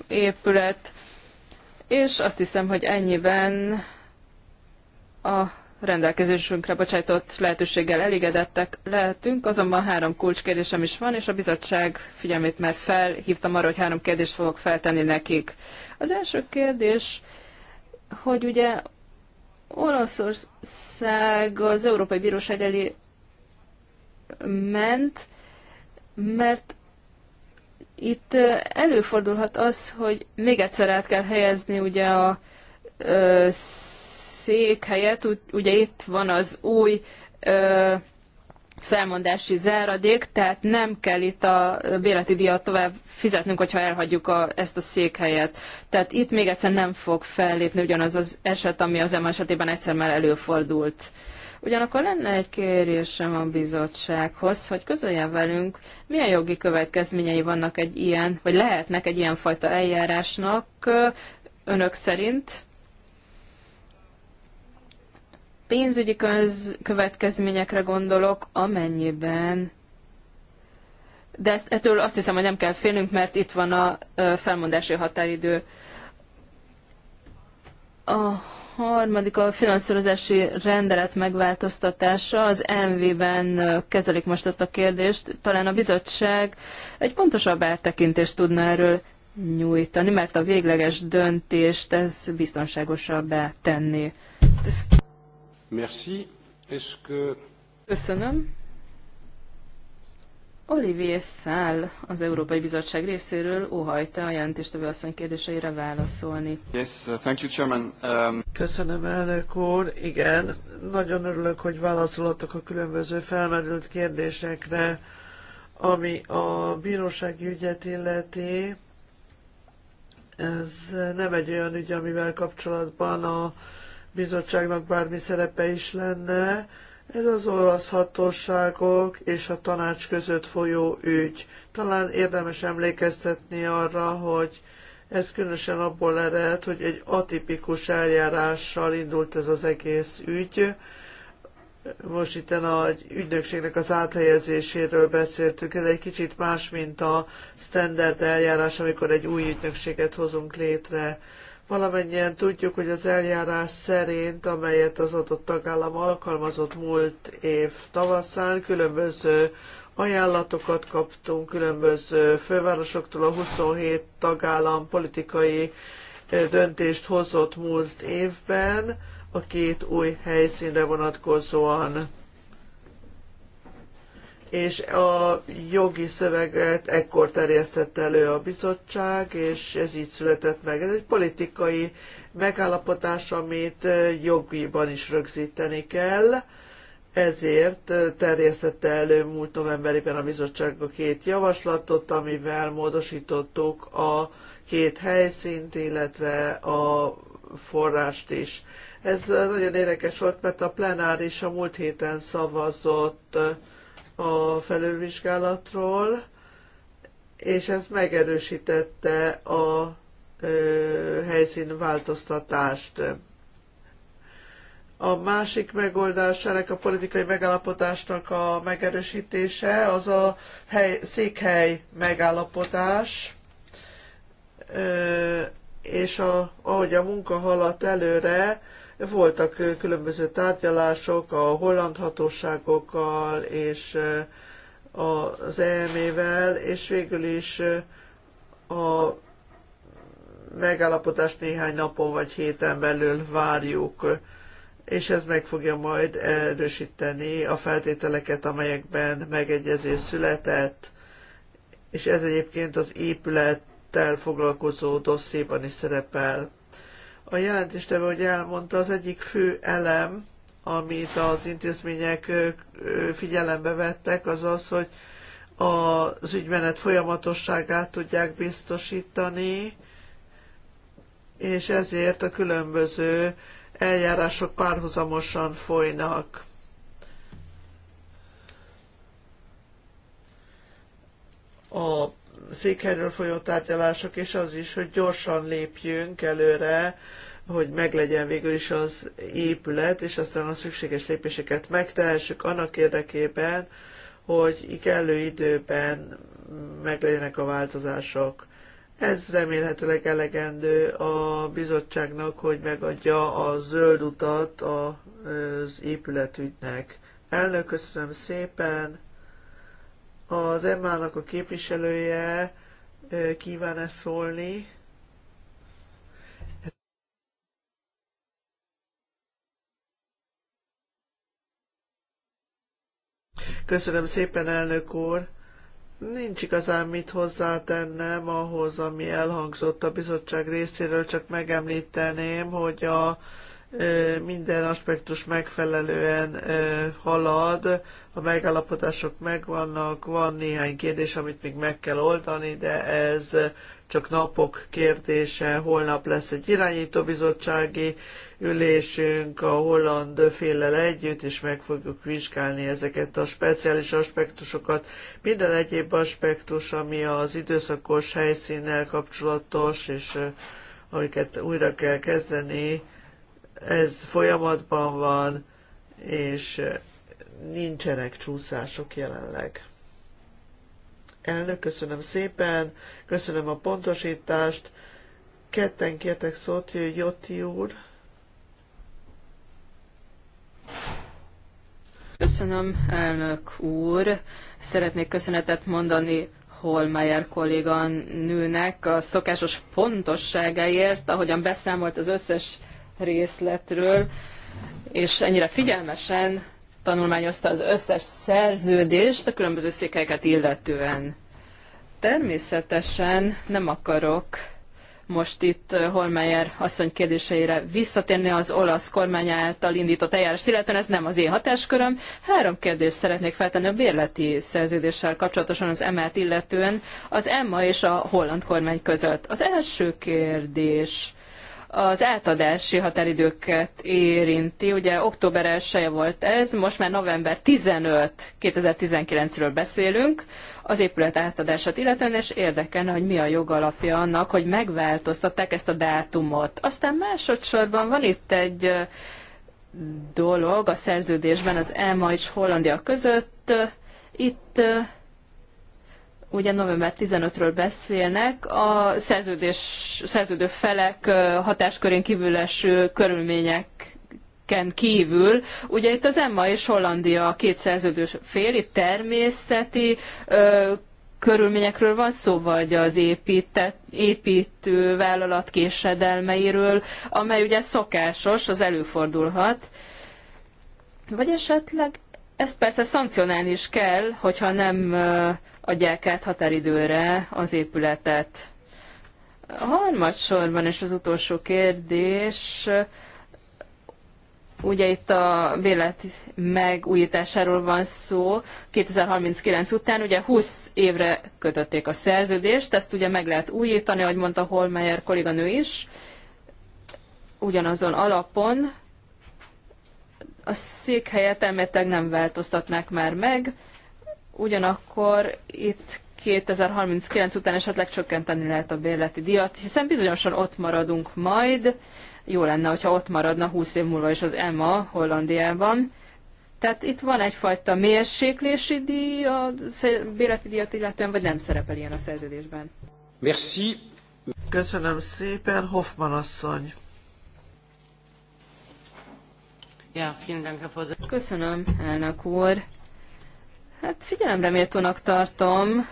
épület, és azt hiszem, hogy ennyiben a rendelkezésünkre bocsájtott lehetőséggel elégedettek lehetünk, azonban három kulcskérdésem is van, és a bizottság figyelmét már felhívtam arra, hogy három kérdést fogok feltenni nekik. Az első kérdés, hogy ugye Olaszország az Európai Bíróság elé ment, mert itt előfordulhat az, hogy még egyszer át kell helyezni ugye a székhelyet, ugye itt van az új ö, felmondási záradék, tehát nem kell itt a béleti díjat tovább fizetnünk, hogyha elhagyjuk a, ezt a székhelyet. Tehát itt még egyszer nem fog fellépni ugyanaz az eset, ami az EMA esetében egyszer már előfordult. Ugyanakkor lenne egy kérésem a bizottsághoz, hogy közöljen velünk, milyen jogi következményei vannak egy ilyen, vagy lehetnek egy ilyen fajta eljárásnak önök szerint, pénzügyi köz következményekre gondolok, amennyiben de ezt, ettől azt hiszem, hogy nem kell félnünk, mert itt van a felmondási határidő. A harmadik a finanszírozási rendelet megváltoztatása. Az MV-ben kezelik most ezt a kérdést. Talán a bizottság egy pontosabb áttekintést tudna erről nyújtani, mert a végleges döntést ez biztonságosabbá tenni. Ezt Merci. Est-ce que... Köszönöm. Olivier Szál az Európai Bizottság részéről óhajta a jelentéstevő asszony kérdéseire válaszolni. Yes, uh, thank you, Chairman. Um... Köszönöm, elnök úr. Igen, nagyon örülök, hogy válaszolhatok a különböző felmerült kérdésekre, ami a bírósági ügyet illeti. Ez nem egy olyan ügy, amivel kapcsolatban a bizottságnak bármi szerepe is lenne, ez az olasz hatóságok és a tanács között folyó ügy. Talán érdemes emlékeztetni arra, hogy ez különösen abból ered, hogy egy atipikus eljárással indult ez az egész ügy. Most itt a ügynökségnek az áthelyezéséről beszéltünk. Ez egy kicsit más, mint a standard eljárás, amikor egy új ügynökséget hozunk létre. Valamennyien tudjuk, hogy az eljárás szerint, amelyet az adott tagállam alkalmazott múlt év tavaszán, különböző ajánlatokat kaptunk különböző fővárosoktól, a 27 tagállam politikai döntést hozott múlt évben a két új helyszínre vonatkozóan és a jogi szöveget ekkor terjesztette elő a bizottság, és ez így született meg. Ez egy politikai megállapodás, amit jogiban is rögzíteni kell, ezért terjesztette elő múlt novemberiben a bizottság a két javaslatot, amivel módosítottuk a két helyszínt, illetve a forrást is. Ez nagyon érdekes volt, mert a plenáris a múlt héten szavazott a felülvizsgálatról, és ez megerősítette a helyszín változtatást. A másik megoldás ennek a politikai megállapodásnak a megerősítése az a hely, székhely megállapodás, és a, ahogy a munka haladt előre, voltak különböző tárgyalások a holland hatóságokkal és az EME-vel, és végül is a megállapodást néhány napon vagy héten belül várjuk, és ez meg fogja majd erősíteni a feltételeket, amelyekben megegyezés született, és ez egyébként az épülettel foglalkozó dossziéban is szerepel. A jelentéstevő, hogy elmondta, az egyik fő elem, amit az intézmények figyelembe vettek, az az, hogy az ügymenet folyamatosságát tudják biztosítani, és ezért a különböző eljárások párhuzamosan folynak. A székhelyről folyó tárgyalások, és az is, hogy gyorsan lépjünk előre, hogy meglegyen végül is az épület, és aztán a szükséges lépéseket megtehessük annak érdekében, hogy kellő időben meglegyenek a változások. Ez remélhetőleg elegendő a bizottságnak, hogy megadja a zöld utat az épületügynek. Elnök, köszönöm szépen! Az EMA-nak a képviselője kíván-e szólni? Köszönöm szépen, elnök úr! Nincs igazán mit hozzátennem ahhoz, ami elhangzott a bizottság részéről, csak megemlíteném, hogy a minden aspektus megfelelően halad, a megállapodások megvannak, van néhány kérdés, amit még meg kell oldani, de ez csak napok kérdése. Holnap lesz egy irányítóbizottsági ülésünk a holland félel együtt, és meg fogjuk vizsgálni ezeket a speciális aspektusokat. Minden egyéb aspektus, ami az időszakos helyszínnel kapcsolatos, és amiket újra kell kezdeni, ez folyamatban van, és nincsenek csúszások jelenleg. Elnök, köszönöm szépen, köszönöm a pontosítást. Ketten kértek szót, hogy Jotti úr. Köszönöm, elnök úr. Szeretnék köszönetet mondani Holmeyer kolléganőnek a szokásos pontosságáért, ahogyan beszámolt az összes részletről, és ennyire figyelmesen tanulmányozta az összes szerződést a különböző székelyeket illetően. Természetesen nem akarok most itt Holmeyer asszony kérdéseire visszatérni az olasz kormány által indított eljárást, illetve ez nem az én hatásköröm. Három kérdést szeretnék feltenni a bérleti szerződéssel kapcsolatosan az emelt illetően az EMMA és a holland kormány között. Az első kérdés az átadási határidőket érinti. Ugye október 1 -e volt ez, most már november 15 2019-ről beszélünk az épület átadását illetően, és érdekelne, hogy mi a jogalapja annak, hogy megváltoztatták ezt a dátumot. Aztán másodszorban van itt egy dolog a szerződésben az EMA és Hollandia között. Itt ugye november 15-ről beszélnek, a szerződés, szerződő felek hatáskörén kívül eső körülmények kívül. Ugye itt az Emma és Hollandia a két szerződő fél, itt természeti ö, körülményekről van szó, vagy az épített, építő vállalat késedelmeiről, amely ugye szokásos, az előfordulhat. Vagy esetleg ezt persze szankcionálni is kell, hogyha nem adják át határidőre az épületet. A harmadsorban és az utolsó kérdés, ugye itt a bélet megújításáról van szó, 2039 után ugye 20 évre kötötték a szerződést, ezt ugye meg lehet újítani, ahogy mondta Holmeyer kolléganő is, ugyanazon alapon, a székhelyet elméletileg nem változtatnák már meg, ugyanakkor itt 2039 után esetleg csökkenteni lehet a bérleti díjat, hiszen bizonyosan ott maradunk majd, jó lenne, hogyha ott maradna 20 év múlva is az EMA Hollandiában. Tehát itt van egyfajta mérséklési díj, a bérleti díjat illetően, vagy nem szerepel ilyen a szerződésben. Merci. Köszönöm szépen, Hoffman asszony. Köszönöm, elnök úr. Hát figyelemre méltónak tartom,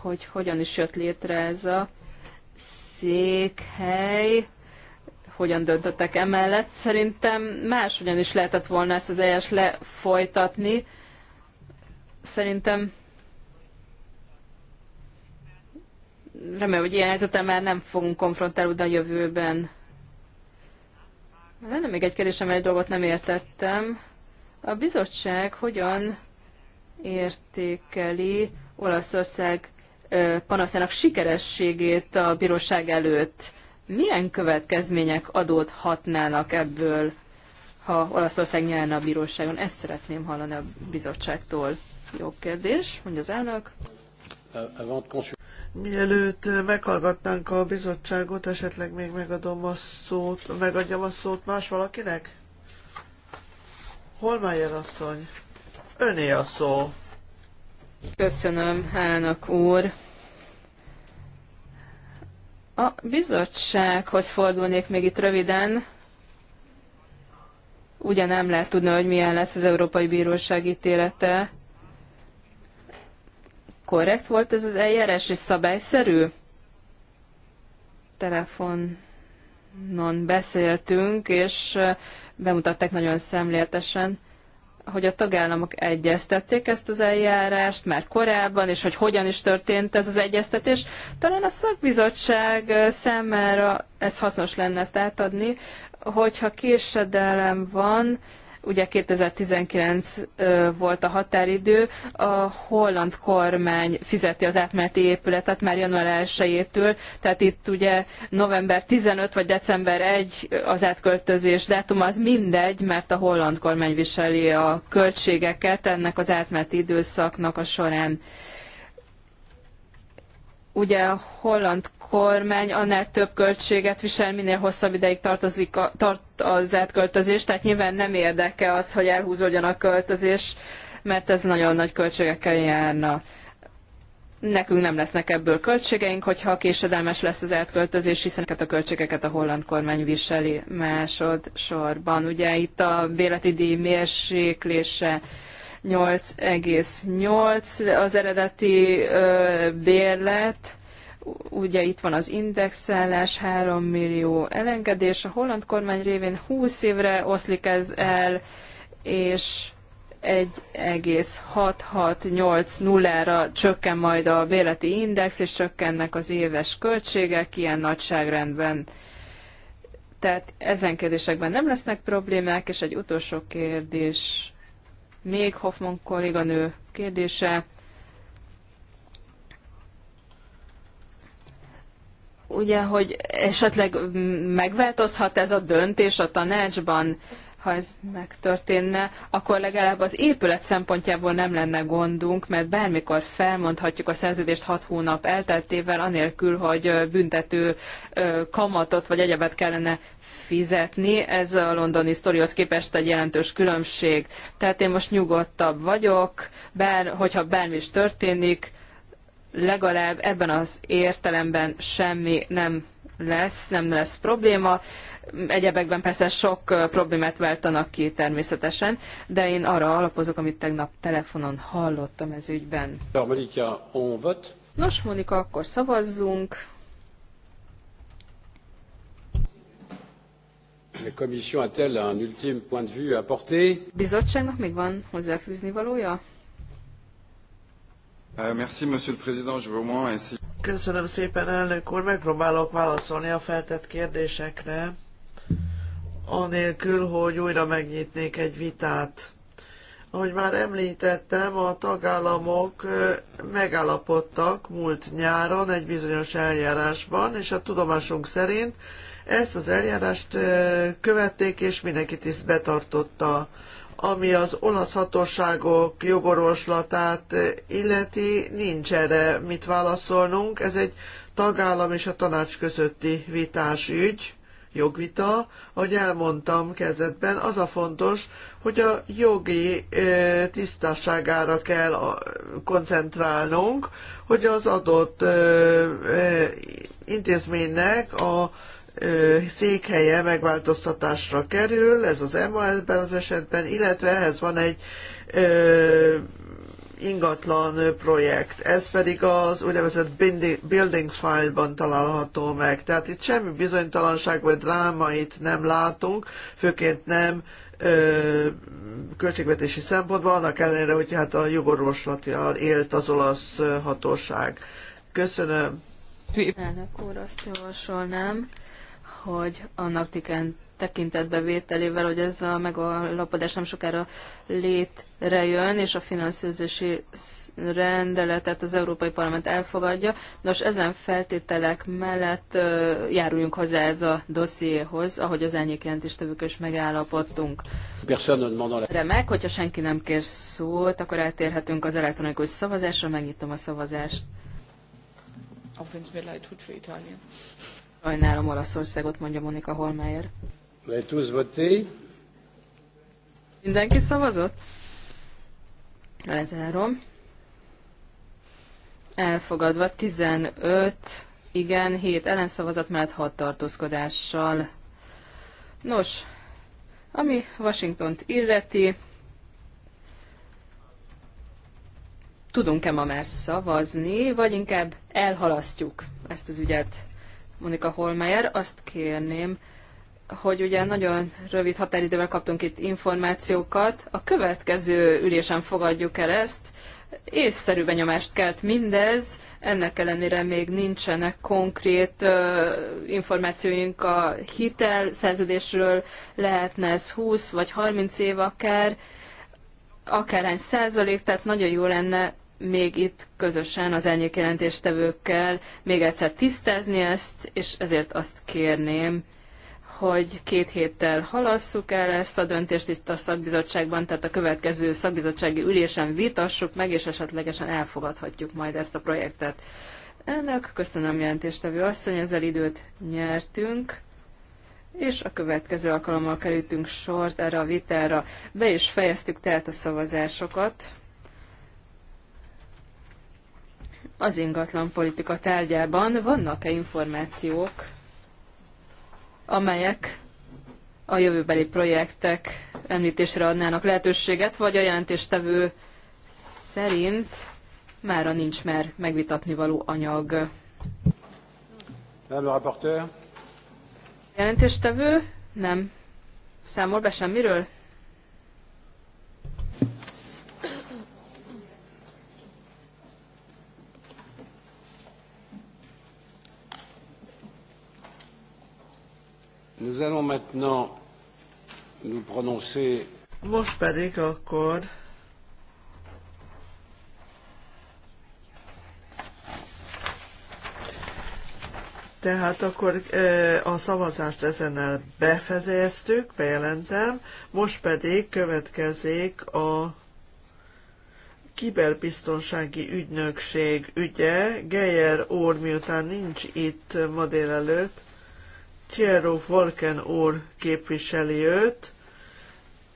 hogy hogyan is jött létre ez a székhely, hogyan döntöttek emellett. Szerintem máshogyan is lehetett volna ezt az eljás lefolytatni. Szerintem remélem, hogy ilyen helyzeten már nem fogunk konfrontálódni a jövőben. Lenne még egy kérdésem, egy dolgot nem értettem. A bizottság hogyan értékeli Olaszország panaszának sikerességét a bíróság előtt? Milyen következmények adódhatnának ebből, ha Olaszország nyerne a bíróságon? Ezt szeretném hallani a bizottságtól. Jó kérdés, mondja az elnök. Mielőtt meghallgatnánk a bizottságot, esetleg még megadom a szót, megadjam a szót más valakinek? Holmájer asszony, öné a szó. Köszönöm, Hának úr. A bizottsághoz fordulnék még itt röviden. Ugyan nem lehet tudni, hogy milyen lesz az Európai Bíróság ítélete korrekt volt ez az eljárás, és szabályszerű? Telefonon beszéltünk, és bemutatták nagyon szemléletesen, hogy a tagállamok egyeztették ezt az eljárást már korábban, és hogy hogyan is történt ez az egyeztetés. Talán a szakbizottság számára ez hasznos lenne ezt átadni, hogyha késedelem van, Ugye 2019 volt a határidő, a holland kormány fizeti az átmeneti épületet már január 1-től, tehát itt ugye november 15 vagy december 1 az átköltözés dátum, az mindegy, mert a holland kormány viseli a költségeket ennek az átmeneti időszaknak a során ugye a holland kormány annál több költséget visel, minél hosszabb ideig tartozik a, tart az átköltözés, tehát nyilván nem érdeke az, hogy elhúzódjon a költözés, mert ez nagyon nagy költségekkel járna. Nekünk nem lesznek ebből költségeink, hogyha késedelmes lesz az átköltözés, hiszen ezeket a költségeket a holland kormány viseli másodszorban. Ugye itt a béleti díj mérséklése, 8,8 az eredeti ö, bérlet, ugye itt van az indexálás, 3 millió elengedés, a holland kormány révén 20 évre oszlik ez el, és 1,6680-ra csökken majd a bérleti index, és csökkennek az éves költségek ilyen nagyságrendben. Tehát ezen kérdésekben nem lesznek problémák, és egy utolsó kérdés még Hoffman kolléganő kérdése. Ugye, hogy esetleg megváltozhat ez a döntés a tanácsban, ha ez megtörténne, akkor legalább az épület szempontjából nem lenne gondunk, mert bármikor felmondhatjuk a szerződést hat hónap elteltével, anélkül, hogy büntető kamatot vagy egyebet kellene fizetni. Ez a londoni sztorihoz képest egy jelentős különbség. Tehát én most nyugodtabb vagyok, bár, hogyha bármi is történik, legalább ebben az értelemben semmi nem lesz, nem lesz probléma. Egyebekben persze sok problémát váltanak ki természetesen, de én arra alapozok, amit tegnap telefonon hallottam ez ügyben. Nos, Monika, akkor szavazzunk. La commission a-t-elle un ultime point de vue à porter? Bizottságnak még van hozzáfűzni valója? Euh, merci, Monsieur le Président. Je veux au moins ainsi Köszönöm szépen, elnök úr. Megpróbálok válaszolni a feltett kérdésekre anélkül, hogy újra megnyitnék egy vitát. Ahogy már említettem, a tagállamok megállapodtak múlt nyáron egy bizonyos eljárásban, és a tudomásunk szerint ezt az eljárást követték, és mindenki tiszt betartotta. Ami az olasz hatóságok jogorvoslatát illeti, nincs erre mit válaszolnunk. Ez egy tagállam és a tanács közötti vitás ügy jogvita. Ahogy elmondtam kezdetben, az a fontos, hogy a jogi tisztaságára kell koncentrálnunk, hogy az adott intézménynek a székhelye megváltoztatásra kerül, ez az EMA ben az esetben, illetve ehhez van egy ingatlan projekt, ez pedig az úgynevezett building file-ban található meg. Tehát itt semmi bizonytalanság vagy drámait nem látunk, főként nem ö, költségvetési szempontból, annak ellenére, hogy hát a jogorvoslatjal élt az olasz hatóság. Köszönöm. Elnök úr, azt javasolnám, hogy annak tekintetbe vételével, hogy ez a megalapodás nem sokára létrejön, és a finanszírozási rendeletet az Európai Parlament elfogadja. Nos, ezen feltételek mellett járuljunk hozzá ez a dossziéhoz, ahogy az ennyi is megállapodtunk. Remek, hogyha senki nem kér szót, akkor eltérhetünk az elektronikus szavazásra, megnyitom a szavazást. Sajnálom Olaszországot, mondja Monika Holmeier. Mindenki szavazott? Lezárom. Elfogadva 15, igen, 7 ellenszavazat mellett 6 tartózkodással. Nos, ami Washingtont illeti, tudunk-e ma már szavazni, vagy inkább elhalasztjuk ezt az ügyet. Monika Holmeyer, azt kérném, hogy ugye nagyon rövid határidővel kaptunk itt információkat. A következő ülésen fogadjuk el ezt. Észszerű benyomást kelt mindez, ennek ellenére még nincsenek konkrét információink a hitel szerződésről, lehetne ez 20 vagy 30 év akár, akárhány százalék, tehát nagyon jó lenne még itt közösen az elnyékjelentéstevőkkel még egyszer tisztázni ezt, és ezért azt kérném, hogy két héttel halasszuk el ezt a döntést itt a szakbizottságban, tehát a következő szakbizottsági ülésen vitassuk meg, és esetlegesen elfogadhatjuk majd ezt a projektet. Ennek köszönöm jelentéstevő asszony, ezzel időt nyertünk, és a következő alkalommal kerültünk sort erre a vitára. Be is fejeztük tehát a szavazásokat. Az ingatlan politika tárgyában vannak-e információk, amelyek a jövőbeli projektek említésre adnának lehetőséget, vagy a jelentéstevő szerint mára nincs már megvitatni való anyag. Jelentéstevő nem számol be semmiről? Nous allons maintenant nous prononcer. Most pedig akkor Tehát akkor a szavazást ezennel befejeztük, bejelentem, most pedig következik a kiberbiztonsági ügynökség ügye. Geyer úr miután nincs itt ma délelőtt, Thierry Volken úr képviseli őt,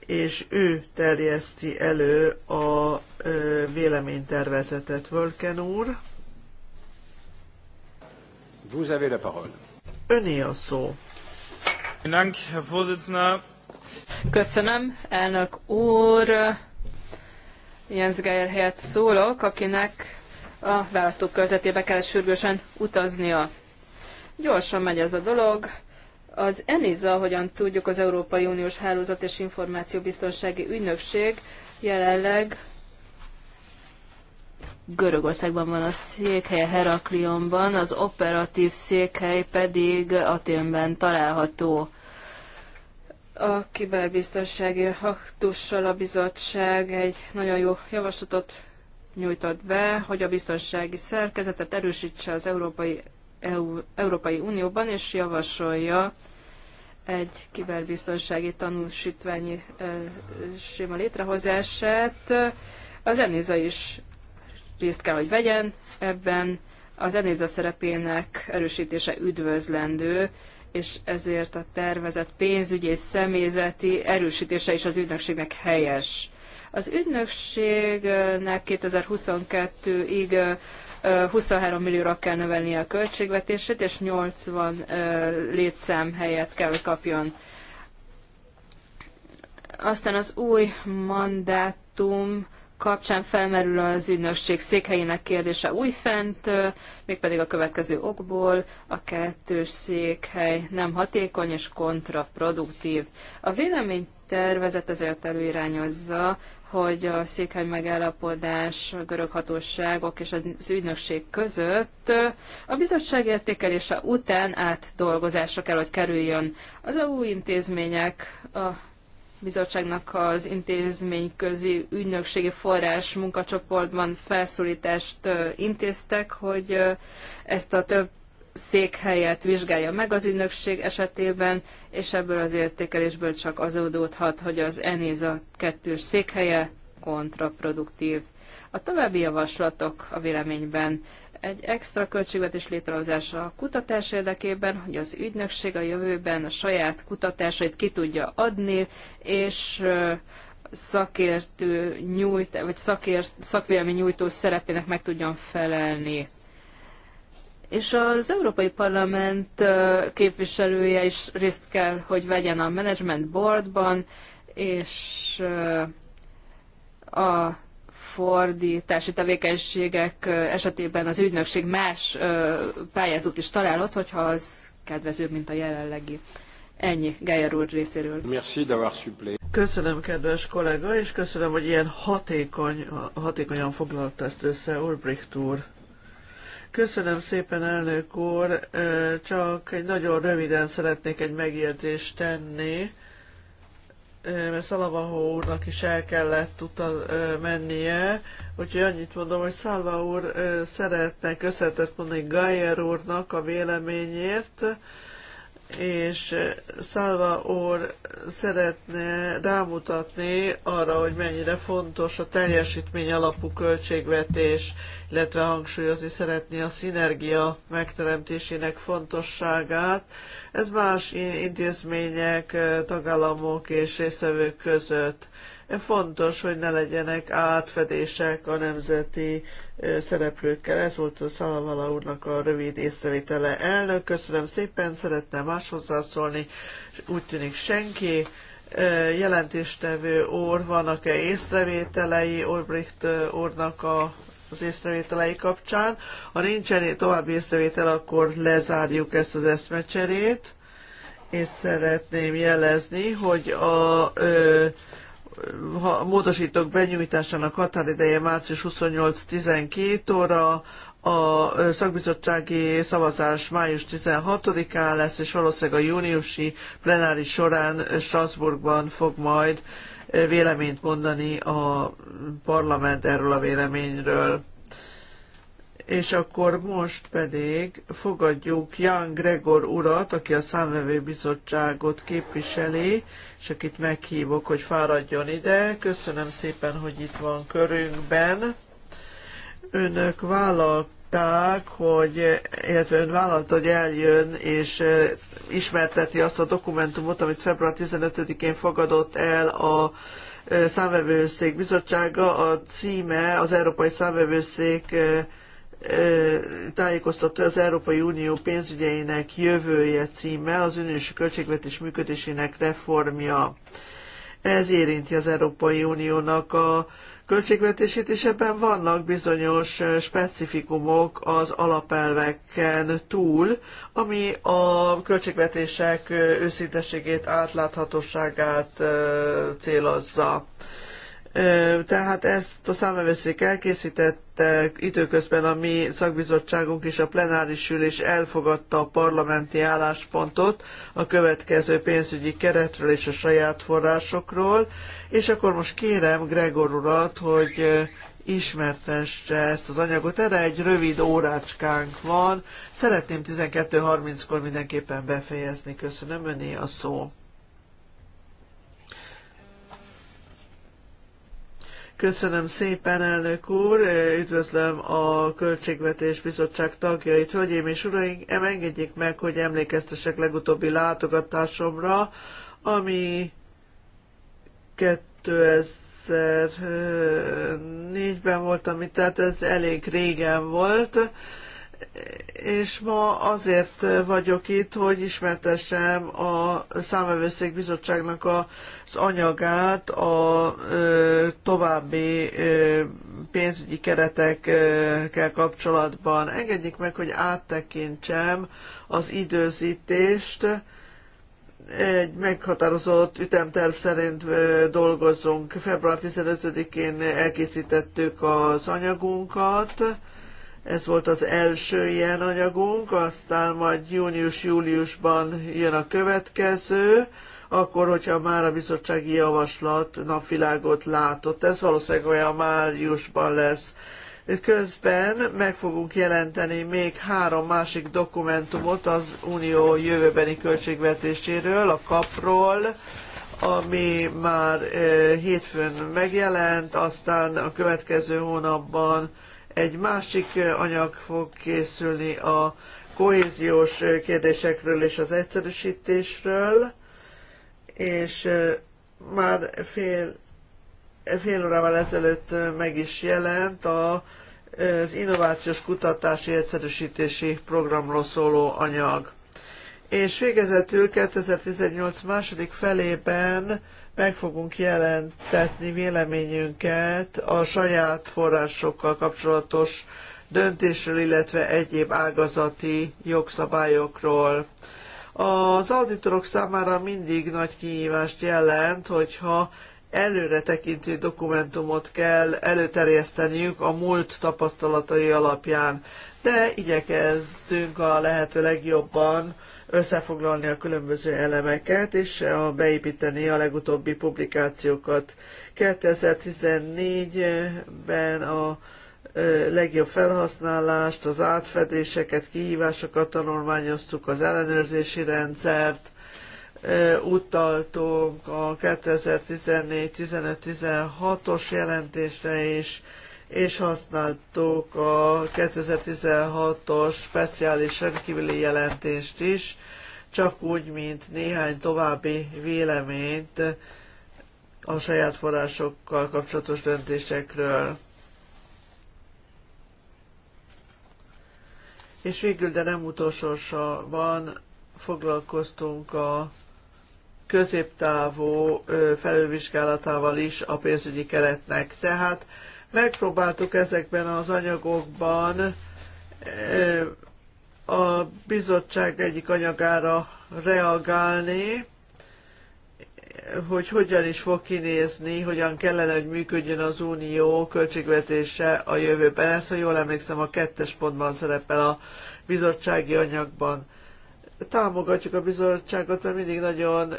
és ő terjeszti elő a véleménytervezetet. Volken úr. Vous avez la parole. Öné a szó. Köszönöm, elnök úr. Jens Geier helyett szólok, akinek a választókörzetébe kell sürgősen utaznia. Gyorsan megy ez a dolog. Az ENISA, ahogyan tudjuk, az Európai Uniós Hálózat és Információbiztonsági Ügynökség jelenleg Görögországban van a székhelye, Heraklionban, az operatív székhely pedig Aténben található. A kiberbiztonsági aktussal a bizottság egy nagyon jó javaslatot nyújtott be, hogy a biztonsági szerkezetet erősítse az Európai EU, Európai Unióban, és javasolja egy kiberbiztonsági tanúsítványi séma létrehozását. Az ENISA is részt kell, hogy vegyen ebben. Az ENISA szerepének erősítése üdvözlendő, és ezért a tervezett pénzügyi és személyzeti erősítése is az ügynökségnek helyes. Az ügynökségnek 2022-ig 23 millióra kell növelnie a költségvetését, és 80 létszám helyet kell, hogy kapjon. Aztán az új mandátum kapcsán felmerül az ügynökség székhelyének kérdése újfent, mégpedig a következő okból a kettős székhely nem hatékony és kontraproduktív. A vélemény tervezet ezért előirányozza, hogy a székhely megállapodás, a görög hatóságok és az ügynökség között a bizottság értékelése után átdolgozásra kell, hogy kerüljön. Az EU intézmények a bizottságnak az intézményközi ügynökségi forrás munkacsoportban felszólítást intéztek, hogy ezt a több székhelyet vizsgálja meg az ügynökség esetében, és ebből az értékelésből csak adódhat, hogy az ENISA kettős székhelye kontraproduktív. A további javaslatok a véleményben egy extra költségvetés létrehozása a kutatás érdekében, hogy az ügynökség a jövőben a saját kutatásait ki tudja adni, és szakértő nyújt, vagy szakért, szakvélemény nyújtó szerepének meg tudjon felelni. És az Európai Parlament képviselője is részt kell, hogy vegyen a Management Boardban, és a fordítási tevékenységek esetében az ügynökség más pályázót is találhat, hogyha az kedvezőbb, mint a jelenlegi. Ennyi Gájer úr részéről. Köszönöm, kedves kollega, és köszönöm, hogy ilyen hatékony, hatékonyan foglalta ezt össze Ulbricht úr. Köszönöm szépen, elnök úr. Csak egy nagyon röviden szeretnék egy megjegyzést tenni, mert Szalavahó úrnak is el kellett utaz, mennie, úgyhogy annyit mondom, hogy Szalva úr szeretne köszönetet mondani Gajer úrnak a véleményért, és Szálva úr szeretne rámutatni arra, hogy mennyire fontos a teljesítmény alapú költségvetés, illetve hangsúlyozni szeretné a szinergia megteremtésének fontosságát. Ez más intézmények, tagállamok és részvevők között Fontos, hogy ne legyenek átfedések a nemzeti szereplőkkel. Ez volt a Szalavala úrnak a rövid észrevétele elnök. Köszönöm szépen, szerettem más hozzászólni, úgy tűnik senki jelentéstevő úr, vannak-e észrevételei Olbricht úrnak a, az észrevételei kapcsán. Ha nincsen további észrevétel, akkor lezárjuk ezt az eszmecserét, és szeretném jelezni, hogy a ö, ha módosítók benyújtásának határideje március 28-12 óra, a szakbizottsági szavazás május 16-án lesz, és valószínűleg a júniusi plenáris során Strasbourgban fog majd véleményt mondani a parlament erről a véleményről és akkor most pedig fogadjuk Jan Gregor urat, aki a bizottságot képviseli, és akit meghívok, hogy fáradjon ide. Köszönöm szépen, hogy itt van körünkben. Önök vállalták, hogy, illetve ön vállalt, hogy eljön és ismerteti azt a dokumentumot, amit február 15-én fogadott el a számvevőszék bizottsága. A címe az Európai Számvevőszék tájékoztatta az Európai Unió pénzügyeinek jövője címmel az uniós költségvetés működésének reformja. Ez érinti az Európai Uniónak a költségvetését, és ebben vannak bizonyos specifikumok az alapelveken túl, ami a költségvetések őszintességét, átláthatóságát célozza. Tehát ezt a számvevőszék elkészítette, időközben a mi szakbizottságunk és a plenáris ülés elfogadta a parlamenti álláspontot a következő pénzügyi keretről és a saját forrásokról, és akkor most kérem Gregor urat, hogy ismertesse ezt az anyagot. Erre egy rövid órácskánk van. Szeretném 12.30-kor mindenképpen befejezni. Köszönöm, öné a szó. Köszönöm szépen, elnök úr, üdvözlöm a Költségvetés Bizottság tagjait. Hölgyeim és uraim, engedjék meg, hogy emlékeztessek legutóbbi látogatásomra, ami 2004-ben volt, amit tehát ez elég régen volt és ma azért vagyok itt, hogy ismertessem a számvevőszék bizottságnak az anyagát a további pénzügyi keretekkel kapcsolatban. Engedjék meg, hogy áttekintsem az időzítést. Egy meghatározott ütemterv szerint dolgozunk. Február 15-én elkészítettük az anyagunkat ez volt az első ilyen anyagunk, aztán majd június-júliusban jön a következő, akkor, hogyha már a bizottsági javaslat napvilágot látott. Ez valószínűleg olyan májusban lesz. Közben meg fogunk jelenteni még három másik dokumentumot az Unió jövőbeni költségvetéséről, a kapról, ami már eh, hétfőn megjelent, aztán a következő hónapban egy másik anyag fog készülni a kohéziós kérdésekről és az egyszerűsítésről, és már fél, fél órával ezelőtt meg is jelent a, az innovációs kutatási egyszerűsítési programról szóló anyag. És végezetül 2018 második felében meg fogunk jelentetni véleményünket a saját forrásokkal kapcsolatos döntésről, illetve egyéb ágazati jogszabályokról. Az auditorok számára mindig nagy kihívást jelent, hogyha tekintő dokumentumot kell előterjeszteniük a múlt tapasztalatai alapján, de igyekeztünk a lehető legjobban összefoglalni a különböző elemeket, és a, beépíteni a legutóbbi publikációkat. 2014-ben a legjobb felhasználást, az átfedéseket, kihívásokat tanulmányoztuk, az ellenőrzési rendszert, utaltunk a 2014-15-16-os jelentésre is, és használtuk a 2016-os speciális rendkívüli jelentést is, csak úgy, mint néhány további véleményt a saját forrásokkal kapcsolatos döntésekről. És végül, de nem van foglalkoztunk a középtávú felülvizsgálatával is a pénzügyi keretnek. Tehát Megpróbáltuk ezekben az anyagokban eh, a bizottság egyik anyagára reagálni, hogy hogyan is fog kinézni, hogyan kellene, hogy működjön az unió költségvetése a jövőben. Ez, ha jól emlékszem, a kettes pontban szerepel a bizottsági anyagban támogatjuk a bizottságot, mert mindig nagyon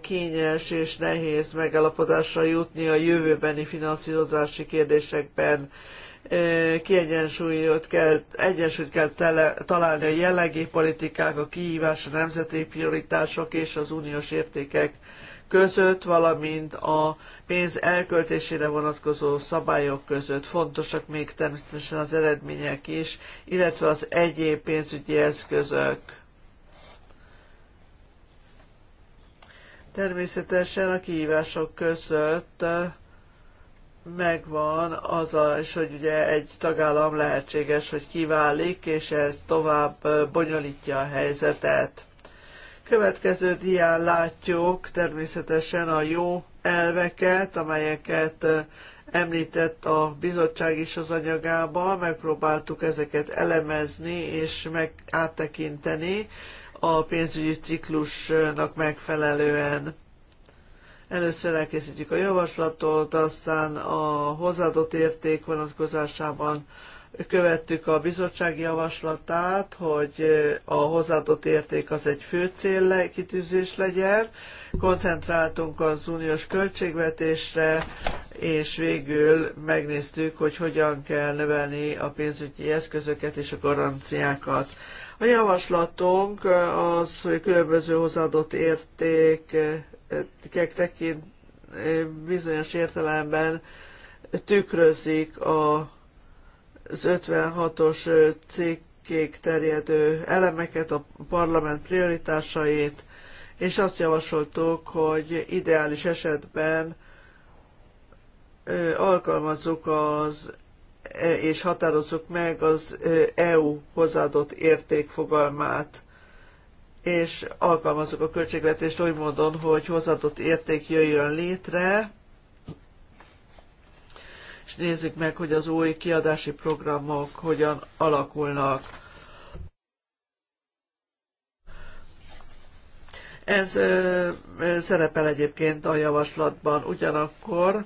kényes és nehéz megállapodásra jutni a jövőbeni finanszírozási kérdésekben. Kiegyensúlyot kell, egyensúlyt kell tele, találni a jellegi politikák, a kihívás, a nemzeti prioritások és az uniós értékek között, valamint a pénz elköltésére vonatkozó szabályok között. Fontosak még természetesen az eredmények is, illetve az egyéb pénzügyi eszközök Természetesen a kihívások között eh, megvan az, a, és hogy ugye egy tagállam lehetséges, hogy kiválik, és ez tovább eh, bonyolítja a helyzetet. Következő dián látjuk természetesen a jó elveket, amelyeket eh, említett a bizottság is az anyagában, megpróbáltuk ezeket elemezni és meg áttekinteni, a pénzügyi ciklusnak megfelelően. Először elkészítjük a javaslatot, aztán a hozzáadott érték vonatkozásában követtük a bizottság javaslatát, hogy a hozzáadott érték az egy fő cél kitűzés legyen. Koncentráltunk az uniós költségvetésre, és végül megnéztük, hogy hogyan kell növelni a pénzügyi eszközöket és a garanciákat. A javaslatunk az, hogy különböző hozzáadott értékek tekint bizonyos értelemben tükrözik a, az 56-os cikkék terjedő elemeket, a parlament prioritásait, és azt javasoltuk, hogy ideális esetben alkalmazzuk az és határozzuk meg az EU hozzáadott érték fogalmát, és alkalmazzuk a költségvetést oly módon, hogy hozzáadott érték jöjjön létre, és nézzük meg, hogy az új kiadási programok hogyan alakulnak. Ez szerepel egyébként a javaslatban. Ugyanakkor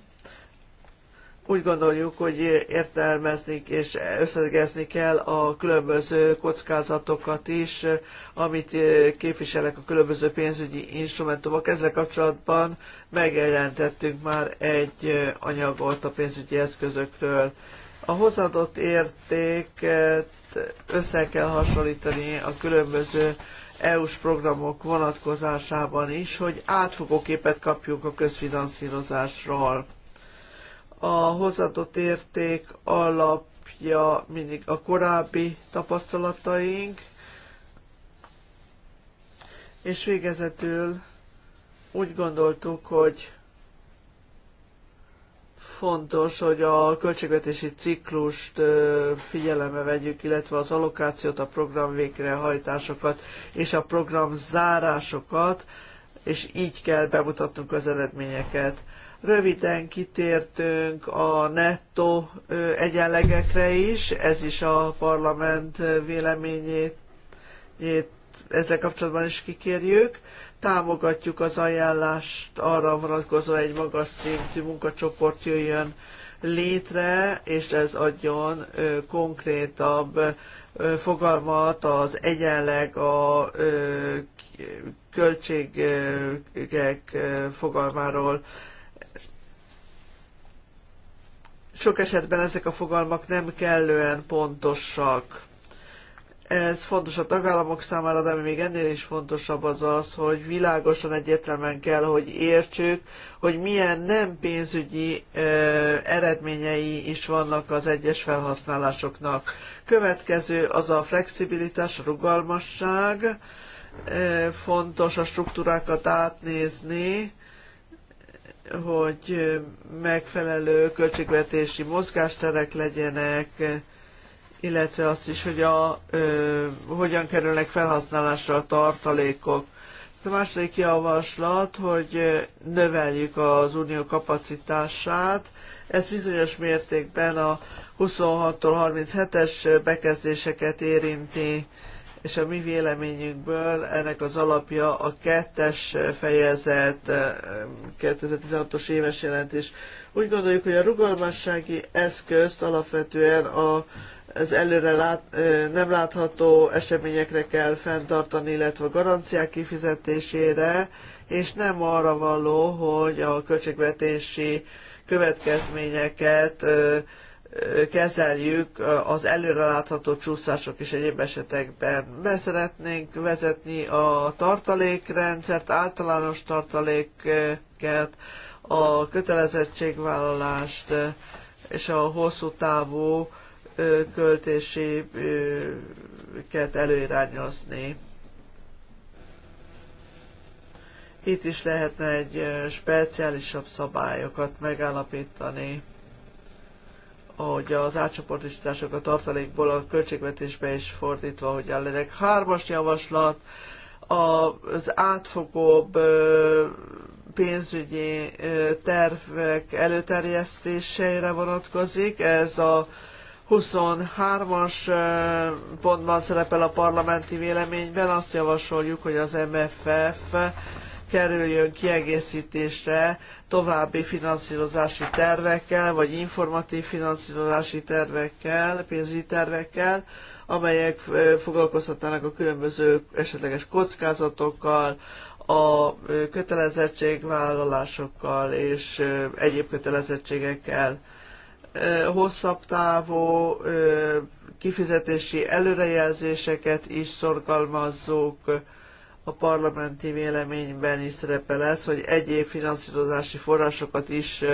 úgy gondoljuk, hogy értelmezni és összegezni kell a különböző kockázatokat is, amit képviselnek a különböző pénzügyi instrumentumok. Ezzel kapcsolatban megjelentettünk már egy anyagot a pénzügyi eszközökről. A hozadott értéket össze kell hasonlítani a különböző EU-s programok vonatkozásában is, hogy átfogó képet kapjunk a közfinanszírozásról a hozadott érték alapja mindig a korábbi tapasztalataink, és végezetül úgy gondoltuk, hogy fontos, hogy a költségvetési ciklust figyelembe vegyük, illetve az allokációt, a program végrehajtásokat és a program zárásokat, és így kell bemutatnunk az eredményeket. Röviden kitértünk a netto egyenlegekre is, ez is a parlament véleményét ezzel kapcsolatban is kikérjük. Támogatjuk az ajánlást arra vonatkozóan egy magas szintű munkacsoport jöjjön létre, és ez adjon konkrétabb fogalmat az egyenleg a költségek fogalmáról. Sok esetben ezek a fogalmak nem kellően pontosak. Ez fontos a tagállamok számára, de ami még ennél is fontosabb az az, hogy világosan egyértelműen kell, hogy értsük, hogy milyen nem pénzügyi ö, eredményei is vannak az egyes felhasználásoknak. Következő az a flexibilitás, a rugalmasság. Ö, fontos a struktúrákat átnézni, hogy megfelelő költségvetési mozgásterek legyenek, illetve azt is, hogy a, ö, hogyan kerülnek felhasználásra a tartalékok. A második javaslat, hogy növeljük az unió kapacitását. Ez bizonyos mértékben a 26-tól 37-es bekezdéseket érinti és a mi véleményünkből ennek az alapja a kettes fejezet, 2016-os eh, éves jelentés. Úgy gondoljuk, hogy a rugalmassági eszközt alapvetően a, az előre lát, eh, nem látható eseményekre kell fenntartani, illetve a garanciák kifizetésére, és nem arra való, hogy a költségvetési következményeket eh, kezeljük az előrelátható csúszások és egyéb esetekben. Be szeretnénk vezetni a tartalékrendszert, általános tartaléket, a kötelezettségvállalást és a hosszú távú költéséket előirányozni. Itt is lehetne egy speciálisabb szabályokat megállapítani hogy az átcsoportosítások a tartalékból a költségvetésbe is fordítva, hogy legyenek hármas javaslat, az átfogóbb pénzügyi tervek előterjesztéseire vonatkozik. Ez a 23-as pontban szerepel a parlamenti véleményben. Azt javasoljuk, hogy az MFF kerüljön kiegészítésre további finanszírozási tervekkel, vagy informatív finanszírozási tervekkel, pénzügyi tervekkel, amelyek foglalkozhatnának a különböző esetleges kockázatokkal, a kötelezettségvállalásokkal és egyéb kötelezettségekkel. Hosszabb távú kifizetési előrejelzéseket is szorgalmazzuk, a parlamenti véleményben is szerepel ez, hogy egyéb finanszírozási forrásokat is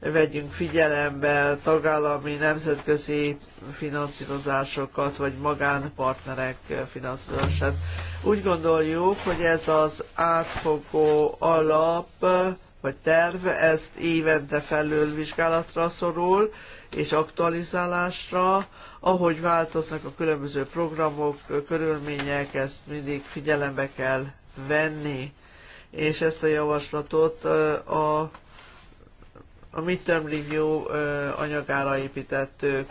vegyünk figyelembe, tagállami, nemzetközi finanszírozásokat, vagy magánpartnerek finanszírozását. Úgy gondoljuk, hogy ez az átfogó alap, vagy terv, ezt évente felülvizsgálatra szorul, és aktualizálásra, ahogy változnak a különböző programok, körülmények, ezt mindig figyelembe kell venni, és ezt a javaslatot a, a midterm review anyagára építettük.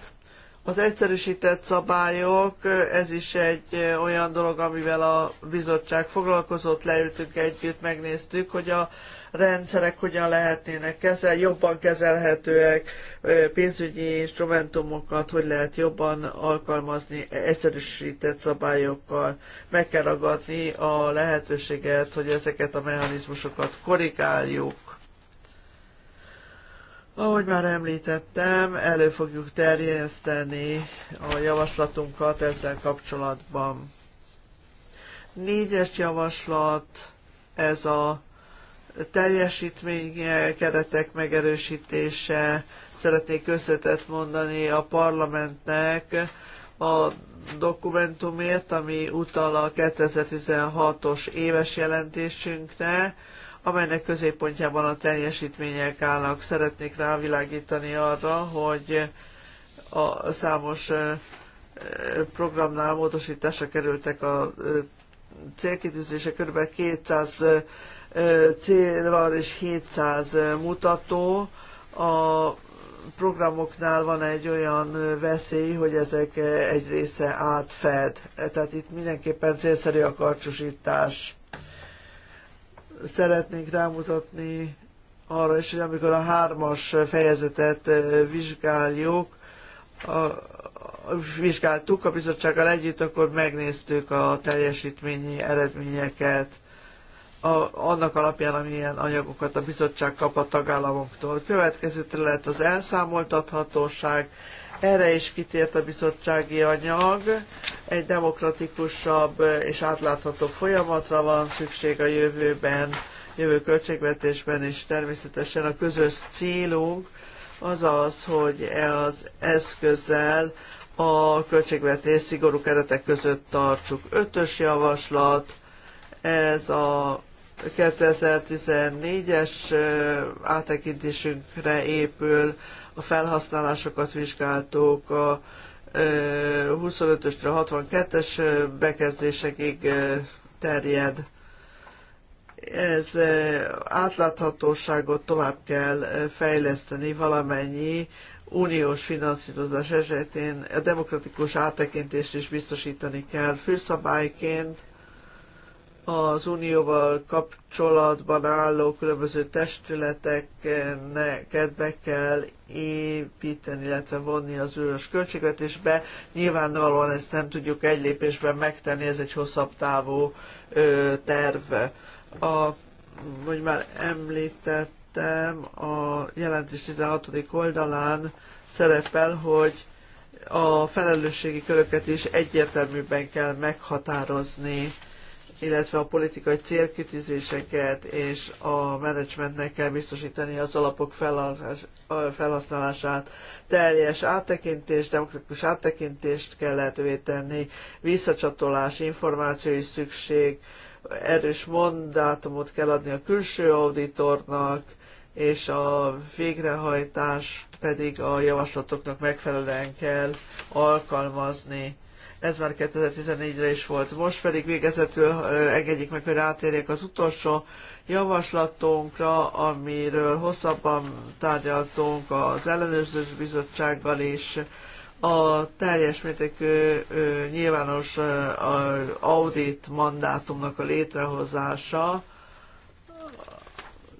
Az egyszerűsített szabályok, ez is egy olyan dolog, amivel a bizottság foglalkozott, leültünk együtt, megnéztük, hogy a rendszerek hogyan lehetnének kezel, jobban kezelhetőek, pénzügyi instrumentumokat hogy lehet jobban alkalmazni egyszerűsített szabályokkal. Meg kell ragadni a lehetőséget, hogy ezeket a mechanizmusokat korrigáljuk. Ahogy már említettem, elő fogjuk terjeszteni a javaslatunkat ezzel kapcsolatban. Négyes javaslat, ez a teljesítmény keretek megerősítése, szeretnék összetett mondani a parlamentnek a dokumentumért, ami utal a 2016-os éves jelentésünkre, amelynek középpontjában a teljesítmények állnak. Szeretnék rávilágítani arra, hogy a számos programnál módosításra kerültek a célkitűzése kb. 200 cél van, és 700 mutató. A programoknál van egy olyan veszély, hogy ezek egy része átfed. Tehát itt mindenképpen célszerű a karcsúsítás. Szeretnénk rámutatni arra is, hogy amikor a hármas fejezetet vizsgáljuk, a, vizsgáltuk a bizottsággal együtt, akkor megnéztük a teljesítményi eredményeket a, annak alapján, amilyen anyagokat a bizottság kap a tagállamoktól. Következő terület az elszámoltathatóság, erre is kitért a bizottsági anyag, egy demokratikusabb és átlátható folyamatra van szükség a jövőben, jövő költségvetésben is természetesen a közös célunk az az, hogy az eszközzel a költségvetés szigorú keretek között tartsuk. Ötös javaslat, ez a 2014-es áttekintésünkre épül, a felhasználásokat vizsgáltuk, a 25 ös 62-es bekezdésekig terjed. Ez átláthatóságot tovább kell fejleszteni valamennyi uniós finanszírozás esetén a demokratikus áttekintést is biztosítani kell. Főszabályként az unióval kapcsolatban álló különböző testületeket be kell építeni, illetve vonni az őrös költségvetésbe. Nyilvánvalóan ezt nem tudjuk egy lépésben megtenni, ez egy hosszabb távú ö, terv. A, hogy már említettem, a jelentés 16. oldalán szerepel, hogy a felelősségi köröket is egyértelműben kell meghatározni illetve a politikai célkitűzéseket és a menedzsmentnek kell biztosítani az alapok felhasználását. Teljes áttekintést, demokratikus áttekintést kell lehetővé tenni, visszacsatolás, információ is szükség, erős mandátumot kell adni a külső auditornak, és a végrehajtás pedig a javaslatoknak megfelelően kell alkalmazni ez már 2014-re is volt. Most pedig végezetül engedjék meg, hogy rátérjék az utolsó javaslatunkra, amiről hosszabban tárgyaltunk az ellenőrzős bizottsággal is, a teljes mértékű nyilvános audit mandátumnak a létrehozása,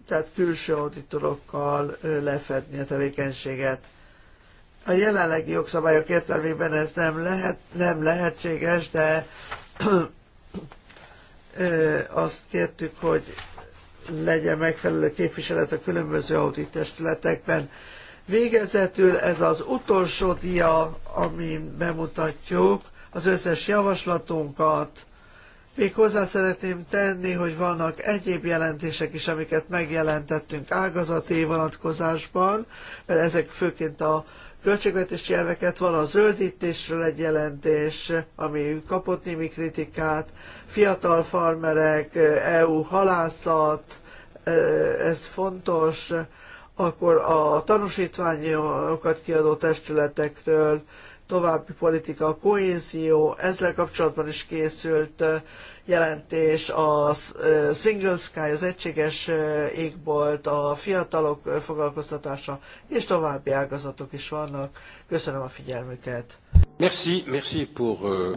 tehát külső auditorokkal lefedni a tevékenységet. A jelenlegi jogszabályok értelmében ez nem, lehet, nem lehetséges, de azt kértük, hogy legyen megfelelő képviselet a különböző audit testületekben. Végezetül ez az utolsó dia, amin bemutatjuk az összes javaslatunkat, még hozzá szeretném tenni, hogy vannak egyéb jelentések is, amiket megjelentettünk ágazati vonatkozásban, mert ezek főként a költségvetési elveket, van a zöldítésről egy jelentés, ami kapott némi kritikát, fiatal farmerek, EU halászat, ez fontos, akkor a tanúsítványokat kiadó testületekről, további politika, a kohézió, ezzel kapcsolatban is készült jelentés, a Single Sky, az egységes égbolt, a fiatalok foglalkoztatása, és további ágazatok is vannak. Köszönöm a figyelmüket. Merci, merci pour...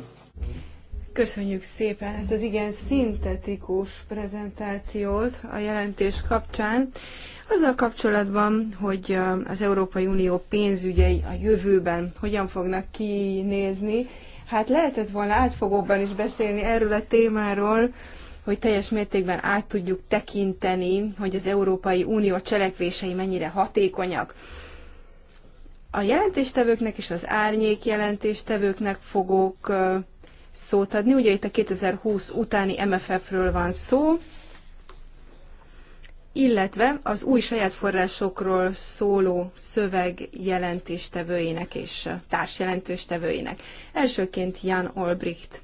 Köszönjük szépen ezt az igen szintetikus prezentációt a jelentés kapcsán azzal kapcsolatban, hogy az Európai Unió pénzügyei a jövőben hogyan fognak kinézni, hát lehetett volna átfogóban is beszélni erről a témáról, hogy teljes mértékben át tudjuk tekinteni, hogy az Európai Unió cselekvései mennyire hatékonyak. A jelentéstevőknek és az árnyék jelentéstevőknek fogok szót adni. Ugye itt a 2020 utáni MFF-ről van szó, illetve az új saját forrásokról szóló szöveg jelentéstevőjének és társjelentőstevőjének. Elsőként Jan Olbricht.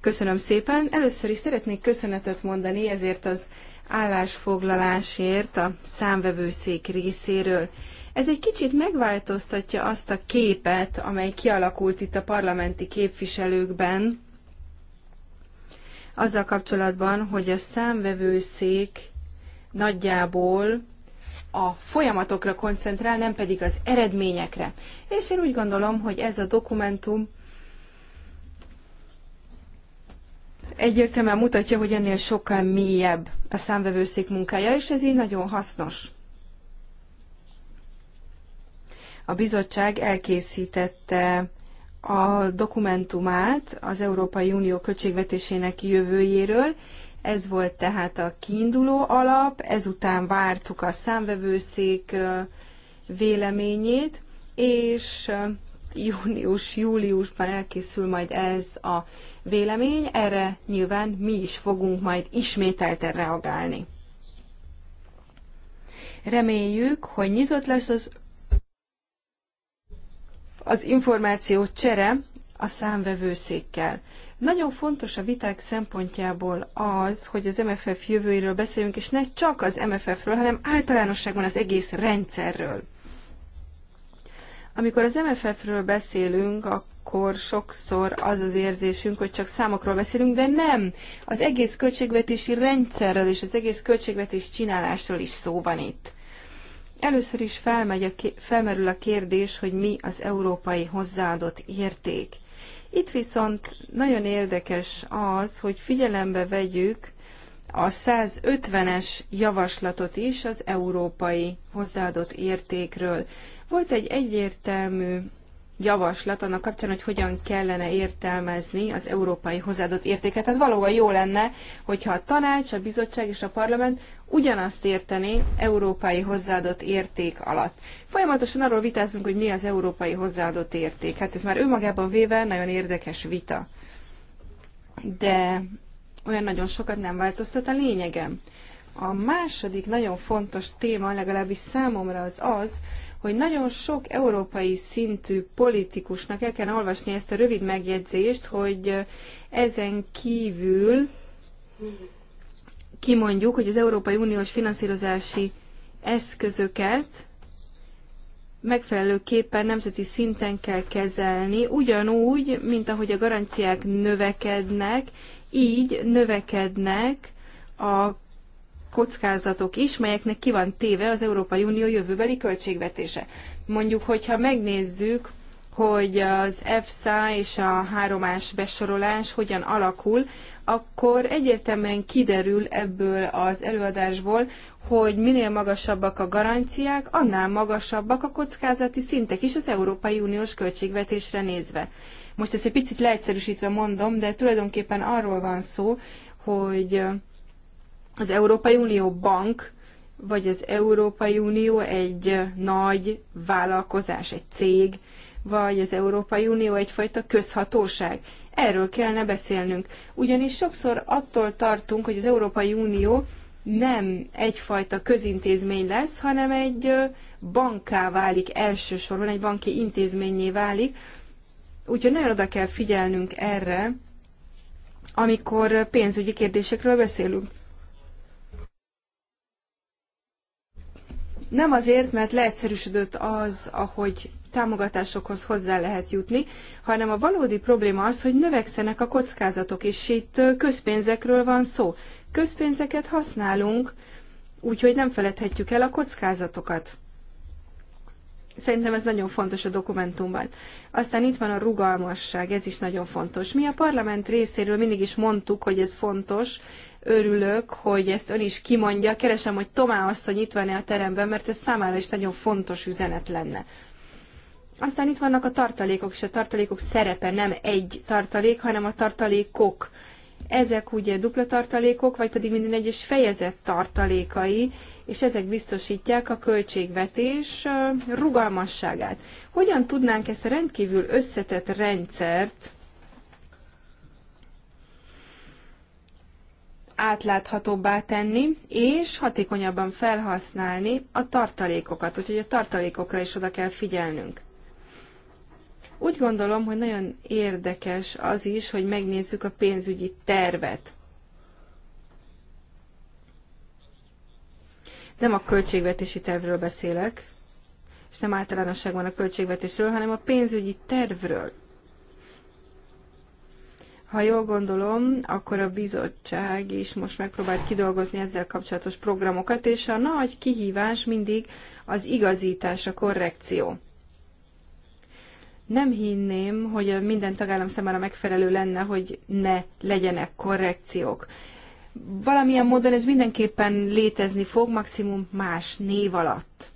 Köszönöm szépen. Először is szeretnék köszönetet mondani ezért az állásfoglalásért a számvevőszék részéről. Ez egy kicsit megváltoztatja azt a képet, amely kialakult itt a parlamenti képviselőkben, azzal kapcsolatban, hogy a számvevőszék nagyjából a folyamatokra koncentrál, nem pedig az eredményekre. És én úgy gondolom, hogy ez a dokumentum egyértelműen mutatja, hogy ennél sokkal mélyebb a számvevőszék munkája, és ez így nagyon hasznos. A bizottság elkészítette a dokumentumát az Európai Unió költségvetésének jövőjéről, ez volt tehát a kiinduló alap, ezután vártuk a számvevőszék véleményét, és június-júliusban elkészül majd ez a vélemény, erre nyilván mi is fogunk majd ismételten reagálni. Reméljük, hogy nyitott lesz az, az információ csere a számvevőszékkel. Nagyon fontos a viták szempontjából az, hogy az MFF jövőiről beszéljünk, és ne csak az MFF-ről, hanem általánosságban az egész rendszerről. Amikor az MFF-ről beszélünk, akkor sokszor az az érzésünk, hogy csak számokról beszélünk, de nem. Az egész költségvetési rendszerről és az egész költségvetés csinálásról is szó van itt. Először is felmegy a, felmerül a kérdés, hogy mi az európai hozzáadott érték. Itt viszont nagyon érdekes az, hogy figyelembe vegyük a 150-es javaslatot is az európai hozzáadott értékről. Volt egy egyértelmű javaslat annak kapcsán, hogy hogyan kellene értelmezni az európai hozzáadott értéket. Tehát valóban jó lenne, hogyha a tanács, a bizottság és a parlament ugyanazt értené európai hozzáadott érték alatt. Folyamatosan arról vitázunk, hogy mi az európai hozzáadott érték. Hát ez már önmagában véve nagyon érdekes vita. De olyan nagyon sokat nem változtat a lényegem. A második nagyon fontos téma, legalábbis számomra az az, hogy nagyon sok európai szintű politikusnak el kell olvasni ezt a rövid megjegyzést, hogy ezen kívül kimondjuk, hogy az Európai Uniós finanszírozási eszközöket megfelelőképpen nemzeti szinten kell kezelni, ugyanúgy, mint ahogy a garanciák növekednek, így növekednek a kockázatok is, melyeknek ki van téve az Európai Unió jövőbeli költségvetése. Mondjuk, hogyha megnézzük, hogy az EFSA és a háromás besorolás hogyan alakul, akkor egyértelműen kiderül ebből az előadásból, hogy minél magasabbak a garanciák, annál magasabbak a kockázati szintek is az Európai Uniós költségvetésre nézve. Most ezt egy picit leegyszerűsítve mondom, de tulajdonképpen arról van szó, hogy az Európai Unió bank, vagy az Európai Unió egy nagy vállalkozás, egy cég, vagy az Európai Unió egyfajta közhatóság. Erről kellene beszélnünk. Ugyanis sokszor attól tartunk, hogy az Európai Unió nem egyfajta közintézmény lesz, hanem egy banká válik elsősorban, egy banki intézményé válik. Úgyhogy nagyon oda kell figyelnünk erre, amikor pénzügyi kérdésekről beszélünk. Nem azért, mert leegyszerűsödött az, ahogy támogatásokhoz hozzá lehet jutni, hanem a valódi probléma az, hogy növekszenek a kockázatok, és itt közpénzekről van szó. Közpénzeket használunk, úgyhogy nem feledhetjük el a kockázatokat. Szerintem ez nagyon fontos a dokumentumban. Aztán itt van a rugalmasság, ez is nagyon fontos. Mi a parlament részéről mindig is mondtuk, hogy ez fontos, örülök, hogy ezt ön is kimondja. Keresem, hogy Tomá asszony itt van-e a teremben, mert ez számára is nagyon fontos üzenet lenne. Aztán itt vannak a tartalékok, és a tartalékok szerepe nem egy tartalék, hanem a tartalékok. Ezek ugye dupla tartalékok, vagy pedig minden egyes fejezet tartalékai, és ezek biztosítják a költségvetés rugalmasságát. Hogyan tudnánk ezt a rendkívül összetett rendszert átláthatóbbá tenni, és hatékonyabban felhasználni a tartalékokat, úgyhogy a tartalékokra is oda kell figyelnünk. Úgy gondolom, hogy nagyon érdekes az is, hogy megnézzük a pénzügyi tervet. Nem a költségvetési tervről beszélek, és nem általánosságban a költségvetésről, hanem a pénzügyi tervről. Ha jól gondolom, akkor a bizottság is most megpróbált kidolgozni ezzel kapcsolatos programokat, és a nagy kihívás mindig az igazítás, a korrekció. Nem hinném, hogy minden tagállam számára megfelelő lenne, hogy ne legyenek korrekciók. Valamilyen módon ez mindenképpen létezni fog, maximum más név alatt.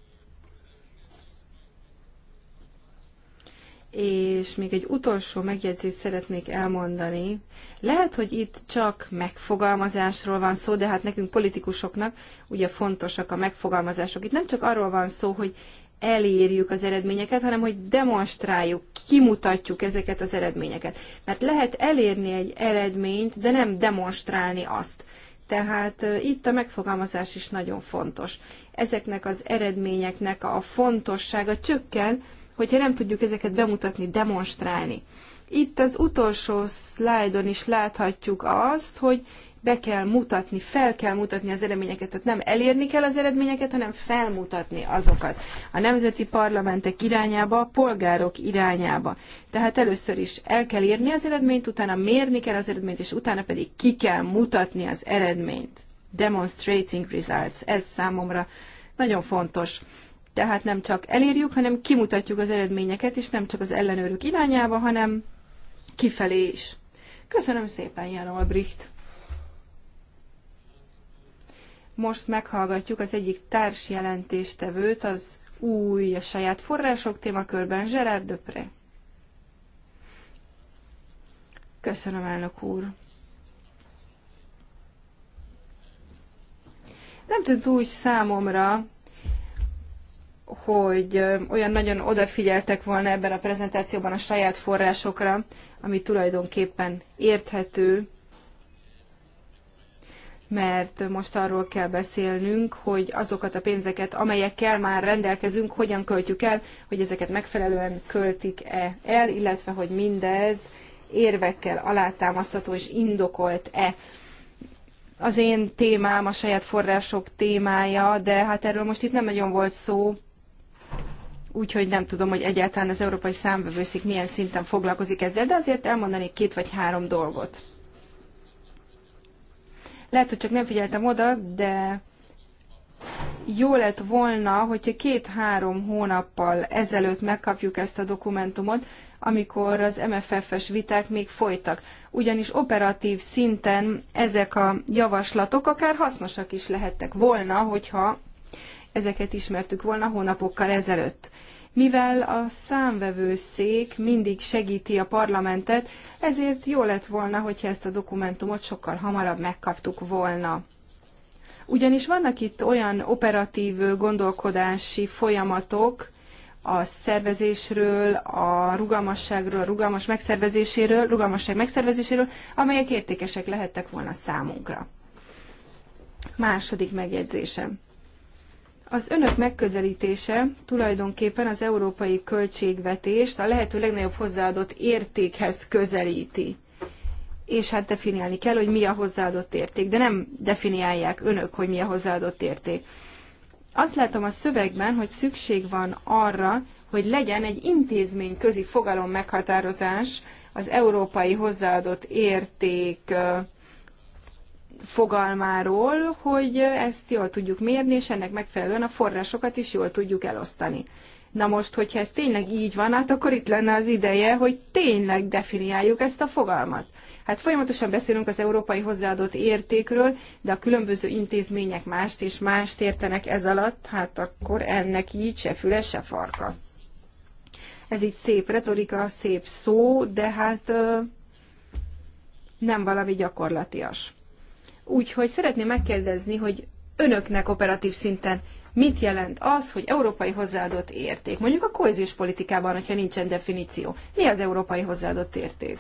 És még egy utolsó megjegyzést szeretnék elmondani. Lehet, hogy itt csak megfogalmazásról van szó, de hát nekünk politikusoknak ugye fontosak a megfogalmazások. Itt nem csak arról van szó, hogy elérjük az eredményeket, hanem hogy demonstráljuk, kimutatjuk ezeket az eredményeket. Mert lehet elérni egy eredményt, de nem demonstrálni azt. Tehát itt a megfogalmazás is nagyon fontos. Ezeknek az eredményeknek a fontossága csökken, hogyha nem tudjuk ezeket bemutatni, demonstrálni. Itt az utolsó szlájdon is láthatjuk azt, hogy be kell mutatni, fel kell mutatni az eredményeket, tehát nem elérni kell az eredményeket, hanem felmutatni azokat a nemzeti parlamentek irányába, a polgárok irányába. Tehát először is el kell érni az eredményt, utána mérni kell az eredményt, és utána pedig ki kell mutatni az eredményt. Demonstrating results, ez számomra nagyon fontos. Tehát nem csak elérjük, hanem kimutatjuk az eredményeket, és nem csak az ellenőrök irányába, hanem kifelé is. Köszönöm szépen, Jan Albrecht! Most meghallgatjuk az egyik társ jelentéstevőt, az új a saját források témakörben, Gerard Döpre. Köszönöm, elnök úr! Nem tűnt úgy számomra, hogy olyan nagyon odafigyeltek volna ebben a prezentációban a saját forrásokra, ami tulajdonképpen érthető, mert most arról kell beszélnünk, hogy azokat a pénzeket, amelyekkel már rendelkezünk, hogyan költjük el, hogy ezeket megfelelően költik-e el, illetve hogy mindez érvekkel alátámasztható és indokolt-e. Az én témám a saját források témája, de hát erről most itt nem nagyon volt szó, úgyhogy nem tudom, hogy egyáltalán az Európai Számvevőszék milyen szinten foglalkozik ezzel, de azért elmondanék két vagy három dolgot. Lehet, hogy csak nem figyeltem oda, de jó lett volna, hogyha két-három hónappal ezelőtt megkapjuk ezt a dokumentumot, amikor az MFF-es viták még folytak. Ugyanis operatív szinten ezek a javaslatok akár hasznosak is lehettek volna, hogyha ezeket ismertük volna hónapokkal ezelőtt. Mivel a számvevőszék mindig segíti a parlamentet, ezért jó lett volna, hogyha ezt a dokumentumot sokkal hamarabb megkaptuk volna. Ugyanis vannak itt olyan operatív gondolkodási folyamatok, a szervezésről, a rugalmasságról, a rugalmas megszervezéséről, rugalmasság megszervezéséről, amelyek értékesek lehettek volna számunkra. Második megjegyzésem. Az önök megközelítése tulajdonképpen az európai költségvetést a lehető legnagyobb hozzáadott értékhez közelíti. És hát definiálni kell, hogy mi a hozzáadott érték, de nem definiálják önök, hogy mi a hozzáadott érték. Azt látom a szövegben, hogy szükség van arra, hogy legyen egy intézményközi fogalom meghatározás az európai hozzáadott érték fogalmáról, hogy ezt jól tudjuk mérni, és ennek megfelelően a forrásokat is jól tudjuk elosztani. Na most, hogyha ez tényleg így van, hát akkor itt lenne az ideje, hogy tényleg definiáljuk ezt a fogalmat. Hát folyamatosan beszélünk az európai hozzáadott értékről, de a különböző intézmények mást és mást értenek ez alatt, hát akkor ennek így se füle, se farka. Ez így szép retorika, szép szó, de hát nem valami gyakorlatias. Úgyhogy szeretném megkérdezni, hogy önöknek operatív szinten mit jelent az, hogy európai hozzáadott érték? Mondjuk a kohéziós politikában, hogyha nincsen definíció. Mi az európai hozzáadott érték?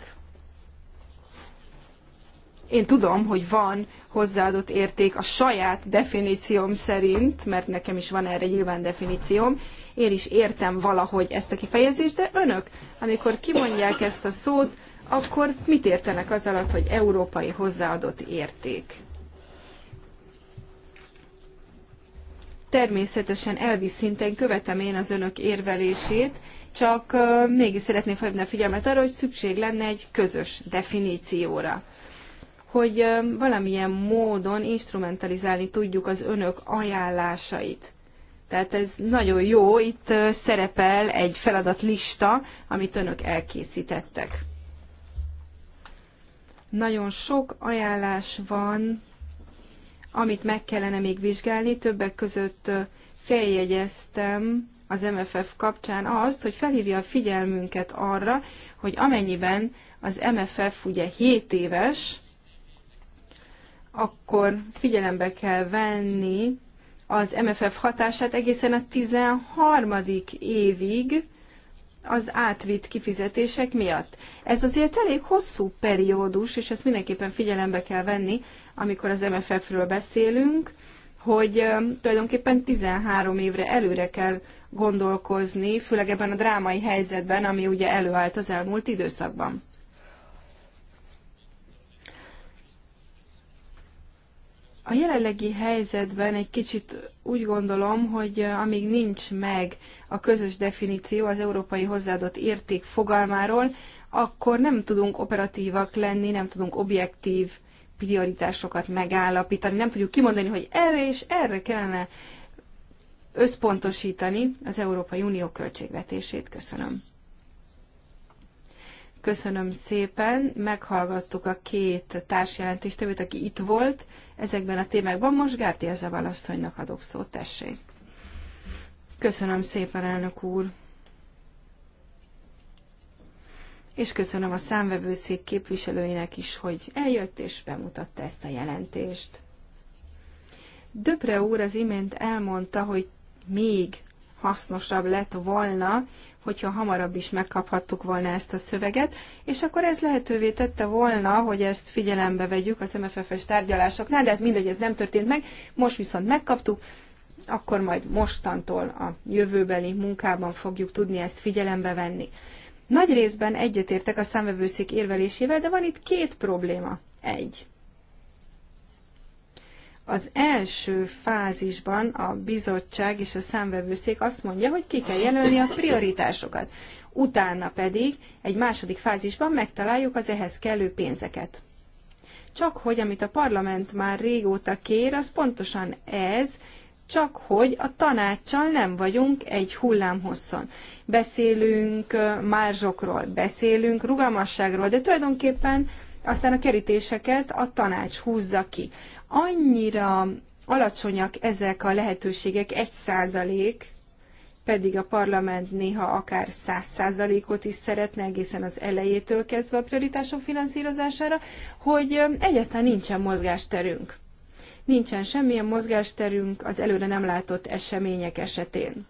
Én tudom, hogy van hozzáadott érték a saját definícióm szerint, mert nekem is van erre nyilván definícióm. Én is értem valahogy ezt a kifejezést, de önök, amikor kimondják ezt a szót, akkor mit értenek az alatt, hogy európai hozzáadott érték? Természetesen Elvis szinten követem én az önök érvelését, csak mégis szeretném felhívni a figyelmet arra, hogy szükség lenne egy közös definícióra hogy valamilyen módon instrumentalizálni tudjuk az önök ajánlásait. Tehát ez nagyon jó, itt szerepel egy feladatlista, amit önök elkészítettek. Nagyon sok ajánlás van, amit meg kellene még vizsgálni. Többek között feljegyeztem az MFF kapcsán azt, hogy felhívja a figyelmünket arra, hogy amennyiben az MFF ugye 7 éves, akkor figyelembe kell venni az MFF hatását egészen a 13. évig, az átvitt kifizetések miatt. Ez azért elég hosszú periódus, és ezt mindenképpen figyelembe kell venni, amikor az MFF-ről beszélünk, hogy tulajdonképpen 13 évre előre kell gondolkozni, főleg ebben a drámai helyzetben, ami ugye előállt az elmúlt időszakban. A jelenlegi helyzetben egy kicsit úgy gondolom, hogy amíg nincs meg a közös definíció az európai hozzáadott érték fogalmáról, akkor nem tudunk operatívak lenni, nem tudunk objektív prioritásokat megállapítani, nem tudjuk kimondani, hogy erre és erre kellene összpontosítani az Európai Unió költségvetését. Köszönöm. Köszönöm szépen, meghallgattuk a két társjelentéstevőt, aki itt volt ezekben a témákban. Most Gárti Ezabal asszonynak adok szót, tessék. Köszönöm szépen, elnök úr. És köszönöm a számvevőszék képviselőinek is, hogy eljött és bemutatta ezt a jelentést. Döpre úr az imént elmondta, hogy még hasznosabb lett volna, hogyha hamarabb is megkaphattuk volna ezt a szöveget, és akkor ez lehetővé tette volna, hogy ezt figyelembe vegyük az MFF-es tárgyalásoknál, de hát mindegy, ez nem történt meg, most viszont megkaptuk, akkor majd mostantól a jövőbeli munkában fogjuk tudni ezt figyelembe venni. Nagy részben egyetértek a számvevőszék érvelésével, de van itt két probléma. Egy. Az első fázisban a bizottság és a számvevőszék azt mondja, hogy ki kell jelölni a prioritásokat. Utána pedig egy második fázisban megtaláljuk az ehhez kellő pénzeket. Csak hogy amit a parlament már régóta kér, az pontosan ez, csak hogy a tanácssal nem vagyunk egy hullámhosszon. Beszélünk márzsokról, beszélünk rugalmasságról, de tulajdonképpen aztán a kerítéseket a tanács húzza ki. Annyira alacsonyak ezek a lehetőségek, egy százalék, pedig a parlament néha akár száz százalékot is szeretne egészen az elejétől kezdve a prioritások finanszírozására, hogy egyáltalán nincsen mozgásterünk. Nincsen semmilyen mozgásterünk az előre nem látott események esetén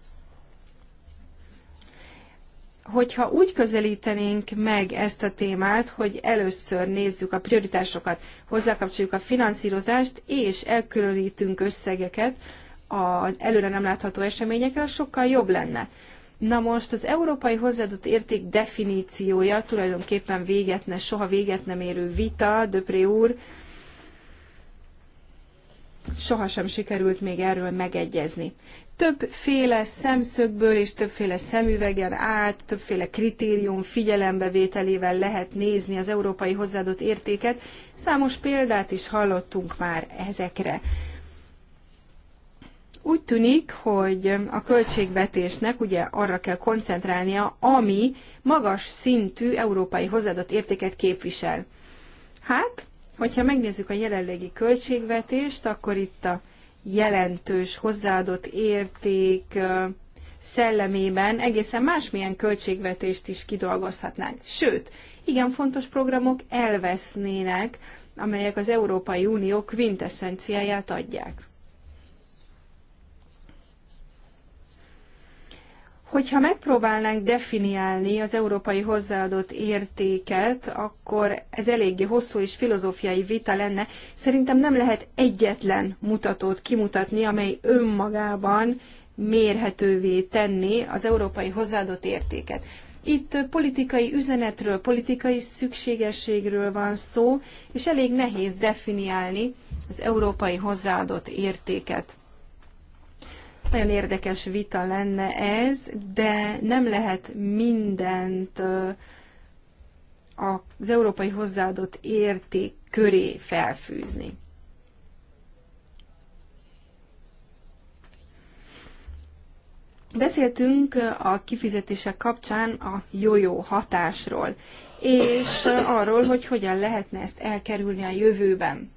hogyha úgy közelítenénk meg ezt a témát, hogy először nézzük a prioritásokat, hozzákapcsoljuk a finanszírozást, és elkülönítünk összegeket az előre nem látható eseményekre, sokkal jobb lenne. Na most az európai hozzáadott érték definíciója tulajdonképpen végetne, soha véget nem érő vita, Döpré úr, sohasem sikerült még erről megegyezni többféle szemszögből és többféle szemüvegen át, többféle kritérium figyelembevételével lehet nézni az európai hozzáadott értéket. Számos példát is hallottunk már ezekre. Úgy tűnik, hogy a költségvetésnek ugye arra kell koncentrálnia, ami magas szintű európai hozzáadott értéket képvisel. Hát, hogyha megnézzük a jelenlegi költségvetést, akkor itt a jelentős hozzáadott érték szellemében egészen másmilyen költségvetést is kidolgozhatnánk. Sőt, igen fontos programok elvesznének, amelyek az Európai Unió quintessenciáját adják. Hogyha megpróbálnánk definiálni az európai hozzáadott értéket, akkor ez eléggé hosszú és filozófiai vita lenne. Szerintem nem lehet egyetlen mutatót kimutatni, amely önmagában mérhetővé tenni az európai hozzáadott értéket. Itt politikai üzenetről, politikai szükségességről van szó, és elég nehéz definiálni az európai hozzáadott értéket. Nagyon érdekes vita lenne ez, de nem lehet mindent az európai hozzáadott érték köré felfűzni. Beszéltünk a kifizetések kapcsán a jó-jó hatásról, és arról, hogy hogyan lehetne ezt elkerülni a jövőben.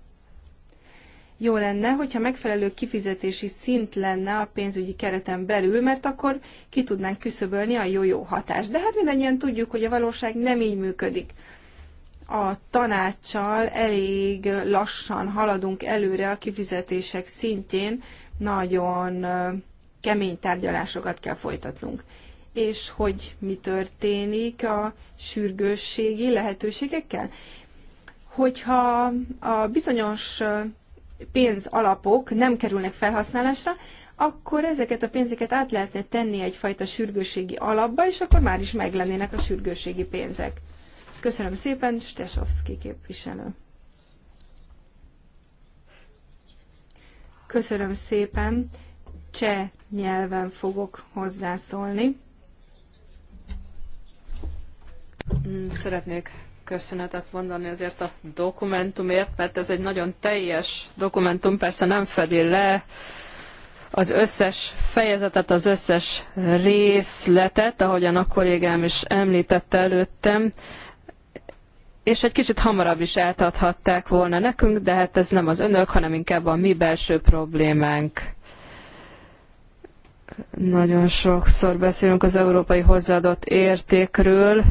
Jó lenne, hogyha megfelelő kifizetési szint lenne a pénzügyi kereten belül, mert akkor ki tudnánk küszöbölni a jó-jó hatást. De hát mindannyian tudjuk, hogy a valóság nem így működik. A tanácssal elég lassan haladunk előre a kifizetések szintjén, nagyon kemény tárgyalásokat kell folytatnunk és hogy mi történik a sürgősségi lehetőségekkel. Hogyha a bizonyos pénzalapok nem kerülnek felhasználásra, akkor ezeket a pénzeket át lehetne tenni egyfajta sürgőségi alapba, és akkor már is meglennének a sürgőségi pénzek. Köszönöm szépen, Stesovski képviselő. Köszönöm szépen, cseh nyelven fogok hozzászólni. Szeretnék köszönetet mondani azért a dokumentumért, mert ez egy nagyon teljes dokumentum, persze nem fedi le az összes fejezetet, az összes részletet, ahogyan a kollégám is említette előttem, és egy kicsit hamarabb is átadhatták volna nekünk, de hát ez nem az önök, hanem inkább a mi belső problémánk. Nagyon sokszor beszélünk az európai hozzáadott értékről,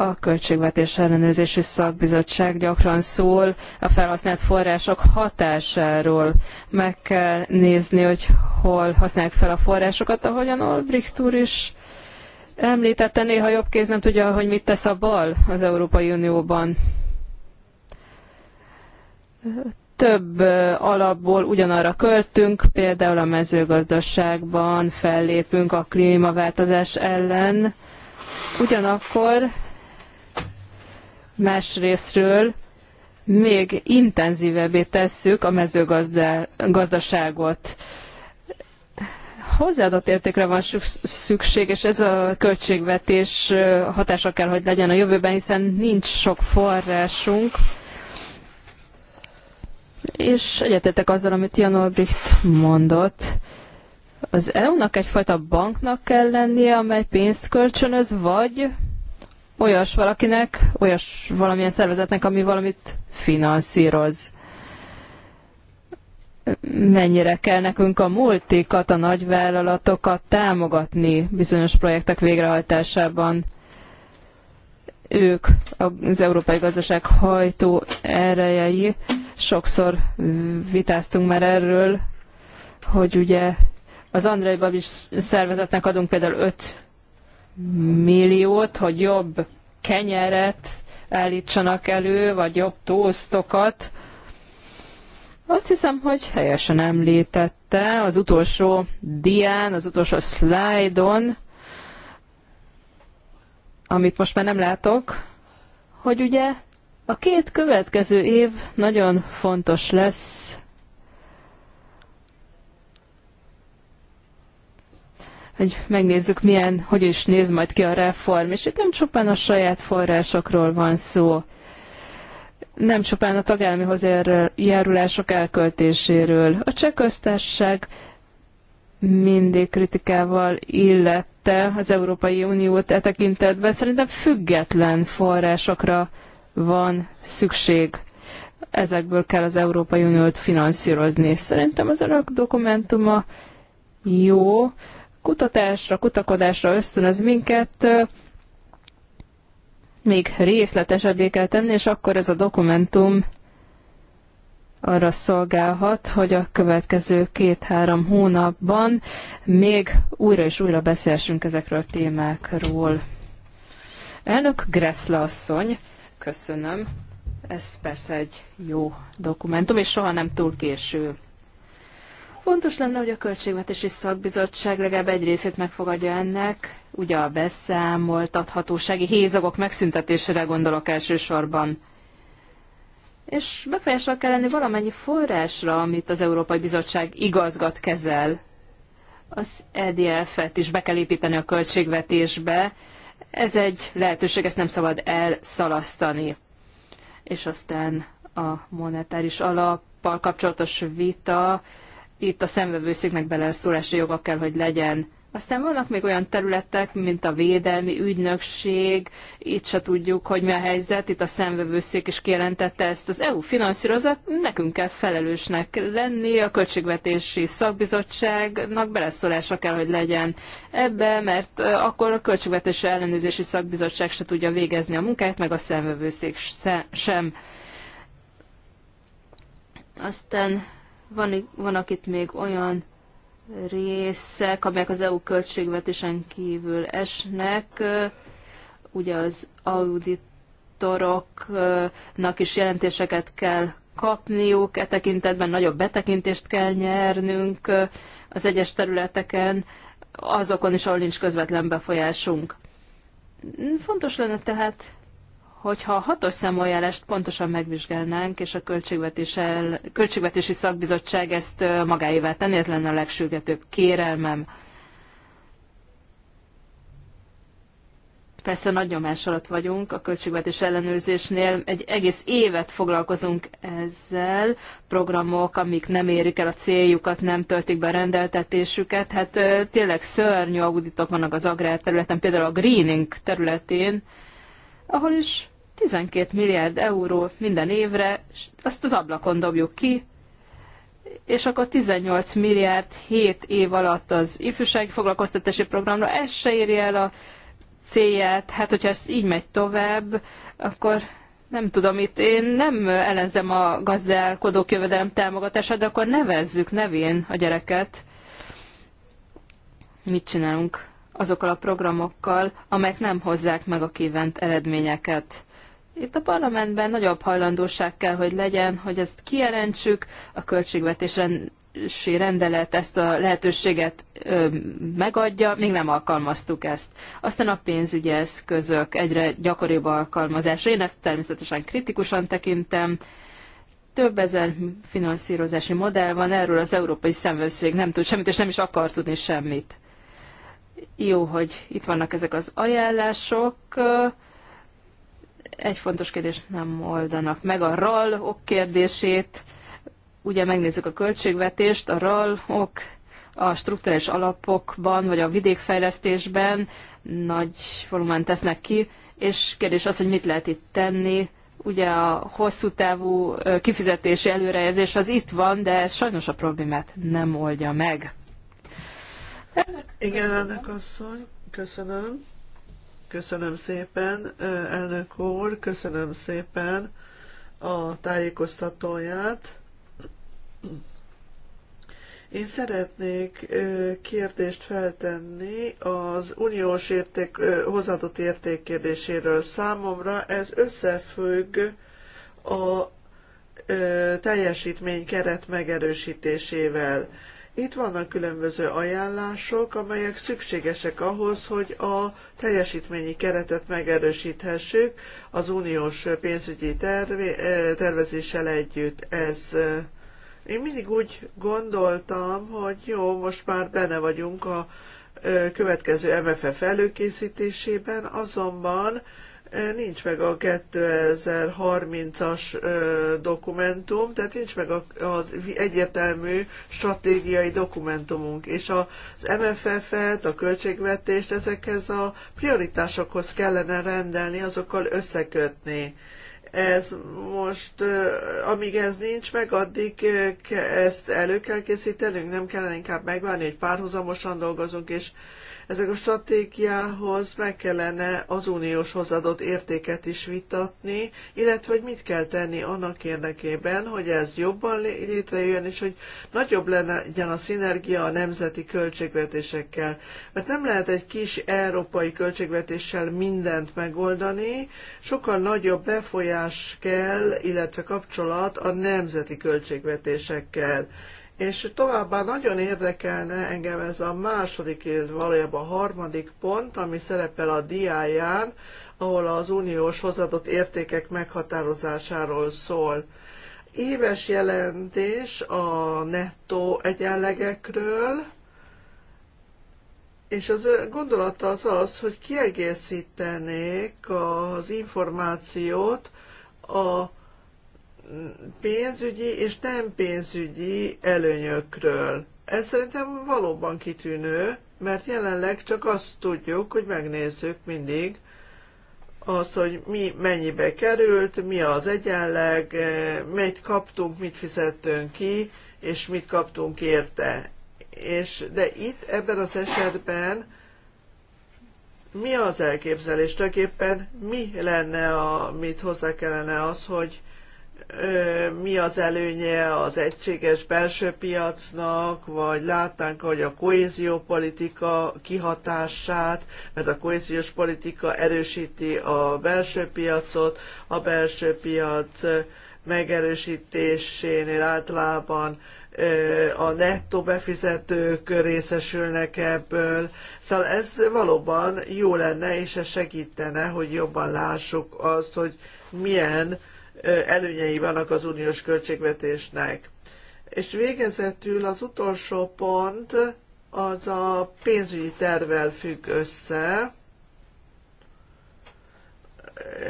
a Költségvetés Ellenőrzési Szakbizottság gyakran szól a felhasznált források hatásáról. Meg kell nézni, hogy hol használják fel a forrásokat, ahogyan Olbricht úr is említette, néha jobb kéz nem tudja, hogy mit tesz a bal az Európai Unióban. Több alapból ugyanarra költünk, például a mezőgazdaságban fellépünk a klímaváltozás ellen, ugyanakkor másrésztről még intenzívebbé tesszük a mezőgazdaságot. Hozzáadott értékre van szükség, és ez a költségvetés hatása kell, hogy legyen a jövőben, hiszen nincs sok forrásunk. És egyetetek azzal, amit Jan Olbricht mondott. Az EU-nak egyfajta banknak kell lennie, amely pénzt kölcsönöz, vagy olyas valakinek, olyas valamilyen szervezetnek, ami valamit finanszíroz. Mennyire kell nekünk a multikat, a nagyvállalatokat támogatni bizonyos projektek végrehajtásában? Ők az európai gazdaság hajtó erejei. Sokszor vitáztunk már erről, hogy ugye az Andrei Babis szervezetnek adunk például 5 milliót, hogy jobb kenyeret állítsanak elő, vagy jobb tóztokat. Azt hiszem, hogy helyesen említette az utolsó dián, az utolsó szlájdon, amit most már nem látok, hogy ugye a két következő év nagyon fontos lesz hogy megnézzük, milyen, hogy is néz majd ki a reform, és itt nem csupán a saját forrásokról van szó, nem csupán a tagállami hozzájárulások elköltéséről. A cseh köztársaság mindig kritikával illette az Európai Uniót e tekintetben. Szerintem független forrásokra van szükség. Ezekből kell az Európai Uniót finanszírozni. Szerintem az önök dokumentuma jó, kutatásra, kutakodásra ösztönöz minket, még részletesebbé kell tenni, és akkor ez a dokumentum arra szolgálhat, hogy a következő két-három hónapban még újra és újra beszélsünk ezekről a témákról. Elnök Gressle asszony, köszönöm. Ez persze egy jó dokumentum, és soha nem túl késő. Fontos lenne, hogy a Költségvetési Szakbizottság legalább egy részét megfogadja ennek, ugye a beszámoltathatósági hézagok megszüntetésére gondolok elsősorban. És befolyással kell lenni valamennyi forrásra, amit az Európai Bizottság igazgat, kezel. Az EDF-et is be kell építeni a költségvetésbe. Ez egy lehetőség, ezt nem szabad elszalasztani. És aztán a monetáris alappal kapcsolatos vita, itt a szemvevőszéknek beleszólási joga kell, hogy legyen. Aztán vannak még olyan területek, mint a védelmi ügynökség, itt se tudjuk, hogy mi a helyzet, itt a szemvevőszék is kijelentette ezt. Az EU finanszírozza, nekünk kell felelősnek lenni, a Költségvetési Szakbizottságnak beleszólása kell, hogy legyen ebbe, mert akkor a Költségvetési Ellenőrzési Szakbizottság se tudja végezni a munkáját, meg a szemvevőszék sem. Aztán van, vannak itt még olyan részek, amelyek az EU költségvetésen kívül esnek. Ugye az auditoroknak is jelentéseket kell kapniuk, e tekintetben nagyobb betekintést kell nyernünk az egyes területeken, azokon is, ahol nincs közvetlen befolyásunk. Fontos lenne tehát hogyha a hatos számoljárást pontosan megvizsgálnánk, és a költségvetési szakbizottság ezt magáévá tenni, ez lenne a legsürgetőbb kérelmem. Persze nagy nyomás alatt vagyunk a költségvetés ellenőrzésnél. Egy egész évet foglalkozunk ezzel. Programok, amik nem érik el a céljukat, nem töltik be a rendeltetésüket. Hát tényleg szörnyű auditok vannak az agrárterületen, például a greening területén ahol is 12 milliárd euró minden évre, és azt az ablakon dobjuk ki, és akkor 18 milliárd 7 év alatt az ifjúsági foglalkoztatási programra, ez se éri el a célját, hát hogyha ez így megy tovább, akkor nem tudom, itt én nem ellenzem a gazdálkodók jövedelem támogatását, de akkor nevezzük nevén a gyereket. Mit csinálunk? azokkal a programokkal, amelyek nem hozzák meg a kívánt eredményeket. Itt a parlamentben nagyobb hajlandóság kell, hogy legyen, hogy ezt kijelentsük, a költségvetési rendelet ezt a lehetőséget ö, megadja, még nem alkalmaztuk ezt. Aztán a pénzügyi eszközök egyre gyakoribb alkalmazása. Én ezt természetesen kritikusan tekintem. Több ezer finanszírozási modell van, erről az Európai Szemvőszék nem tud semmit, és nem is akar tudni semmit. Jó, hogy itt vannak ezek az ajánlások. Egy fontos kérdés nem oldanak meg, a RAL ok kérdését. Ugye megnézzük a költségvetést, a RAL ok a strukturális alapokban, vagy a vidékfejlesztésben nagy volumen tesznek ki, és kérdés az, hogy mit lehet itt tenni. Ugye a hosszú távú kifizetési előrejelzés az itt van, de ez sajnos a problémát nem oldja meg. Igen, ennek asszony, köszönöm. Köszönöm szépen, elnök úr, köszönöm szépen a tájékoztatóját. Én szeretnék kérdést feltenni az uniós érték, hozadott érték kérdéséről. Számomra ez összefügg a teljesítmény keret megerősítésével itt vannak különböző ajánlások, amelyek szükségesek ahhoz, hogy a teljesítményi keretet megerősíthessük az uniós pénzügyi terve, eh, tervezéssel együtt. Ez eh, én mindig úgy gondoltam, hogy jó, most már benne vagyunk a eh, következő MFF előkészítésében, azonban nincs meg a 2030-as dokumentum, tehát nincs meg az egyértelmű stratégiai dokumentumunk, és az MFF-et, a költségvetést ezekhez a prioritásokhoz kellene rendelni, azokkal összekötni ez most, amíg ez nincs meg, addig ezt elő kell készítenünk, nem kellene inkább megvárni, hogy párhuzamosan dolgozunk, és ezek a stratégiához meg kellene az uniós hozzáadott értéket is vitatni, illetve hogy mit kell tenni annak érdekében, hogy ez jobban létrejöjjön, és hogy nagyobb legyen a szinergia a nemzeti költségvetésekkel. Mert nem lehet egy kis európai költségvetéssel mindent megoldani, sokkal nagyobb befolyás kell, illetve kapcsolat a nemzeti költségvetésekkel. És továbbá nagyon érdekelne engem ez a második, illetve valójában a harmadik pont, ami szerepel a diáján, ahol az uniós hozadott értékek meghatározásáról szól. Éves jelentés a nettó egyenlegekről, és az gondolata az az, hogy kiegészítenék az információt a pénzügyi és nem pénzügyi előnyökről. Ez szerintem valóban kitűnő, mert jelenleg csak azt tudjuk, hogy megnézzük mindig az, hogy mi mennyibe került, mi az egyenleg, eh, mit kaptunk, mit fizettünk ki, és mit kaptunk érte. És, de itt ebben az esetben mi az elképzelés? Tulajdonképpen mi lenne, a, mit hozzá kellene az, hogy mi az előnye az egységes belső piacnak, vagy látnánk, hogy a kohéziópolitika kihatását, mert a kohéziós politika erősíti a belső piacot, a belső piac megerősítésénél általában a nettó befizetők részesülnek ebből. Szóval ez valóban jó lenne, és ez segítene, hogy jobban lássuk azt, hogy milyen előnyei vannak az uniós költségvetésnek. És végezetül az utolsó pont az a pénzügyi tervvel függ össze,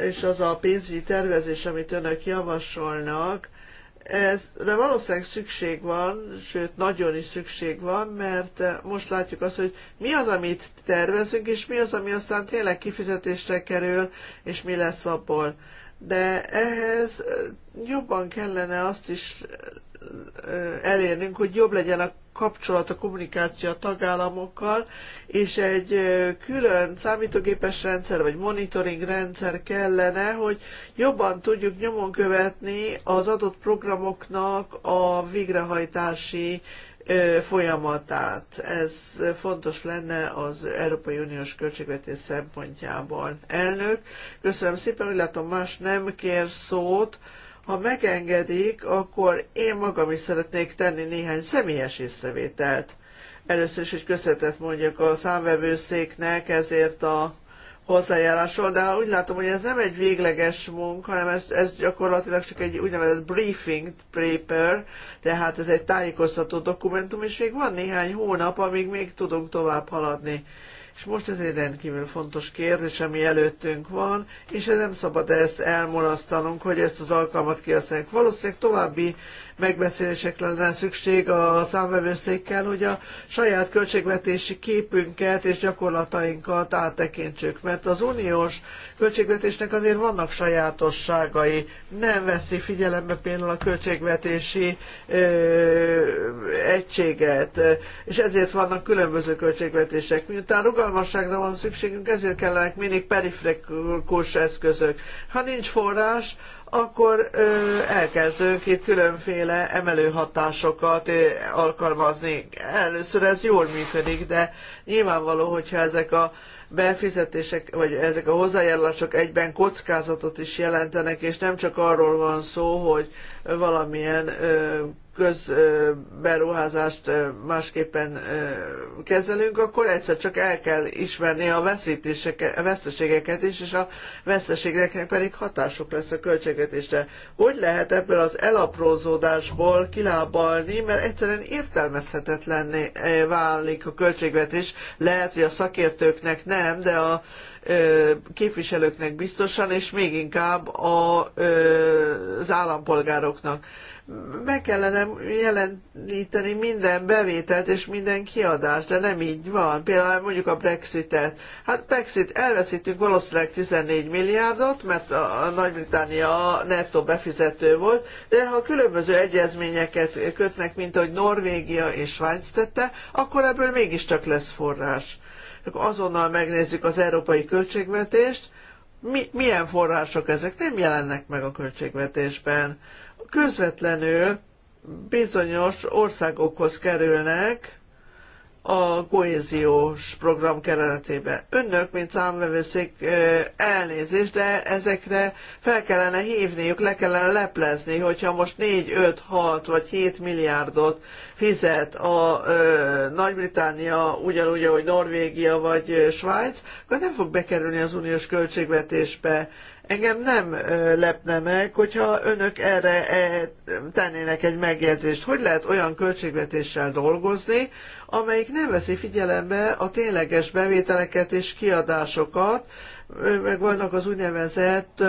és az a pénzügyi tervezés, amit önök javasolnak, ezre valószínűleg szükség van, sőt nagyon is szükség van, mert most látjuk azt, hogy mi az, amit tervezünk, és mi az, ami aztán tényleg kifizetésre kerül, és mi lesz abból de ehhez jobban kellene azt is elérnünk, hogy jobb legyen a kapcsolat, a kommunikáció a tagállamokkal, és egy külön számítógépes rendszer vagy monitoring rendszer kellene, hogy jobban tudjuk nyomon követni az adott programoknak a végrehajtási folyamatát. Ez fontos lenne az Európai Uniós költségvetés szempontjából. Elnök, köszönöm szépen, úgy látom más nem kér szót. Ha megengedik, akkor én magam is szeretnék tenni néhány személyes észrevételt. Először is egy köszönetet mondjak a számvevőszéknek ezért a hozzájárásról, de úgy látom, hogy ez nem egy végleges munka, hanem ez, ez gyakorlatilag csak egy úgynevezett briefing paper, tehát ez egy tájékoztató dokumentum, és még van néhány hónap, amíg még tudunk tovább haladni. És most ez egy rendkívül fontos kérdés, ami előttünk van, és ez nem szabad ezt elmulasztanunk, hogy ezt az alkalmat kihasználjuk. Valószínűleg további megbeszélésekre lenne szükség a számvevőszékkel, hogy a saját költségvetési képünket és gyakorlatainkat áttekintsük. Mert az uniós költségvetésnek azért vannak sajátosságai. Nem veszi figyelembe például a költségvetési ö, egységet, és ezért vannak különböző költségvetések. Miután rugalmasságra van szükségünk, ezért kellenek mindig periferikus eszközök. Ha nincs forrás, akkor elkezdünk itt különféle emelőhatásokat alkalmazni. Először ez jól működik, de nyilvánvaló, hogyha ezek a befizetések, vagy ezek a hozzájárulások egyben kockázatot is jelentenek, és nem csak arról van szó, hogy valamilyen közberuházást másképpen kezelünk, akkor egyszer csak el kell ismerni a, a veszteségeket is, és a veszteségeknek pedig hatásuk lesz a költségvetésre. Hogy lehet ebből az elaprózódásból kilábalni, mert egyszerűen értelmezhetetlenné eh, válik a költségvetés. Lehet, hogy a szakértőknek nem, de a képviselőknek biztosan, és még inkább a, az állampolgároknak. Meg kellene jeleníteni minden bevételt és minden kiadást, de nem így van. Például mondjuk a Brexitet. Hát Brexit elveszítünk valószínűleg 14 milliárdot, mert a nagy a nettó befizető volt, de ha különböző egyezményeket kötnek, mint ahogy Norvégia és Svájc tette, akkor ebből mégiscsak lesz forrás akkor azonnal megnézzük az európai költségvetést, mi, milyen források ezek nem jelennek meg a költségvetésben. Közvetlenül bizonyos országokhoz kerülnek, a kohéziós program keretében. Önök, mint számvevőszék, elnézést, de ezekre fel kellene hívniuk, le kellene leplezni, hogyha most 4, 5, 6 vagy 7 milliárdot fizet a Nagy-Britannia, ugyanúgy, ahogy Norvégia vagy Svájc, akkor nem fog bekerülni az uniós költségvetésbe engem nem lepne meg, hogyha önök erre e, tennének egy megjegyzést. Hogy lehet olyan költségvetéssel dolgozni, amelyik nem veszi figyelembe a tényleges bevételeket és kiadásokat, meg vannak az úgynevezett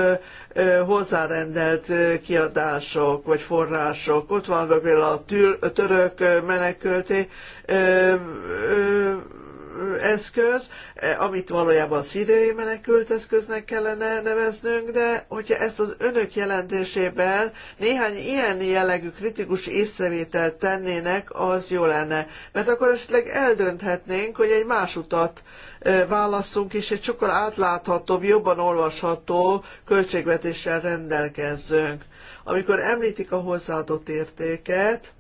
hozzárendelt kiadások vagy források. Ott van például a török menekülté eszköz, eh, amit valójában szíriai menekült eszköznek kellene neveznünk, de hogyha ezt az önök jelentésében néhány ilyen jellegű kritikus észrevételt tennének, az jó lenne. Mert akkor esetleg eldönthetnénk, hogy egy más utat eh, válaszunk, és egy sokkal átláthatóbb, jobban olvasható költségvetéssel rendelkezzünk. Amikor említik a hozzáadott értéket,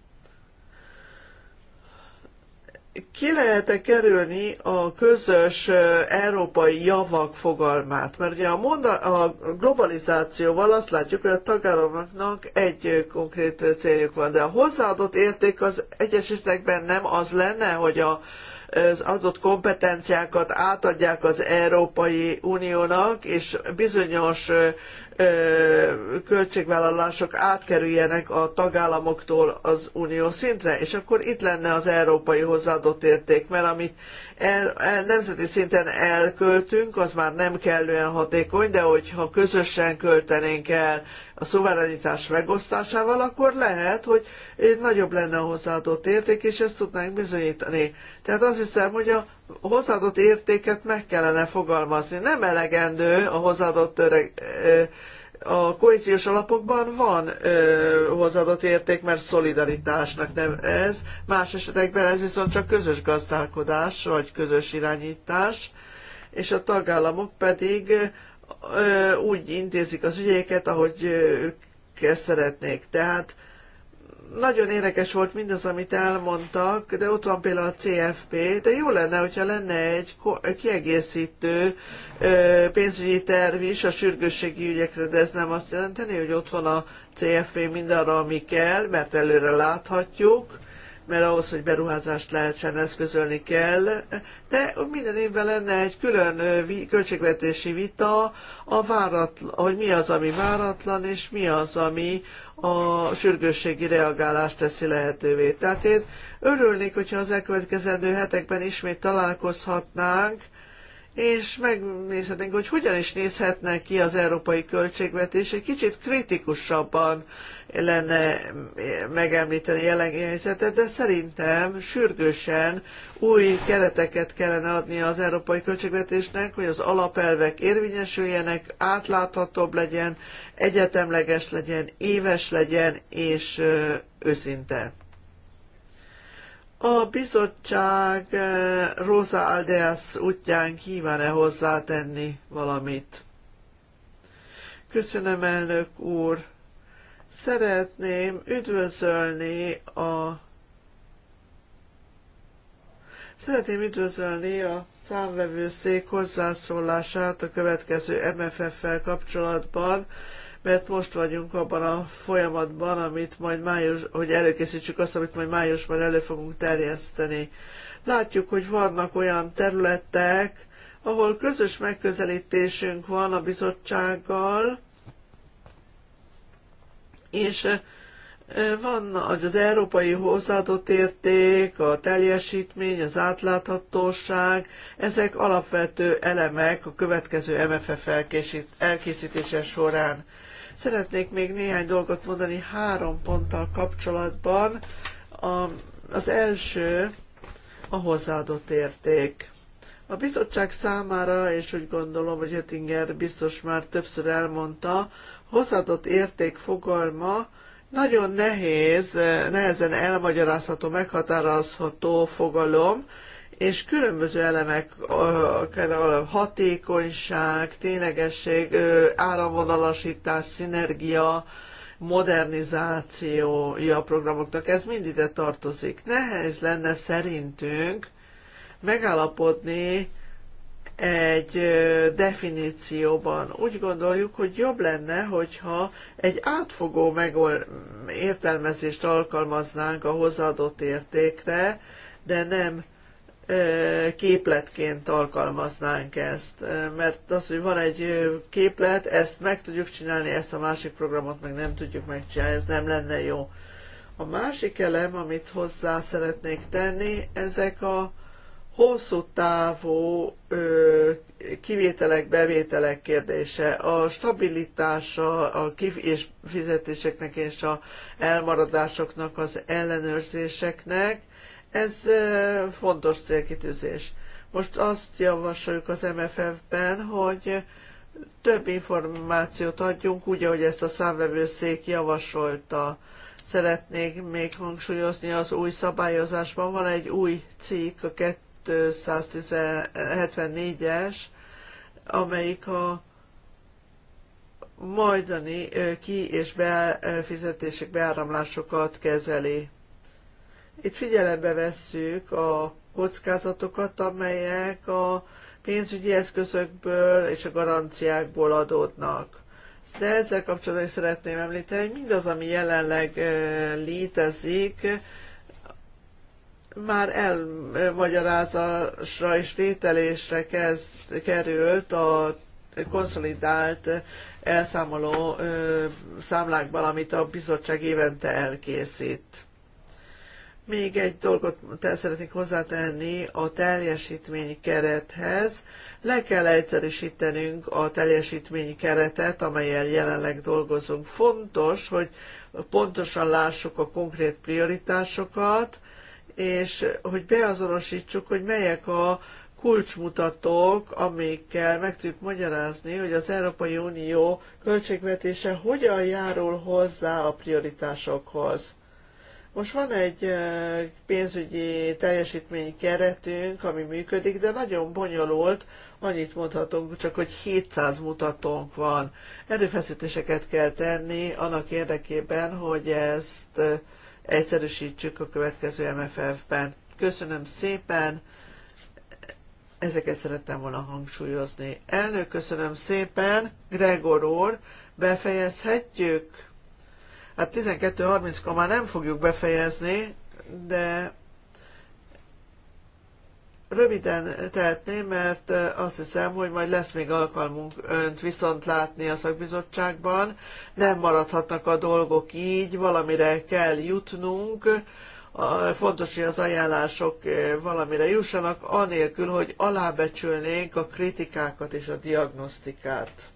ki lehet -e kerülni a közös európai javak fogalmát? Mert ugye a, monda, a globalizációval azt látjuk, hogy a tagállamoknak egy konkrét céljuk van, de a hozzáadott érték az egyesítekben nem az lenne, hogy a, az adott kompetenciákat átadják az Európai Uniónak, és bizonyos költségvállalások átkerüljenek a tagállamoktól az unió szintre, és akkor itt lenne az európai hozzáadott érték, mert amit el, el, nemzeti szinten elköltünk, az már nem kellően hatékony, de hogyha közösen költenénk el a szuverenitás megosztásával, akkor lehet, hogy nagyobb lenne a hozzáadott érték, és ezt tudnánk bizonyítani. Tehát azt hiszem, hogy a hozzáadott értéket meg kellene fogalmazni. Nem elegendő a hozzáadott öreg, a kohéziós alapokban van ö, hozzáadott érték, mert szolidaritásnak nem ez. Más esetekben ez viszont csak közös gazdálkodás, vagy közös irányítás, és a tagállamok pedig ö, úgy intézik az ügyeket, ahogy ők ezt szeretnék. Tehát nagyon érdekes volt mindaz, amit elmondtak, de ott van például a CFP, de jó lenne, hogyha lenne egy kiegészítő pénzügyi terv is a sürgősségi ügyekre, de ez nem azt jelenteni, hogy ott van a CFP mindarra, ami kell, mert előre láthatjuk, mert ahhoz, hogy beruházást lehessen eszközölni kell, de minden évben lenne egy külön költségvetési vita, a váratlan, hogy mi az, ami váratlan, és mi az, ami a sürgősségi reagálást teszi lehetővé. Tehát én örülnék, hogyha az elkövetkezendő hetekben ismét találkozhatnánk, és megnézhetnénk, hogy hogyan is nézhetne ki az európai költségvetés. Egy kicsit kritikusabban lenne megemlíteni jelenlegi helyzetet, de szerintem sürgősen új kereteket kellene adni az európai költségvetésnek, hogy az alapelvek érvényesüljenek, átláthatóbb legyen, egyetemleges legyen, éves legyen és őszinte. A bizottság eh, Rosa Aldeas útján kíván-e hozzátenni valamit? Köszönöm, elnök úr! Szeretném üdvözölni a Szeretném üdvözölni a számvevőszék hozzászólását a következő MFF-fel kapcsolatban, mert most vagyunk abban a folyamatban, amit majd május, hogy előkészítsük azt, amit majd májusban elő fogunk terjeszteni. Látjuk, hogy vannak olyan területek, ahol közös megközelítésünk van a bizottsággal, és van az európai hozzáadott érték, a teljesítmény, az átláthatóság, ezek alapvető elemek a következő MFF elkészítése során. Szeretnék még néhány dolgot mondani három ponttal kapcsolatban. A, az első a hozzáadott érték. A bizottság számára, és úgy gondolom, hogy Hettinger biztos már többször elmondta, hozzáadott érték fogalma nagyon nehéz, nehezen elmagyarázható, meghatározható fogalom, és különböző elemek, akár a hatékonyság, ténylegesség, áramvonalasítás, szinergia, modernizációja a programoknak, ez mind ide tartozik. Nehéz lenne szerintünk megállapodni egy definícióban. Úgy gondoljuk, hogy jobb lenne, hogyha egy átfogó megol- értelmezést alkalmaznánk a hozzáadott értékre, de nem képletként alkalmaznánk ezt. Mert az, hogy van egy képlet, ezt meg tudjuk csinálni, ezt a másik programot meg nem tudjuk megcsinálni, ez nem lenne jó. A másik elem, amit hozzá szeretnék tenni, ezek a hosszú távú kivételek, bevételek kérdése, a stabilitása a kif- és fizetéseknek és a elmaradásoknak, az ellenőrzéseknek, ez fontos célkitűzés. Most azt javasoljuk az MFF-ben, hogy több információt adjunk, úgy, ahogy ezt a számvevőszék javasolta. Szeretnék még hangsúlyozni, az új szabályozásban van egy új cikk, a 274-es, amelyik a majdani ki- és befizetések beáramlásokat kezeli. Itt figyelembe vesszük a kockázatokat, amelyek a pénzügyi eszközökből és a garanciákból adódnak. De ezzel kapcsolatban is szeretném említeni, hogy mindaz, ami jelenleg létezik, már elmagyarázásra és tételésre kezd, került a konszolidált elszámoló számlákban, amit a bizottság évente elkészít. Még egy dolgot szeretnék hozzátenni a teljesítményi kerethez. Le kell egyszerűsítenünk a teljesítményi keretet, amelyen jelenleg dolgozunk. Fontos, hogy pontosan lássuk a konkrét prioritásokat, és hogy beazonosítsuk, hogy melyek a kulcsmutatók, amikkel meg tudjuk magyarázni, hogy az Európai Unió költségvetése hogyan járul hozzá a prioritásokhoz. Most van egy pénzügyi teljesítmény keretünk, ami működik, de nagyon bonyolult, annyit mondhatunk, csak hogy 700 mutatónk van. Erőfeszítéseket kell tenni annak érdekében, hogy ezt egyszerűsítsük a következő MFF-ben. Köszönöm szépen, ezeket szerettem volna hangsúlyozni. Elnök, köszönöm szépen, Gregor úr, befejezhetjük? Hát 12.30-kor már nem fogjuk befejezni, de röviden tehetném, mert azt hiszem, hogy majd lesz még alkalmunk önt viszont látni a szakbizottságban. Nem maradhatnak a dolgok így, valamire kell jutnunk. Fontos, hogy az ajánlások valamire jussanak, anélkül, hogy alábecsülnénk a kritikákat és a diagnosztikát.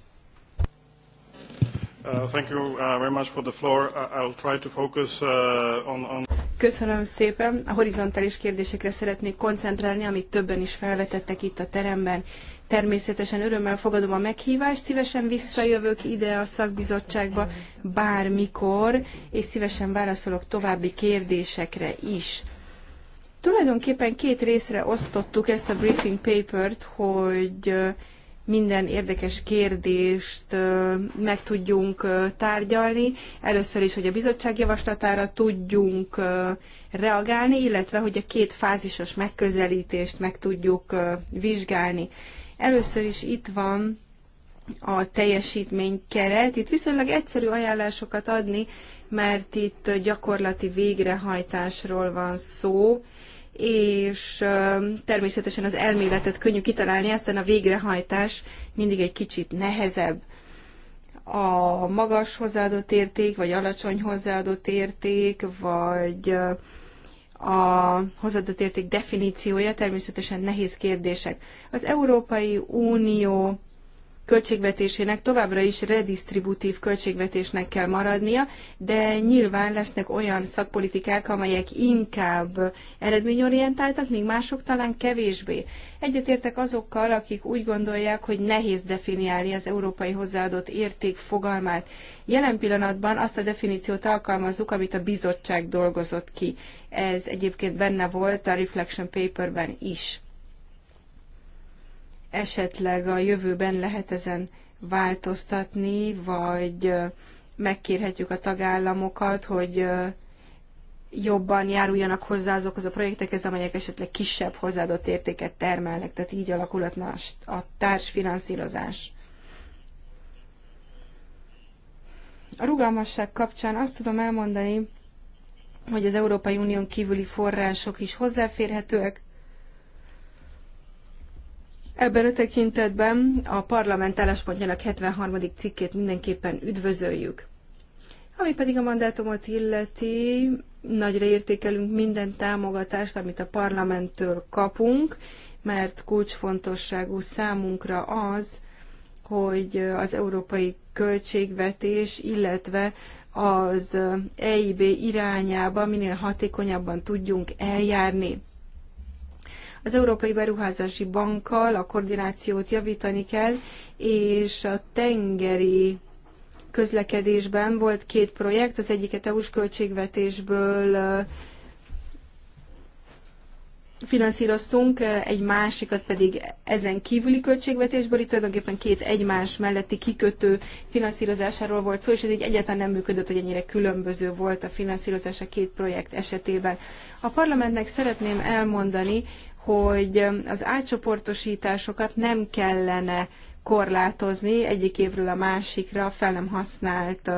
Uh, thank you uh, very much for the floor. Uh, I'll try to focus on, on... Köszönöm szépen. A horizontális kérdésekre szeretnék koncentrálni, amit többen is felvetettek itt a teremben. Természetesen örömmel fogadom a meghívást, szívesen visszajövök ide a szakbizottságba bármikor, és szívesen válaszolok további kérdésekre is. Tulajdonképpen két részre osztottuk ezt a briefing papert, hogy minden érdekes kérdést meg tudjunk tárgyalni. Először is, hogy a bizottság javaslatára tudjunk reagálni, illetve hogy a két fázisos megközelítést meg tudjuk vizsgálni. Először is itt van a teljesítménykeret. Itt viszonylag egyszerű ajánlásokat adni, mert itt gyakorlati végrehajtásról van szó, és természetesen az elméletet könnyű kitalálni, aztán a végrehajtás mindig egy kicsit nehezebb. A magas hozzáadott érték, vagy alacsony hozzáadott érték, vagy a hozzáadott érték definíciója természetesen nehéz kérdések. Az Európai Unió költségvetésének továbbra is redistributív költségvetésnek kell maradnia, de nyilván lesznek olyan szakpolitikák, amelyek inkább eredményorientáltak, míg mások talán kevésbé. Egyetértek azokkal, akik úgy gondolják, hogy nehéz definiálni az európai hozzáadott érték fogalmát. Jelen pillanatban azt a definíciót alkalmazzuk, amit a bizottság dolgozott ki. Ez egyébként benne volt a Reflection Paperben is esetleg a jövőben lehet ezen változtatni, vagy megkérhetjük a tagállamokat, hogy jobban járuljanak hozzá azokhoz a projektekhez, amelyek esetleg kisebb hozzáadott értéket termelnek, tehát így alakulhatna a társfinanszírozás. A rugalmasság kapcsán azt tudom elmondani, hogy az Európai Unión kívüli források is hozzáférhetőek, Ebben a tekintetben a parlament álláspontjának 73. cikkét mindenképpen üdvözöljük. Ami pedig a mandátumot illeti, nagyra értékelünk minden támogatást, amit a parlamenttől kapunk, mert kulcsfontosságú számunkra az, hogy az európai költségvetés, illetve az EIB irányába minél hatékonyabban tudjunk eljárni. Az Európai Beruházási Bankkal a koordinációt javítani kell, és a tengeri közlekedésben volt két projekt, az egyiket EU-s költségvetésből finanszíroztunk, egy másikat pedig ezen kívüli költségvetésből, itt tulajdonképpen két egymás melletti kikötő finanszírozásáról volt szó, és ez így egyáltalán nem működött, hogy ennyire különböző volt a finanszírozás a két projekt esetében. A parlamentnek szeretném elmondani, hogy az átcsoportosításokat nem kellene korlátozni egyik évről a másikra fel nem használt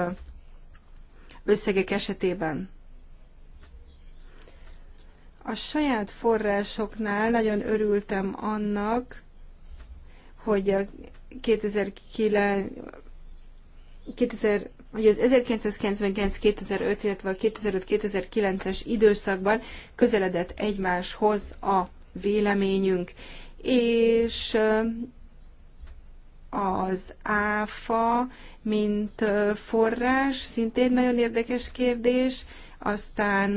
összegek esetében. A saját forrásoknál nagyon örültem annak, hogy a 2009, 2000, ugye az 1999-2005, illetve a 2005-2009-es időszakban közeledett egymáshoz a véleményünk, és az áfa, mint forrás, szintén nagyon érdekes kérdés, aztán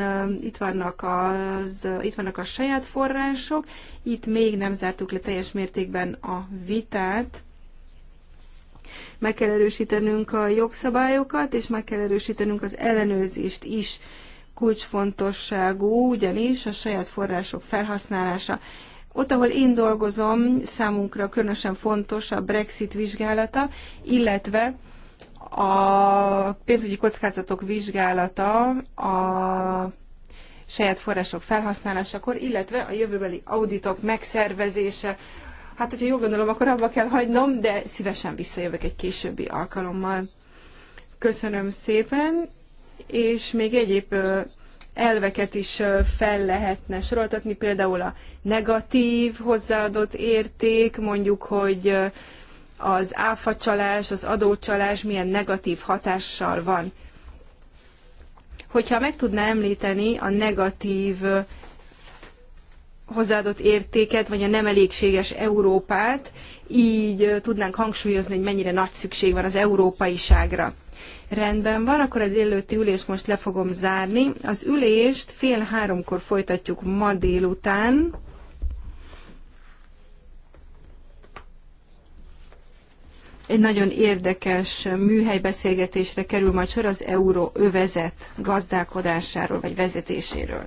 itt vannak, az, itt vannak a saját források, itt még nem zártuk le teljes mértékben a vitát, meg kell erősítenünk a jogszabályokat, és meg kell erősítenünk az ellenőrzést is kulcsfontosságú, ugyanis a saját források felhasználása. Ott, ahol én dolgozom, számunkra különösen fontos a Brexit vizsgálata, illetve a pénzügyi kockázatok vizsgálata a saját források felhasználásakor, illetve a jövőbeli auditok megszervezése. Hát, hogyha jól gondolom, akkor abba kell hagynom, de szívesen visszajövök egy későbbi alkalommal. Köszönöm szépen, és még egyéb elveket is fel lehetne soroltatni, például a negatív hozzáadott érték, mondjuk, hogy az áfacsalás, az adócsalás milyen negatív hatással van. Hogyha meg tudná említeni a negatív hozzáadott értéket, vagy a nem elégséges Európát, így tudnánk hangsúlyozni, hogy mennyire nagy szükség van az európaiságra. Rendben van, akkor a délőtti ülést most le fogom zárni. Az ülést fél háromkor folytatjuk ma délután. Egy nagyon érdekes műhelybeszélgetésre kerül majd sor az euróövezet gazdálkodásáról vagy vezetéséről.